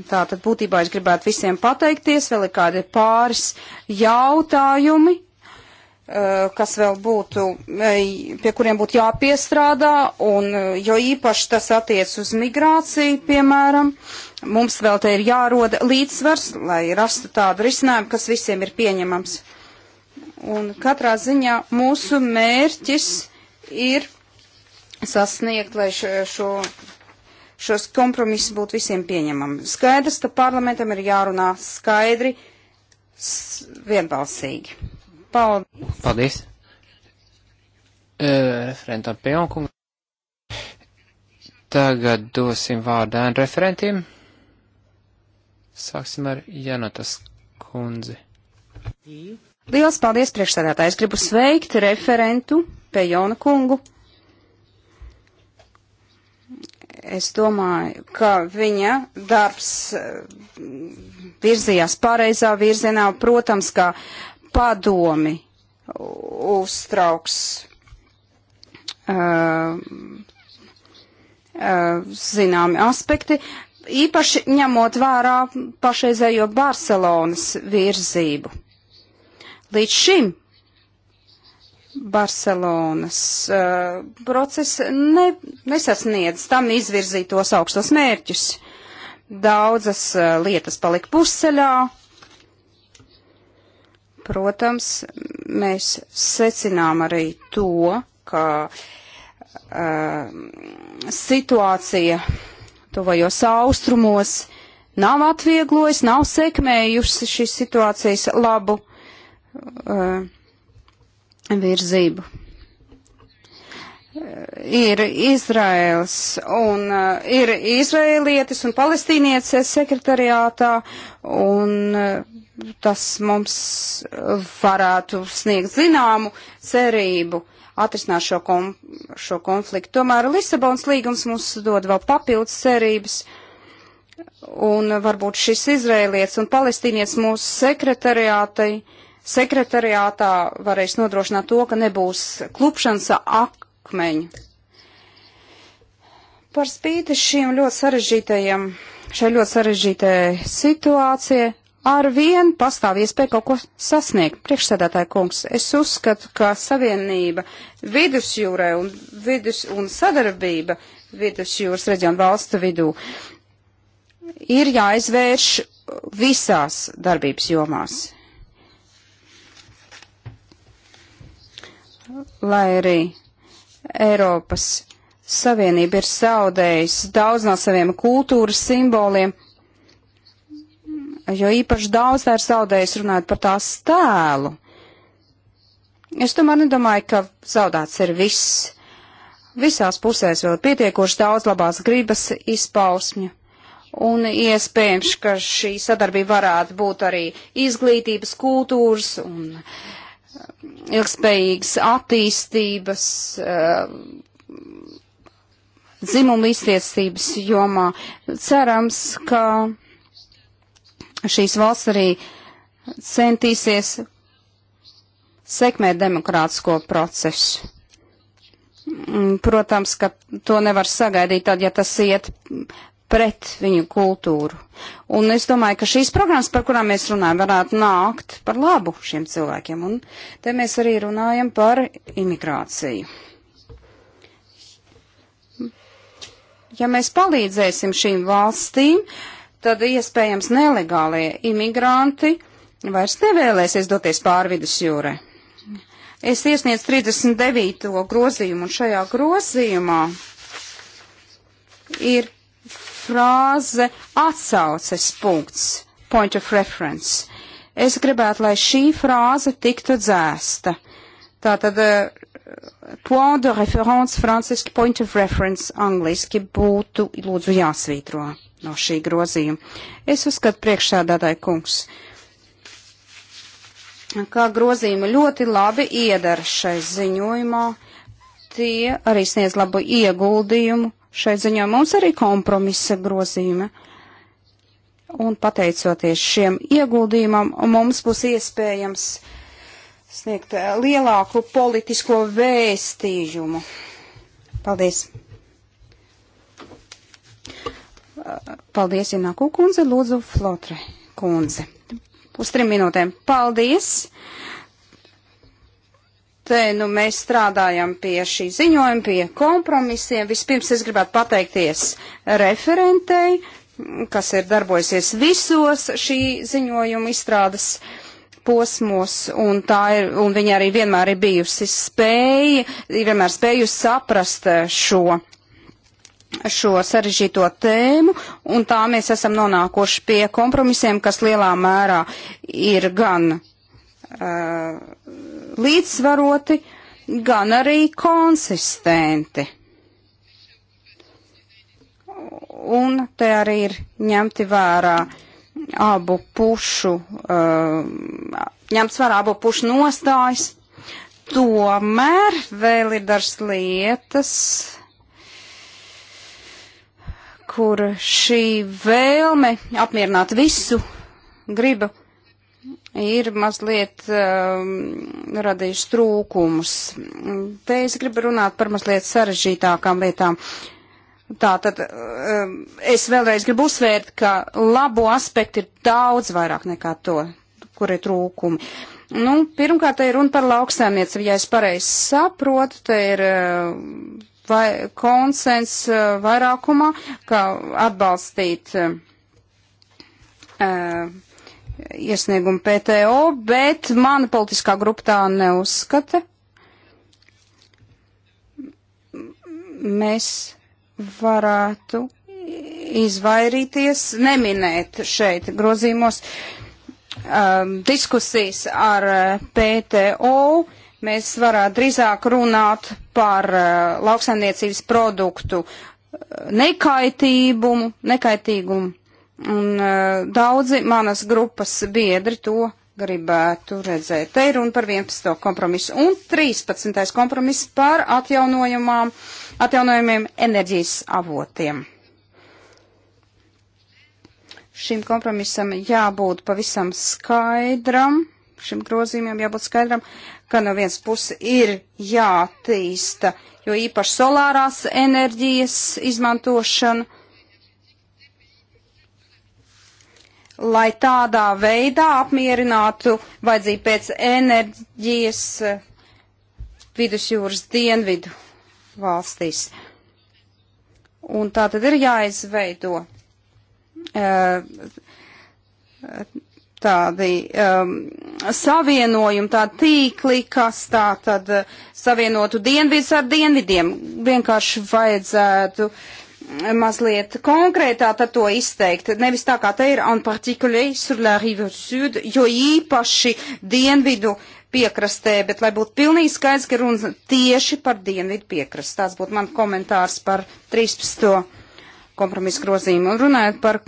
Tātad būtībā es gribētu visiem pateikties, vēl ir kādi pāris jautājumi, eh, kas vēl būtu, eh, pie kuriem būtu jāpiestrādā, un eh, jo īpaši tas attiec uz migrāciju, piemēram, mums vēl te ir jāroda līdzsvars, lai rastu tādu risinājumu, kas visiem ir pieņemams. Un katrā ziņā mūsu mērķis ir sasniegt, lai šo, šo šos kompromisus būtu visiem pieņemami. Skaidrs, ka parlamentam ir jārunā skaidri, vienbalsīgi. Paldies. Paldies. E, referentam Pionkungu. Tagad dosim vārdu ēnu referentiem. Sāksim ar Janotas kundzi. Liels paldies priekšstādātājs. Gribu sveikt referentu Pejona kungu Es domāju, ka viņa darbs eh, virzījās pareizā virzienā. Protams, ka padomi uztrauks uh, uh, zināmi aspekti, īpaši ņemot vērā pašreizējo Barcelonas virzību. Līdz šim Barcelonas uh, process ne, nesasniedz tam izvirzītos augstos mērķus. Daudzas uh, lietas palika pusceļā. Protams, mēs secinām arī to, ka uh, situācija tuvajos austrumos nav atvieglojusi, nav sekmējusi šīs situācijas labu. Uh, virzību. Ir Izraels un eh, ir izraēlietis un palestīnieces sekretariātā un eh, tas mums varētu sniegt zināmu cerību atrisināt šo, kom, šo konfliktu. Tomēr Lisabons līgums mums dod vēl papildus cerības, un varbūt šis izrēlietis un palestīnietis mūsu sekretariātai sekretariātā varēs nodrošināt to, ka nebūs klupšanas akmeņu. Par spīti šiem ļoti sarežģītajiem, šai ļoti sarežģītajai situācijai, ar vienu pastāv iespēja kaut ko sasniegt. Priekšsēdētāja kungs, es uzskatu, ka savienība vidusjūrē un, vidus, un sadarbība vidusjūras reģionu valstu vidū ir jāizvērš visās darbības jomās. Mm. lai arī Eiropas Savienība ir zaudējusi daudz no saviem kultūras simboliem, jo īpaši daudz tā ir zaudējusi runājot par tās tēlu. Es tomēr nedomāju, ka zaudēts ir viss. Visās pusēs vēl pietiekoši daudz labās gribas izpausmju. Un iespējams, ka šī sadarbība varētu būt arī izglītības, kultūras un uh, ilgspējīgas attīstības, eh, dzimumu iztiesības jomā. Cerams, ka šīs valsts arī centīsies sekmēt demokrātisko procesu. Mm, protams, ka to nevar sagaidīt tad, ja tas iet pret viņu kultūru. Un es domāju, ka šīs programmas, par kurām mēs runājam, varētu nākt par labu šiem cilvēkiem. Un te mēs arī runājam par imigrāciju. Ja mēs palīdzēsim šīm valstīm, tad iespējams nelegālie imigranti vairs nevēlēsies doties pāri vidus jūrai. Es iesniedzu 39. grozījumu, un šajā grozījumā ir frāze atsauces punkts, point of reference. Es gribētu, lai šī frāze tiktu dzēsta. Tātad eh, point de reference franciski point of reference angliski būtu lūdzu jāsvītro no šī grozījuma. Es uzskatu priekšsēdētāju kungs, kā grozījumi ļoti labi iedara šai ziņojumā, tie arī sniedz labu ieguldījumu Šai ziņā mums arī kompromisa grozīme. Un pateicoties šiem ieguldījumam, mums būs iespējams sniegt eh, lielāku politisko vēstījumu. Paldies! Paldies, Ienāku kundze, lūdzu, Flotre kundze. Uz trim minūtēm. Paldies! Te nu mēs strādājam pie šī ziņojuma, pie kompromisiem. Vispirms es gribētu pateikties referentei, kas ir darbojusies visos šī ziņojuma izstrādes posmos, un tā ir, un viņa arī vienmēr ir bijusi spēja, ir vienmēr spējusi saprast šo šo sarežģīto tēmu, un tā mēs esam nonākuši pie kompromisiem, kas lielā mērā ir gan uh, līdzsvaroti, gan arī konsistenti. Un te arī ir ņemti vērā abu pušu, uh, ņemts vērā abu pušu nostājas. Tomēr vēl ir dažas lietas, kur šī vēlme apmierināt visu gribu ir mazliet um, radījuši trūkumus. Te es gribu runāt par mazliet sarežģītākām lietām. Tātad um, es vēlreiz gribu uzsvērt, ka labo aspektu ir daudz vairāk nekā to, kur ir trūkumi. Nu, pirmkārt, te ir runa par lauksēmniecību. Ja es pareizi saprotu, te ir uh, vai, konsens uh, vairākumā, ka atbalstīt. Uh, iesniegumu PTO, bet mana politiskā grupa tā neuzskata. Mēs varētu izvairīties, neminēt šeit grozīmos um, diskusijas ar uh, PTO. Mēs varētu drīzāk runāt par uh, lauksaimniecības produktu uh, nekaitīgumu, nekaitīgumu Un uh, daudzi manas grupas biedri to gribētu redzēt. Te ir runa par 11. kompromisu un 13. kompromiss par atjaunojumiem enerģijas avotiem. Šim kompromisam jābūt pavisam skaidram, šim grozījumam jābūt skaidram, ka no viens puses ir jātīsta, jo īpaši solārās enerģijas izmantošana lai tādā veidā apmierinātu vajadzību pēc enerģijas eh, vidusjūras dienvidu valstīs. Un tā tad ir jāizveido eh, tādi um, savienojumi, tādi tīkli, kas tā tad eh, savienotu dienvidus ar dienvidiem. Vienkārši vajadzētu uh, mazliet konkrētā tad to izteikt. Nevis tā kā te ir en particulier sur la rive sud, jo īpaši dienvidu piekrastē, bet lai būtu pilnīgi skaidrs, ka runa tieši par dienvidu piekrastu. Tāds būtu man komentārs par 13. kompromisu grozījumu. Un runājot par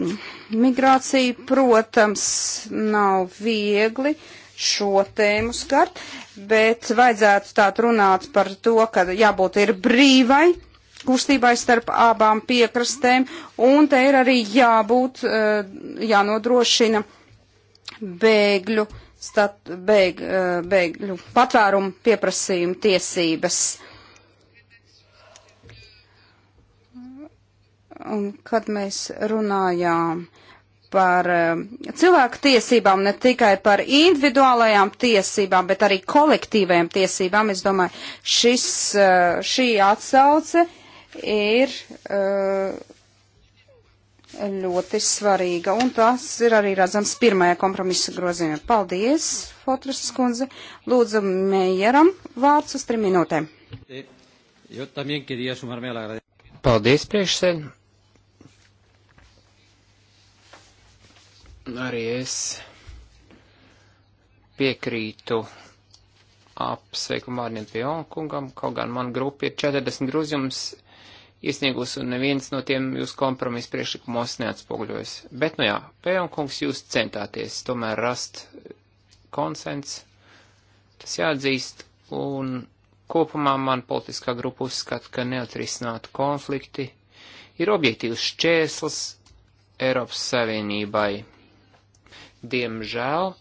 migrāciju, protams, nav viegli šo tēmu skart, bet vajadzētu tā runāt par to, ka jābūt ir brīvai kustībai starp abām piekrastēm, un te ir arī jābūt, eh, jānodrošina bēgļu, stat, bēg, eh, bēgļu patvērumu pieprasījumu tiesības. Un kad mēs runājām par eh, cilvēku tiesībām, ne tikai par individuālajām tiesībām, bet arī kolektīvajām tiesībām, es domāju, šis, šī atsauce ir uh, ļoti svarīga, un tas ir arī redzams pirmajā kompromisa grozījumā. Paldies, Fotras skundze. Lūdzu, Meijeram vārds uz trim minūtēm. Paldies, priekšsēdētāji. Arī es piekrītu apsveikumu vārdiem Pionkungam, kaut gan man grupa ir 40 grūzījums, iesniegus, un neviens no tiem jūs kompromisu priekšlikumos neatspoguļojas. Bet, nu jā, Pējon kungs, jūs centāties tomēr rast konsens, tas jāatzīst, un kopumā man politiskā grupa uzskata, ka neatrisinātu konflikti ir objektīvs šķērslis Eiropas Savienībai. Diemžēl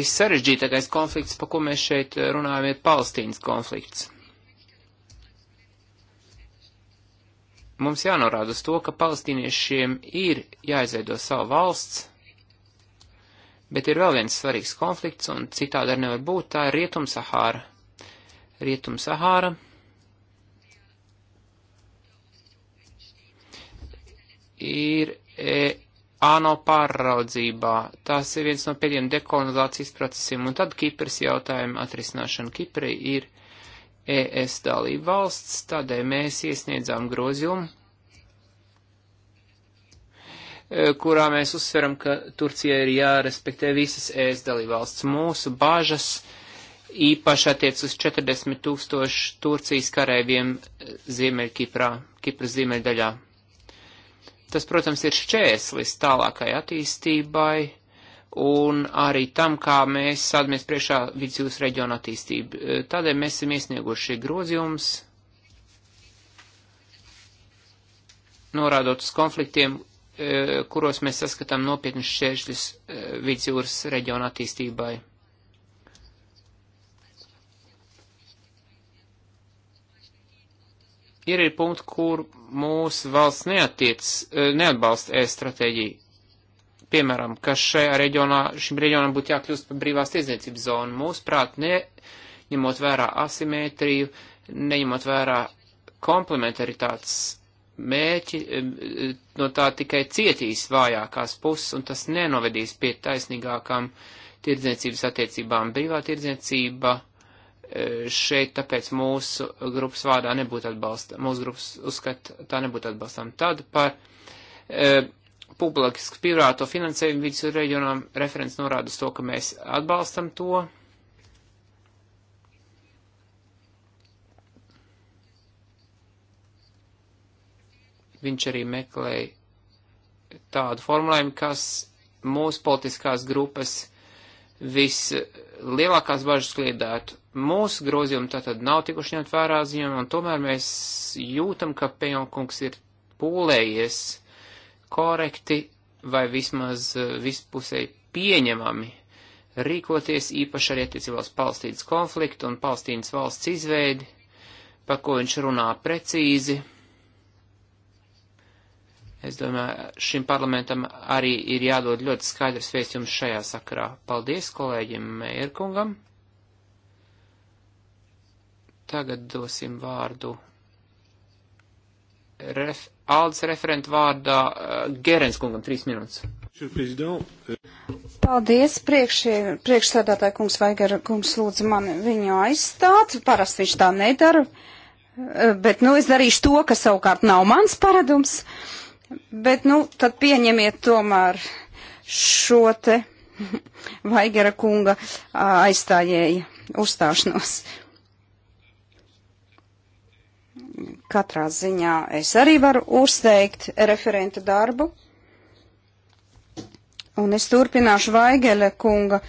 vissarežģītākais konflikts, pa ko mēs šeit runājam, ir Palestīnas konflikts. Mums jānorāda uz to, ka palestīniešiem ir jāizveido savu valsts, bet ir vēl viens svarīgs konflikts, un citādi arī nevar būt, tā ir Rietum-Sahāra. Rietum-Sahāra. Ir e, ANO pārraudzībā. Tas ir viens no pēdējiem dekolonizācijas procesiem, un tad Kipras jautājuma atrisināšana Kiprai ir ES dalību valsts, tādēļ mēs iesniedzām grozījumu, e, kurā mēs uzsveram, ka Turcija ir jārespektē visas ES dalībvalsts. Mūsu bāžas īpaši attiec uz 40 tūkstošu Turcijas karēviem e, Ziemeļkiprā, Kipras ziemeļdaļā. Tas, protams, ir šķēslis tālākai attīstībai un arī tam, kā mēs sadamies priekšā vidusjūras reģiona attīstību. E, tādēļ mēs esam iesnieguši grozījums, norādot uz konfliktiem, e, kuros mēs saskatām nopietnas šķēršļus e, vidusjūras reģiona attīstībai. Ir ir punkti, kur mūsu valsts neatiec, neatbalsta e-stratēģiju piemēram, ka šajā reģionā, šim reģionam būtu jākļūst par brīvās tiesniecības zonu. Mūsuprāt, neņemot vērā asimetriju, neņemot vērā komplementaritātes mēķi, no tā tikai cietīs vājākās puses, un tas nenovedīs pie taisnīgākām tirdzniecības attiecībām. Brīvā tirdzniecība e, šeit, tāpēc mūsu grupas vārdā nebūtu atbalsta, mūsu grupas uzskata tā nebūtu atbalstām. Tad par e, publisku privāto finansējumu vidus reģionām referents norāda uz to, ka mēs atbalstam to. Viņš arī meklēja tādu formulējumu, kas mūsu politiskās grupas vislielākās bažas kliedētu. Mūsu grozījumi tātad nav tikuši ņemt vērā ziņām, un tomēr mēs jūtam, ka Pejonkungs ir pūlējies korekti vai vismaz eh, vispusēji pieņemami rīkoties īpaši arī attiecībā uz Palestīnas konfliktu un Palestīnas valsts izveidi, par ko viņš runā precīzi. Es domāju, šim parlamentam arī ir jādod ļoti skaidrs vēstījums šajā sakarā. Paldies kolēģim Mērkungam. Tagad dosim vārdu ref Aldis referentu vārdā eh, Gerens kungam trīs minūtes. Euh, Paldies, priekšie, priekšsēdētāji kungs Vaigara kungs lūdzu mani viņu aizstāt. Parasti viņš tā nedara, eh, bet, nu, es darīšu to, kas savukārt nav mans paradums. Bet, nu, tad pieņemiet tomēr šo te Vaigara kunga aizstājēja uzstāšanos. Katrā ziņā es arī varu uzteikt referenta darbu. Un es turpināšu Vaigeļa kunga.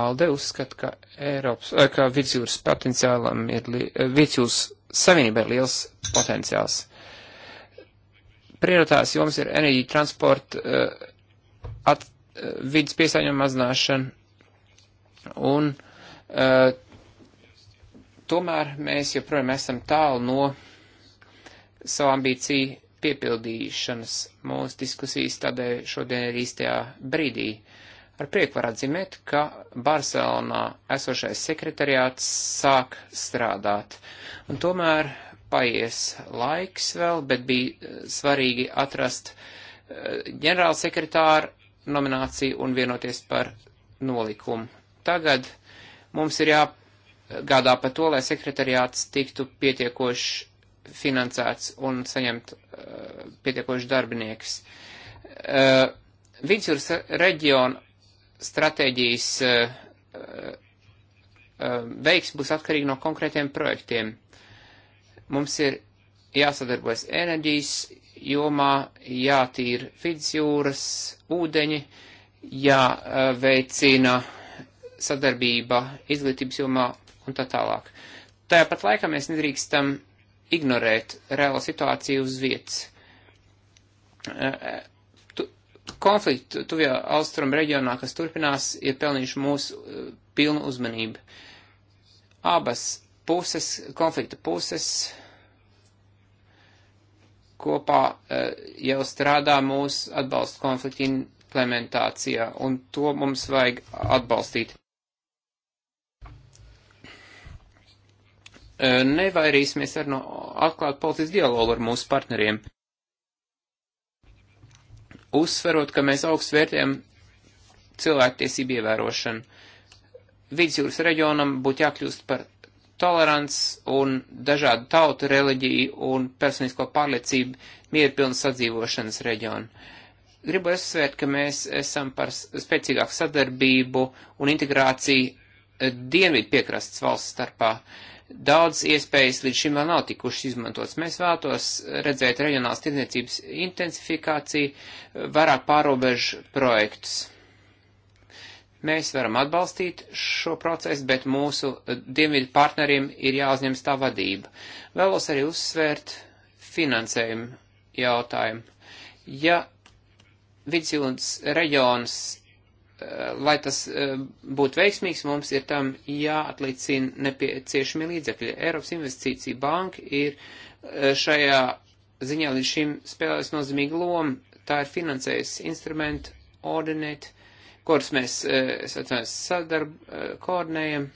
Alde uzskata, ka Eiropas, eh, ka vidusjūras potenciālam ir, eh, vidusjūras savienībai liels potenciāls. Prioritās joms ir enerģija, transporta, eh, at, vidas piesāņojuma mazināšana un uh, tomēr mēs joprojām esam tālu no savu ambīciju piepildīšanas mūsu diskusijas tādēļ šodien ir īstajā brīdī. Ar prieku var atzīmēt, ka Barcelonā esošais sekretariāts sāk strādāt. Un tomēr paies laiks vēl, bet bija eh, svarīgi atrast eh, ģenerāla sekretāra nomināciju un vienoties par nolikumu. Tagad mums ir jāpārādās gādā par to, lai sekretariāts tiktu pietiekoši finansēts un saņemt uh, pietiekoši darbinieks. Uh, Vidusjūras reģiona stratēģijas uh, uh, veiks būs atkarīgi no konkrētiem projektiem. Mums ir jāsadarbojas enerģijas jomā, jātīra vidusjūras ūdeņi, jāveicina sadarbība izglītības jomā un tā tālāk. Tāpat laikā mēs nedrīkstam ignorēt reālo situāciju uz vietas. Eh, eh, Konflikti tuvajā austrumu reģionā, kas turpinās, ir pelnījuši mūsu eh, pilnu uzmanību. Abas puses, konflikta puses, kopā jau strādā mūsu atbalsta konflikta implementācijā, un to mums vajag atbalstīt. nevairīsimies ar no atklāt politisku dialogu ar mūsu partneriem. Uzsverot, ka mēs augstu vērtējam cilvēktiesību ievērošanu. Vidusjūras reģionam būtu jākļūst par tolerants un dažādu tautu, reliģiju un personisko pārliecību mierpilnas sadzīvošanas reģionu. Gribu uzsvērt, ka mēs esam par spēcīgāku sadarbību un integrāciju dienvidu piekrastes valsts starpā. Uh, Daudz iespējas līdz šim vēl nav tikušas izmantotas. Mēs vēlētos redzēt reģionālas tirdzniecības intensifikāciju, vairāk pārobežu projektus. Mēs varam atbalstīt šo procesu, bet mūsu dienvidu partneriem ir jāuzņems tā vadība. Vēlos arī uzsvērt finansējumu jautājumu. Ja vidusjūras reģions lai tas e, būtu veiksmīgs, mums ir tam jāatlicina nepieciešami līdzekļi. Eiropas investīcija banka ir e, šajā ziņā līdz šim spēlējusi nozīmīgu lomu. Tā ir finansējusi instrumentu, ordinēt, kurus mēs e, atveju, sadarb, koordinējam,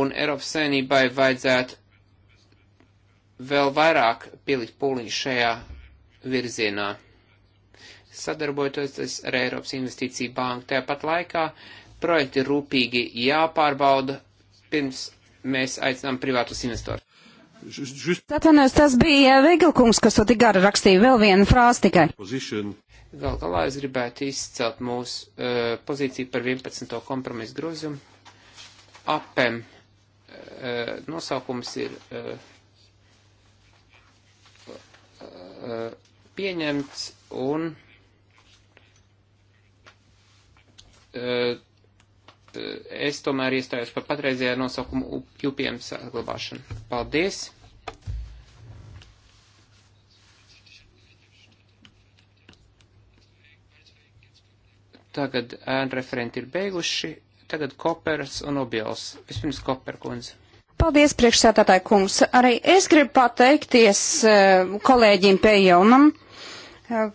un Eiropas saimnībai vajadzētu vēl vairāk pielikt pūliņu šajā virzienā sadarbojoties ar Eiropas investīciju banku. Tāpat laikā projekti rūpīgi jāpārbauda pirms mēs aicinām privātus investorus. Tātad tas bija Viglkungs, kas to tik gara rakstīja vēl vienu frāzi tikai. Position. Gal galā es gribētu izcelt mūsu uh, eh, pozīciju par 11. kompromisu grozījumu. Apem uh, nosaukums ir uh, uh, pieņemts un. Uh, Eh, es tomēr iestājos par patreizējā nosaukumu upjupiem saglabāšanu. Paldies! Tagad ēnu referenti ir beiguši, tagad Kopers un Obils. Vispirms Koper kundze. Paldies, priekšsētātāji kungs. Arī es gribu pateikties eh, kolēģim Pejonam. Uh,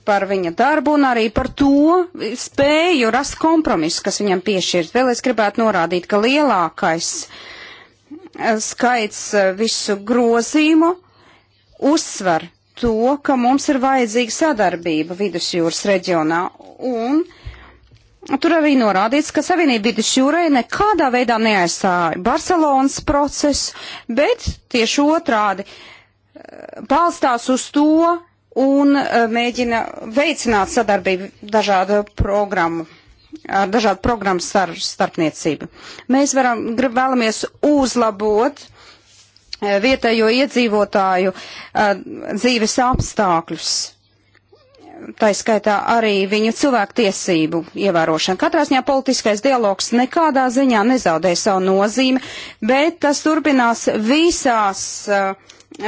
par viņa darbu un arī par to spēju rast kompromisu, kas viņam piešķirt. Vēl es gribētu norādīt, ka lielākais eh, skaits eh, visu grozīmu uzsver to, ka mums ir vajadzīga sadarbība vidusjūras reģionā un Tur arī norādīts, ka Savienība vidusjūrai nekādā veidā neaizstāja Barcelonas procesu, bet tieši otrādi palstās eh, uz to, un uh, mēģina veicināt sadarbību dažādu programmu ar dažādu programmu starp, starpniecību. Mēs varam, grib, vēlamies uzlabot uh, vietējo iedzīvotāju uh, dzīves apstākļus. Tā skaitā arī viņu cilvēktiesību ievērošana. Katrā ziņā politiskais dialogs nekādā ziņā nezaudē savu nozīmi, bet tas turpinās visās uh,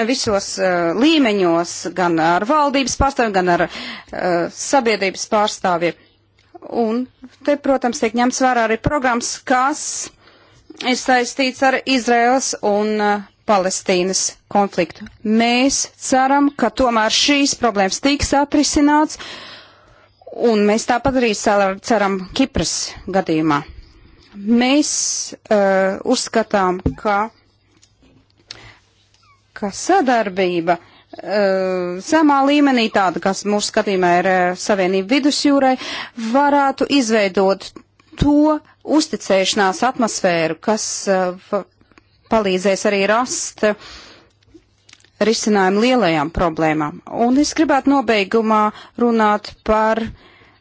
visos uh, līmeņos, gan ar valdības pārstāvjiem, gan ar uh, sabiedrības pārstāvjiem. Un te, protams, tiek ņemts vērā arī programmas, kas ir saistīts ar Izraels un uh, Palestīnas konfliktu. Mēs ceram, ka tomēr šīs problēmas tiks atrisināts, un mēs tāpat arī ceram Kipras gadījumā. Mēs uh, uzskatām, ka ka sadarbība zemā eh, līmenī, tāda, kas mūsu skatījumā ir eh, Savienība vidusjūrai, varētu izveidot to uzticēšanās atmosfēru, kas eh, palīdzēs arī rast risinājumu lielajām problēmām. Un es gribētu nobeigumā runāt par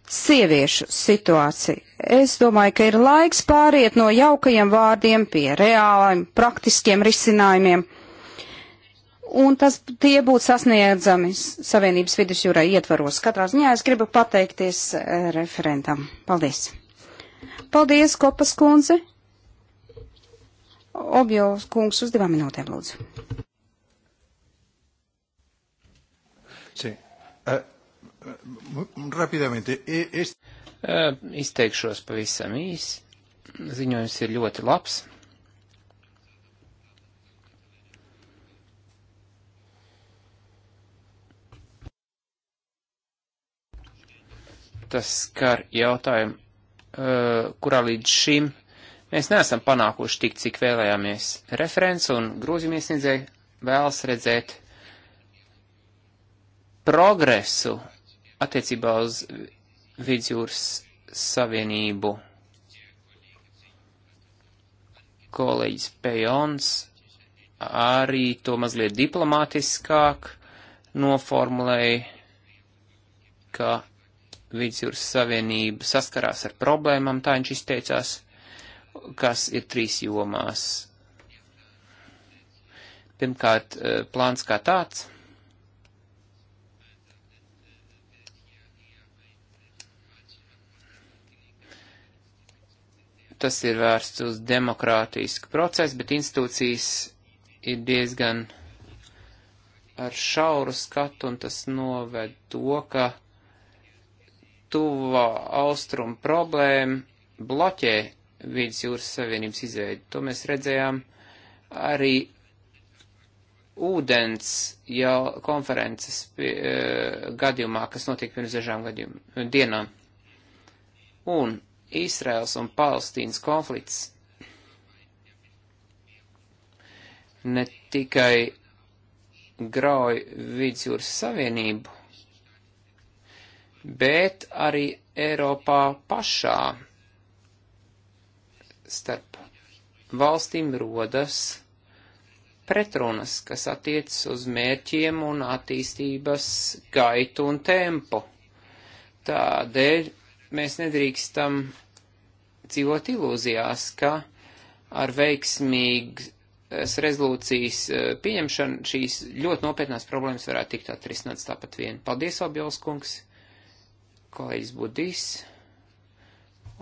sieviešu situāciju. Es domāju, ka ir laiks pāriet no jaukajiem vārdiem pie reāliem, praktiskiem risinājumiem un tas tie būtu sasniedzami Savienības vidusjūrā ietvaros. Katrā ziņā es gribu pateikties eh, referentam. Paldies! Paldies, Kopas kundze! Objos kungs uz divām minūtēm, lūdzu. Sí. Uh, eh, rapidamente. E-, es... Uh, izteikšos pavisam īsi. Ziņojums ir ļoti labs. tas skar jautājumu, uh, kurā līdz šim mēs neesam panākuši tik, cik vēlējāmies. Referents un grozījumiesniedzēji vēlas redzēt progresu attiecībā uz Vidzjūras Savienību. Kolēģis Pejons arī to mazliet diplomātiskāk noformulēja, ka Vidusjūras Savienība saskarās ar problēmām, tā viņš izteicās, kas ir trīs jomās. Pirmkārt, eh, plāns kā tāds. Tas ir vērsts uz demokrātisku procesu, bet institūcijas ir diezgan ar šauru skatu, un tas noved to, ka tuvo austrumu problēma bloķē vīdas jūras savienības izveidi. To mēs redzējām arī ūdens jau konferences pie, uh, gadījumā, kas notika pirms dažām dienām. Un Izraels un Palestīnas konflikts ne tikai grauj vidusjūras savienību, bet arī Eiropā pašā starp valstīm rodas pretrunas, kas attiecas uz mērķiem un attīstības gaitu un tempu. Tādēļ mēs nedrīkstam dzīvot ilūzijās, ka ar veiksmīgas rezolūcijas eh, pieņemšanu šīs ļoti nopietnās problēmas varētu tikt atrisināts tāpat vien. Paldies, Abjolskungs! kolēģis Budīs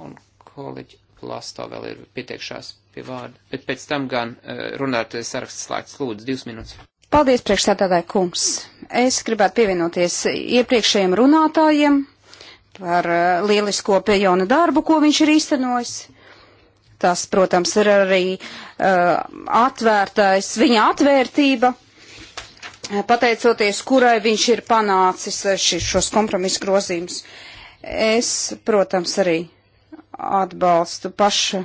un kolēģi Plasto vēl ir pieteikšās pie vārda, bet pēc tam gan eh, runāt saraksts slēgts. Lūdzu, divas minūtes. Paldies, priekšstādātāji kungs. Es gribētu pievienoties iepriekšējiem runātājiem par eh, lielisko pejona darbu, ko viņš ir īstenojis. Tas, protams, ir arī uh, atvērtais, viņa atvērtība Eh, pateicoties kurai viņš ir panācis eh, ši, šos kompromisu grozījumus. Es, protams, arī atbalstu paša uh,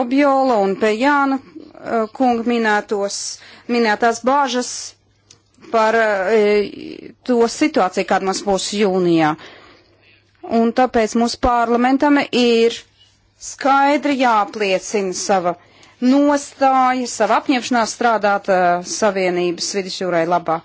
Objola un Pejāna uh, kunga minētos, minētās bāžas par uh, to situāciju, kāda mums būs jūnijā. Un tāpēc mūsu parlamentam ir skaidri jāpliecina sava nostāja, savu apņemšanās strādāt uh, Savienības vidusjūrai labā.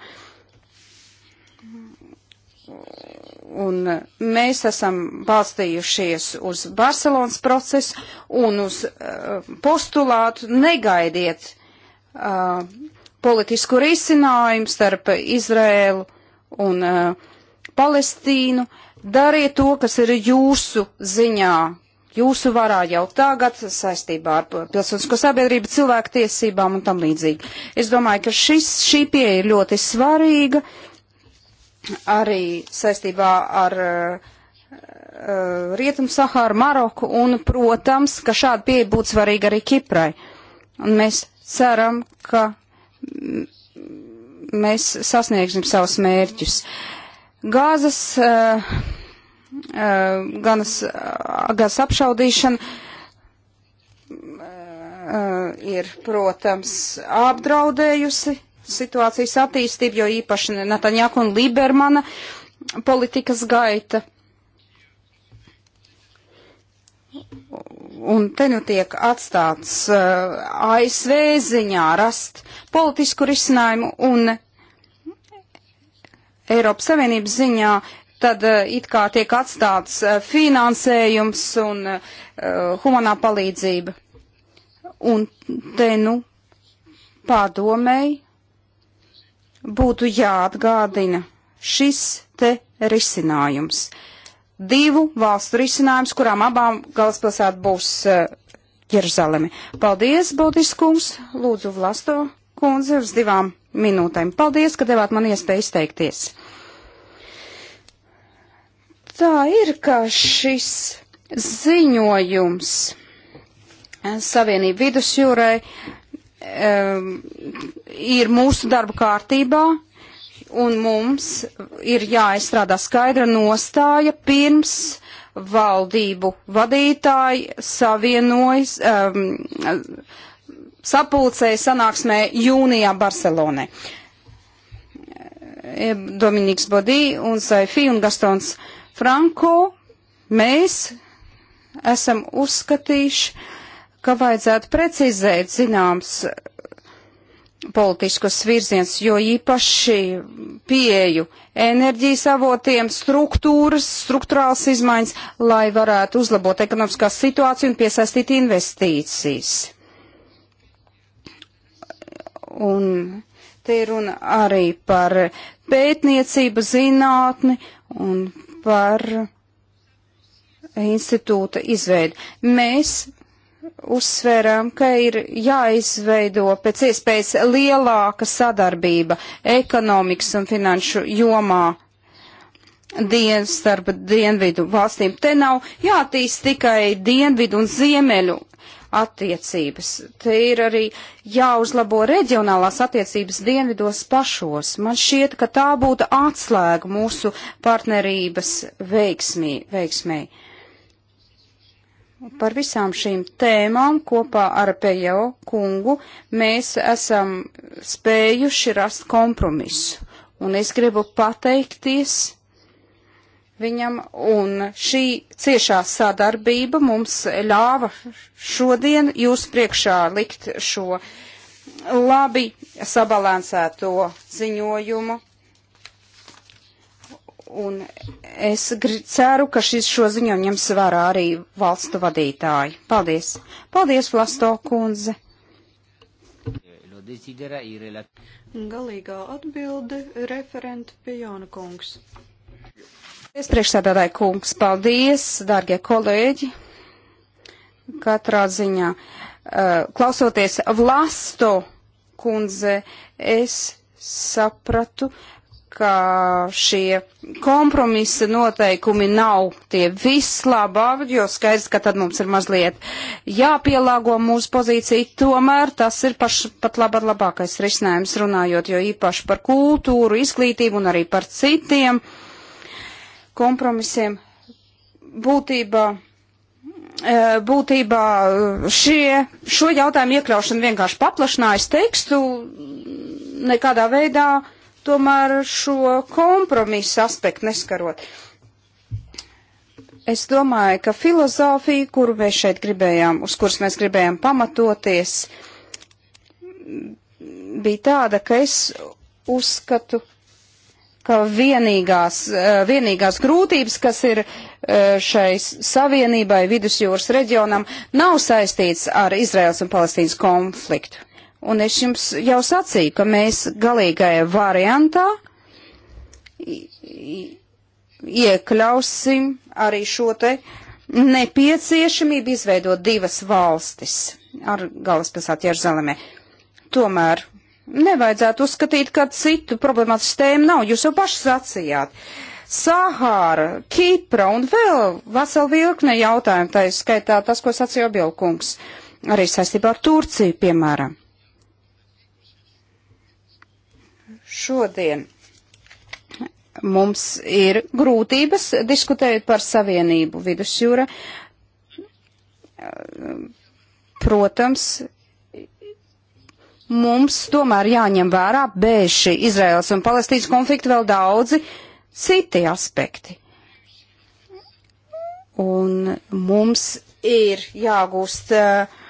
Un eh, mēs esam balstījušies uz Barcelonas procesu un uz uh, postulātu negaidiet uh, politisku risinājumu starp Izrēlu un uh, Palestīnu. Dariet to, kas ir jūsu ziņā, jūsu varā jau tagad saistībā ar pilsonisko sabiedrību, cilvēku tiesībām un tam līdzīgi. Es domāju, ka šis, šī pieeja ir ļoti svarīga arī saistībā ar uh, Rietumu Sahāru, Maroku un, protams, ka šāda pieeja būtu svarīga arī Kiprai. Un mēs ceram, ka mēs sasniegsim savus mērķus. Gāzes uh, ganas, eh, ganas eh, apšaudīšana eh, ir, protams, apdraudējusi situācijas attīstību, jo īpaši Netaņāku un Libermana politikas gaita. Un te nu tiek atstāts uh, ASV ziņā rast politisku risinājumu un Eiropas Savienības ziņā tad eh, it kā tiek atstāts eh, finansējums un uh, humanā palīdzība. Un te nu pārdomēji būtu jāatgādina šis te risinājums. Divu valstu risinājums, kurām abām galvaspilsēta būs uh, Jeruzalemi. Paldies, Bodis kungs, lūdzu Vlasto kundze uz divām minūtēm. Paldies, ka devāt man iespēju izteikties. Tā ir, ka šis ziņojums eh, Savienību vidusjūrai um, ir mūsu darba kārtībā, un mums ir jāizstrādā skaidra nostāja pirms valdību vadītāji savienojas, um, sapulcēja sanāksmē jūnijā Barcelonē. Eh, Dominiks Bodī un Saifī un Gastons. Uh, Franko mēs esam uzskatījuši, ka vajadzētu precizēt zināms politiskos virziens, jo īpaši pieeju enerģijas avotiem, struktūras, struktūrāls izmaiņas, lai varētu uzlabot ekonomiskā situāciju un piesaistīt investīcijas. Un te ir runa arī par pētniecību, zinātni un par institūta izveidu. Mēs uzsverām, ka ir jāizveido pēc iespējas lielāka sadarbība ekonomikas un finanšu jomā dienas starp dienvidu valstīm. Te nav jātīst tikai dienvidu un ziemeļu attiecības. Te ir arī jāuzlabo reģionālās attiecības dienvidos pašos. Man šķiet, ka tā būtu atslēga mūsu partnerības veiksmī, veiksmēji. Par visām šīm tēmām kopā ar Pejo kungu mēs esam spējuši rast kompromisu. Un es gribu pateikties viņam, un šī ciešā sadarbība mums ļāva šodien jūs priekšā likt šo labi sabalansēto ziņojumu. Un es ceru, ka šis šo ziņu ņems vērā arī valstu vadītāji. Paldies! Paldies, Vlasto kundze! Galīgā atbilde referenta Pijona kungs. Es priekšsēdētāju kungs, paldies, dārgie kolēģi, katrā ziņā. Eh, klausoties Vlasto kundze, es sapratu, ka šie kompromisa noteikumi nav tie vislabāk, jo skaidrs, ka tad mums ir mazliet jāpielāgo mūsu pozīcija. Tomēr tas ir paš, pat labāk labākais risinājums runājot, jo īpaši par kultūru, izglītību un arī par citiem uh, kompromisiem. Būtībā, e, būtībā e, šie, šo jautājumu iekļaušana vienkārši paplašinājas tekstu, nekādā veidā tomēr šo kompromisu aspektu neskarot. Es domāju, ka filozofija, kuru mēs šeit gribējām, uz kuras mēs gribējām pamatoties, bija tāda, ka es uzskatu, ka vienīgās, eh, vienīgās grūtības, kas ir eh, šai savienībai vidusjūras reģionam, nav saistīts ar Izraels un Palestīnas konfliktu. Un es jums jau sacīju, ka mēs galīgajā variantā iekļausim arī šo te nepieciešamību izveidot divas valstis ar galvaspilsētu Jeruzaleme. Tomēr nevajadzētu uzskatīt, ka citu problemātisku tēmu nav. Jūs jau paši sacījāt. Sahāra, Kipra un vēl vesela virkne jautājumu, tā ir skaitā tas, ko sacīja Obilkungs, arī saistībā ar Turciju, piemēram. Šodien mums ir grūtības diskutējot par savienību vidusjūra. Protams, mums tomēr jāņem vērā bez šī Izraels un Palestīnas konflikta vēl daudzi citi aspekti. Un mums ir jāgūst uh,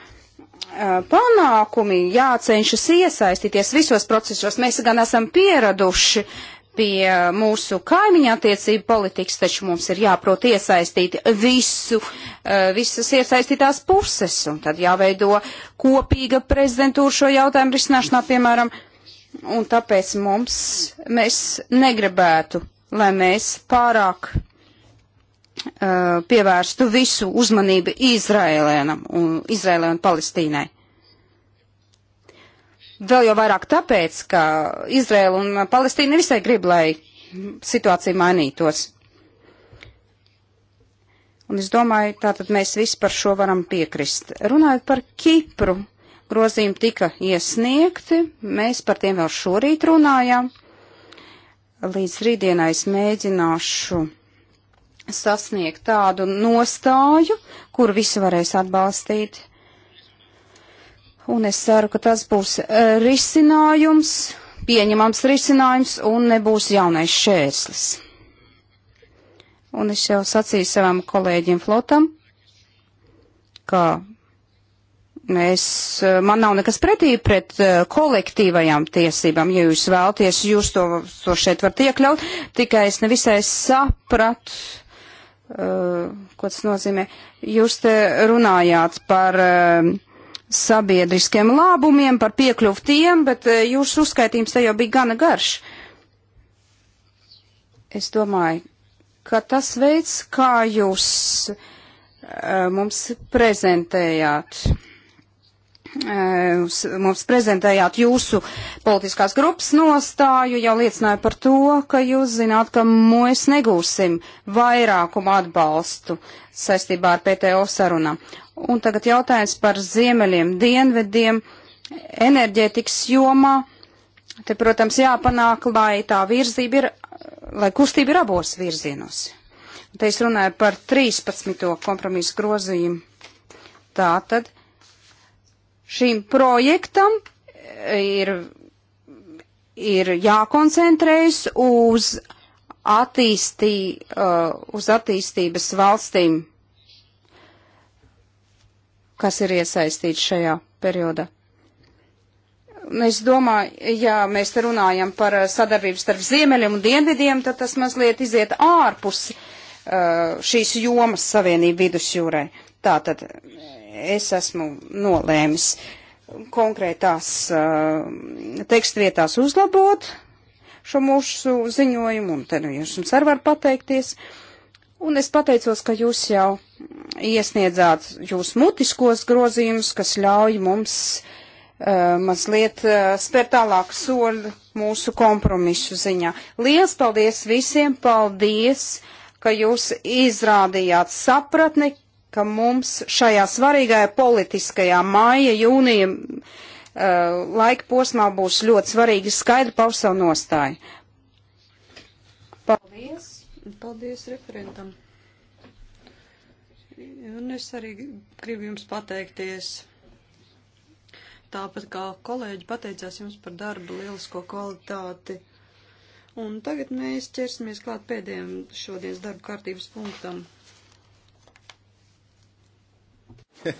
panākumi, jācenšas iesaistīties visos procesos. Mēs gan esam pieraduši uh, pie mūsu kaimiņa attiecību politikas, taču mums ir jāprot iesaistīt visu, eh, visas iesaistītās puses, un tad jāveido kopīga prezidentūra šo jautājumu risināšanā, piemēram, un tāpēc mums, mēs negribētu, lai mēs pārāk uh, pievērstu visu uzmanību Izrēlēnam un Izrēlē un Palestīnai. Vēl jau vairāk tāpēc, ka Izraela un Palestīna nevisai grib, lai situācija mainītos. Un es domāju, tātad mēs visi par šo varam piekrist. Runājot par Kipru, grozījumi tika iesniegti, mēs par tiem vēl šorīt runājām. Līdz rītdienai es mēģināšu sasniegt tādu nostāju, kur visi varēs atbalstīt. Un es ceru, ka tas būs e, risinājums, pieņemams risinājums un nebūs jaunais šērslis. Un es jau sacīju savam kolēģim flotam, ka Es, e, man nav nekas pretī pret e, kolektīvajām tiesībām, ja jūs vēlties, jūs to, to šeit varat iekļaut, tikai es nevisai sapratu, uh, ko tas nozīmē. Jūs te runājāt par uh, sabiedriskiem labumiem, par piekļuvu tiem, bet eh, jūsu uzskaitījums te jau bija gana garš. Es domāju, ka tas veids, kā jūs eh, mums prezentējāt, eh, mums prezentējāt jūsu politiskās grupas nostāju, jau liecināja par to, ka jūs zināt, ka mēs negūsim vairākumu atbalstu saistībā ar PTO sarunām. Un tagad jautājums par ziemeļiem, dienvediem, enerģētikas jomā. Te, protams, jāpanāk, lai tā virzība ir, lai kustība ir abos virzienos. Un te es runāju par 13. kompromisu grozījumu. Tātad šīm projektam e, ir, ir jākoncentrējas uz, attīstī, uh, uz attīstības valstīm kas ir iesaistīti šajā periodā. Es domāju, ja mēs te runājam par uh, sadarbību starp ziemeļiem un dienvidiem, tad tas mazliet iziet ārpus uh, šīs jomas savienību vidusjūrai. Tātad uh, es esmu nolēmis konkrētās tekstvietās uzlabot šo mūsu ziņojumu, un te nu jūs jums arī var pateikties. Un es pateicos, ka jūs jau iesniedzāt jūs mutiskos grozījumus, kas ļauj mums uh, mazliet uh, spērt tālāk soļu mūsu kompromisu ziņā. Liels paldies visiem, paldies, ka jūs izrādījāt sapratni, ka mums šajā svarīgajā politiskajā māja jūnija uh, eh, laika posmā būs ļoti svarīgi skaidri paust savu nostāju. Paldies! Paldies referentam! Un es arī gribu jums pateikties. Tāpat kā kolēģi pateicās jums par darbu, lielisko kvalitāti. Un tagad mēs ķersimies klāt pēdējiem šodienas darba kārtības punktam.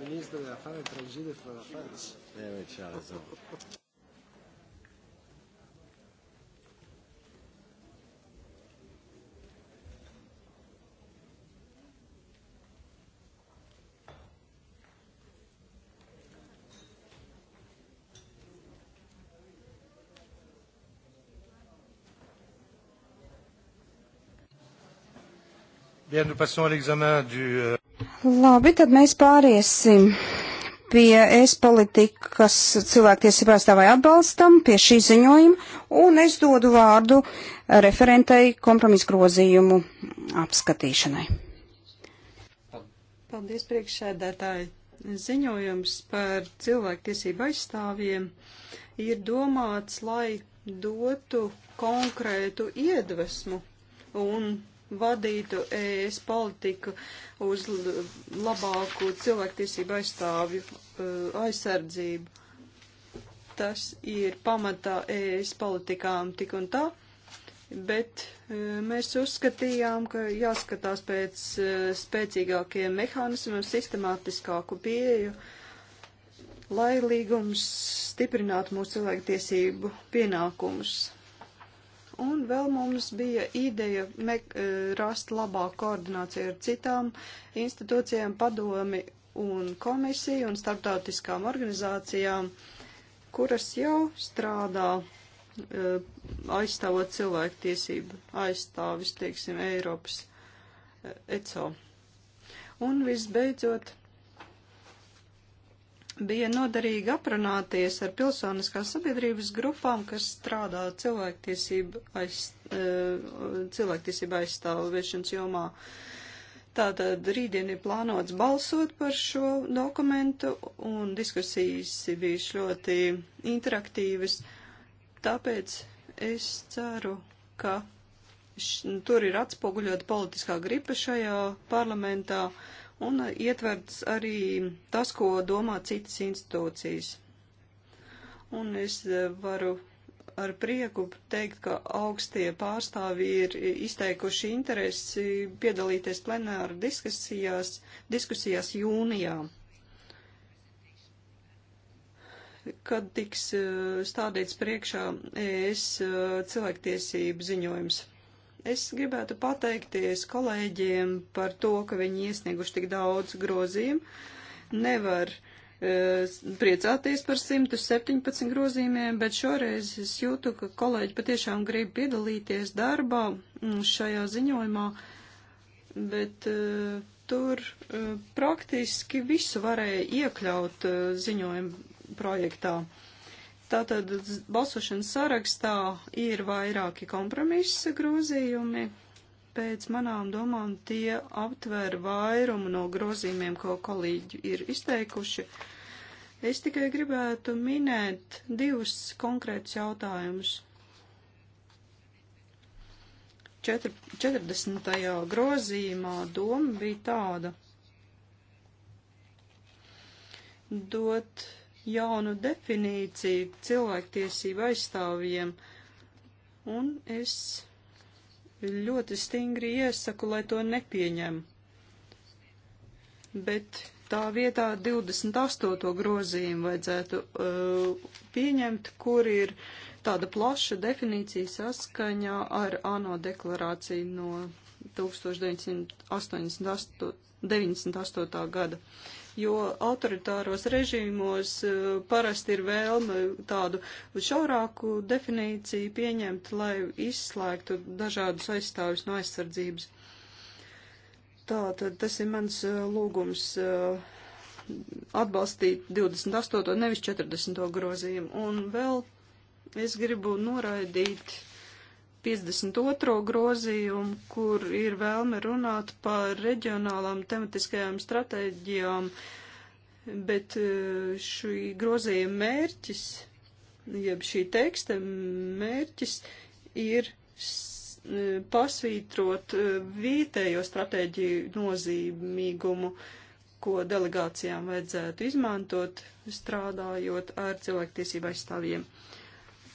Ministro delle Affari, Presidente delle Affari. Eh, c'ha ragione. Euh, Labi, tad mēs pāriesim pie es politikas cilvēktiesību aizstāvai atbalstam, pie šī ziņojuma, un es dodu vārdu referentei kompromisu grozījumu apskatīšanai. Paldies, priekšsēdētāji! Ziņojums par cilvēktiesību aizstāvjiem ir domāts, lai dotu konkrētu iedvesmu un vadītu ES politiku uz labāku cilvēktiesību aizstāvju eh, aizsardzību. Tas ir pamatā ES politikām tik un tā, bet eh, mēs uzskatījām, ka jāskatās pēc eh, spēcīgākiem mehānismiem, sistemātiskāku pieeju, lai līgums stiprinātu mūsu cilvēktiesību pienākumus Un vēl mums bija ideja mek, e, rast labāku koordināciju ar citām institūcijām, padomi un komisiju un starptautiskām organizācijām, kuras jau strādā e, aizstāvot cilvēktiesību aizstāvis, teiksim, Eiropas e, ECO. Un visbeidzot, bija noderīgi aprunāties ar pilsoniskās sabiedrības grupām, kas strādā cilvēktiesību, aiz, e, cilvēktiesību aizstāvēšanas jomā. Tātad rītdien ir plānots balsot par šo dokumentu, un diskusijas ir bijušas ļoti interaktīvas. Tāpēc es ceru, ka š, tur ir atspoguļota politiskā gripa šajā parlamentā. Uh, un ietverts arī tas, ko domā citas institūcijas. Un es eh, varu ar prieku teikt, ka augstie pārstāvji ir izteikuši interesi piedalīties plenāru diskusijās, diskusijās jūnijā, kad tiks eh, stādīts priekšā ES eh, cilvēktiesību ziņojums. Es gribētu pateikties kolēģiem par to, ka viņi iesnieguši tik daudz grozījumu. Nevar e, priecāties par 117 grozījumiem, bet šoreiz es jūtu, ka kolēģi patiešām grib piedalīties darbā mm, šajā ziņojumā, bet e, tur e, praktiski visu varēja iekļaut e, ziņojumu projektā. E, Tātad balsošanas sarakstā ir vairāki kompromisa grozījumi. Pēc manām domām tie aptver vairumu no grozījumiem, ko kolīģi ir izteikuši. Es tikai gribētu minēt divus konkrētus jautājumus. 40. grozījumā doma bija tāda dot jaunu definīciju cilvēktiesību aizstāvjiem, un es ļoti stingri iesaku, lai to nepieņem. Bet tā vietā 28. grozījumu vajadzētu uh, pieņemt, kur ir tāda plaša definīcija saskaņā ar ANO deklarāciju no 1998. 98. gada jo autoritāros režīmos eh, parasti ir vēlme tādu šaurāku definīciju pieņemt, lai izslēgtu dažādus aizstāvis no aizsardzības. Tā tad tas ir mans eh, lūgums eh, atbalstīt 28. nevis 40. grozījumu. Un vēl es gribu noraidīt 52. grozījumu, kur ir vēlme runāt par reģionālām tematiskajām stratēģijām, bet eh, šī grozījuma mērķis, jeb šī teksta mērķis ir eh, pasvītrot eh, vietējo stratēģiju nozīmīgumu, ko delegācijām vajadzētu izmantot, strādājot ar cilvēktiesību aizstāvjiem.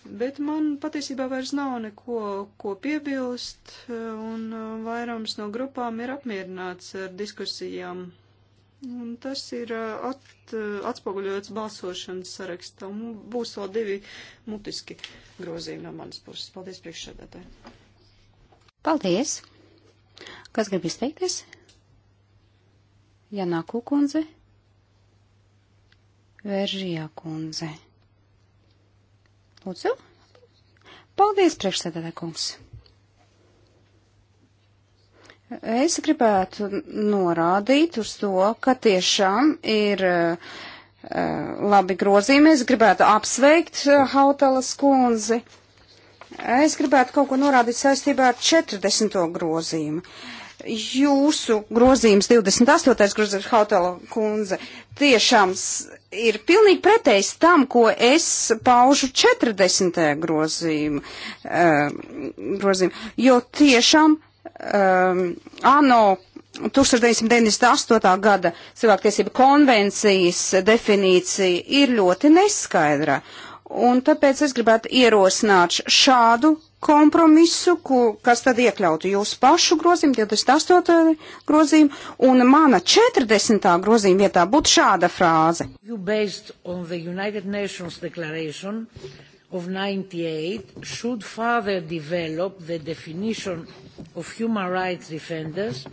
Bet man patiesībā vairs nav neko, ko piebilst, un uh, vairums no grupām ir apmierināts ar diskusijām. Un tas ir uh, at, uh, atspoguļots balsošanas sarakstā, un būs vēl divi mutiski grozījumi no manas puses. Paldies priekšsēdētāji. Paldies. Kas grib izteikties? Janā Kukundze. Veržijā kundze. Lūdzu. Paldies, priekšsēdētāj kungs. Es gribētu norādīt uz to, ka tiešām ir uh, labi grozījumi. Es gribētu apsveikt eh, Hautalas kundzi. Es gribētu kaut ko norādīt saistībā ar 40. grozījumu. Uh, jūsu grozījums 28. grozījums Hautala kundze tiešām ir pilnīgi pretējs tam, ko es paužu 40. grozījumu, eh, grozījumu jo tiešām um, ANO 1998. gada cilvēktiesība konvencijas definīcija ir ļoti neskaidra. Un tāpēc es gribētu ierosināt šādu kompromisu, ko, kas tad iekļautu jūsu pašu grozījumu, 28. grozījumu, un mana 40. grozījuma vietā būtu šāda frāze. Of 98 should further develop the definition of human rights defenders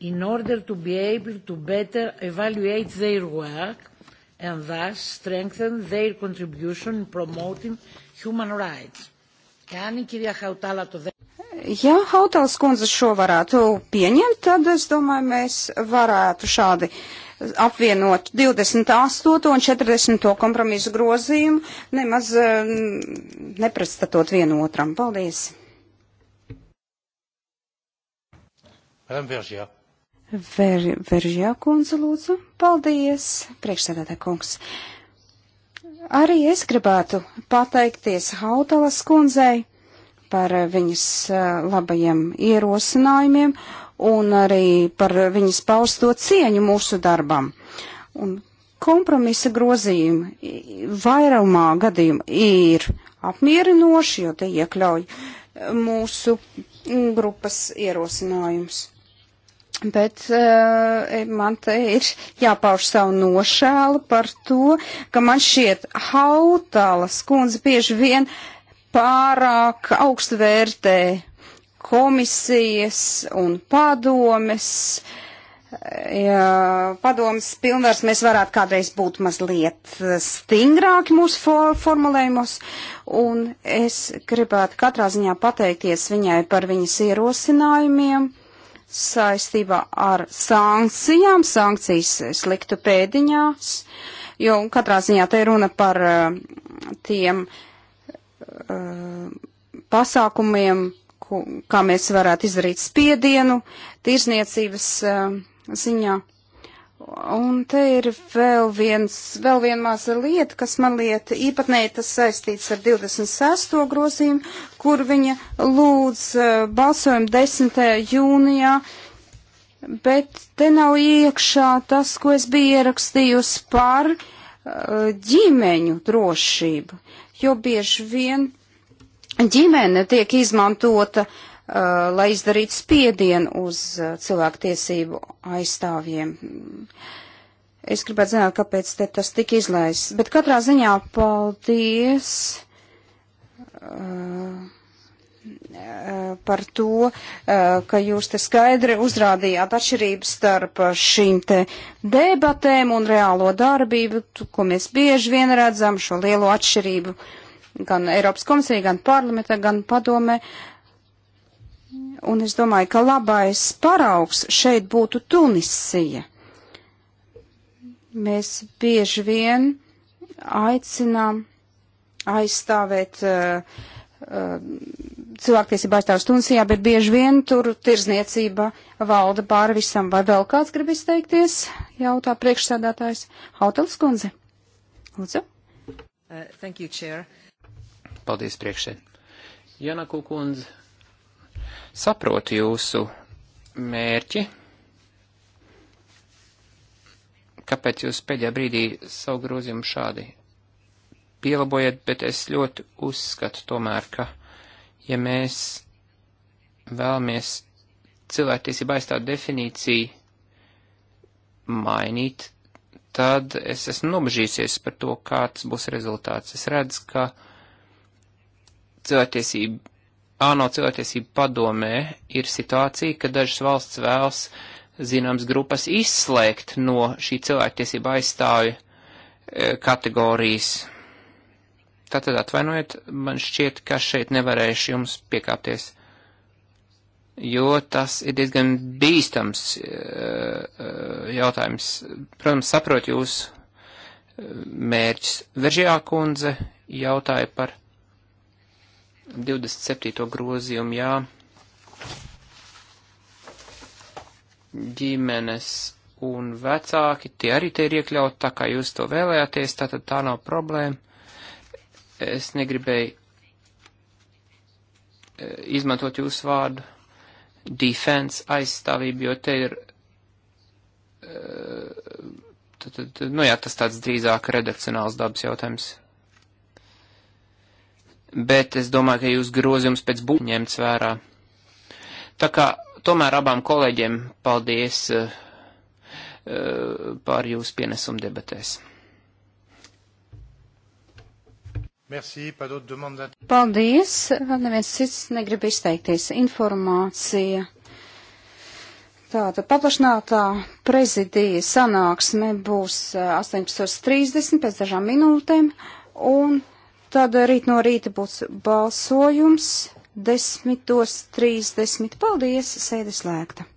in order to be able to better evaluate their work and thus strengthen their contribution in promoting human rights Ja Hautals kundze šo varētu pieņemt, tad es domāju, mēs varētu šādi apvienot 28 un 40 kompromisu grozījumu, nemaz eh, neprestatot vienotram. Paldies! Veržjā Ver, kundze lūdzu. Paldies, priekšsēdētā kungs. Uh, Arī es gribētu pateikties Hautalas kundzei par viņas eh, labajiem ierosinājumiem un arī par viņas pausto cieņu mūsu darbam. Un kompromisa grozījumi vairumā gadījumu ir apmierinoši, jo tie iekļauj mūsu grupas ierosinājums. Bet uh, man te ir jāpauž savu nošēlu par to, ka man šķiet hautalas kundze bieži vien pārāk augstu vērtē komisijas un padomes. Eh, ja, padomas pilnvars mēs varētu kādreiz būt mazliet eh, stingrāki mūsu for formulējumos, un es gribētu katrā ziņā pateikties viņai par viņas ierosinājumiem saistībā ar sankcijām, sankcijas sliktu pēdiņās, jo katrā ziņā te runa par eh, tiem uh, pasākumiem, ko, kā mēs varētu izdarīt spiedienu tirzniecības uh, ziņā. Un te ir vēl, viens, vēl viena maza lieta, kas man lieta īpatnēji tas saistīts ar 26. grozījumu, kur viņa lūdz eh, balsojumu 10. jūnijā, bet te nav iekšā tas, ko es biju ierakstījusi par eh, ģimeņu drošību, jo bieži vien ģimene tiek izmantota uh, Uh, lai izdarītu spiedienu uz uh, cilvēku tiesību aizstāvjiem. Es gribētu zināt, kāpēc te tas tika izlaists. Bet katrā ziņā paldies uh, uh, par to, uh, ka jūs te skaidri uzrādījāt atšķirības starp šīm te debatēm un reālo darbību, ko mēs bieži vien redzam, šo lielo atšķirību gan Eiropas komisija, gan parlamenta, gan padome. Uh, Un es domāju, ka labais paraugs šeit būtu Tunisija. Mēs bieži vien aicinām aizstāvēt uh, uh, cilvēktiesība aizstāvs Tunisijā, bet bieži vien tur tirzniecība valda pāri visam. Vai vēl kāds grib izteikties? Jautā priekšsēdētājs Hautels kundze. Lūdzu. Uh, thank you, chair. Paldies, priekšsēd. Janako kundze, Saprotu jūsu mērķi, kāpēc jūs pēdējā brīdī savu grozījumu šādi pielabojat, bet es ļoti uzskatu tomēr, ka ja mēs vēlamies cilvēktiesību aizstāt definīciju mainīt, tad es esmu nobežīsies par to, kāds būs rezultāts. Es redzu, ka cilvēktiesību ANO cilvēktiesību padomē ir situācija, ka dažas valsts vēlas zināmas grupas izslēgt no šī cilvēktiesība aizstāvju e, kategorijas. Tātad atvainojiet, man šķiet, ka šeit nevarēšu jums piekāpties, jo tas ir diezgan bīstams e, e, jautājums. Protams, saprot jūs mērķis. Veržijā kundze jautāja par 27. grozījumu, jā, ģimenes un vecāki, tie arī te ir iekļauti, tā kā jūs to vēlējāties, tātad tā nav problēma. Es negribēju eh, izmantot jūsu vārdu defense aizstāvību, jo te ir, eh, tad, nu jā, tas tāds drīzāk redakcionāls dabas jautājums bet es domāju, ka jūs grozījums pēc būtu ņemts vērā. Tā kā tomēr abām kolēģiem paldies uh, par jūsu pienesumu debatēs. Merci, Paldies, vēl neviens cits negrib izteikties. Informācija. Tāda paplašinātā prezidija sanāksme būs 18.30 eh, pēc dažām minūtēm un Tad rīt no rīta būs balsojums 10.30. Paldies, sēde slēgta!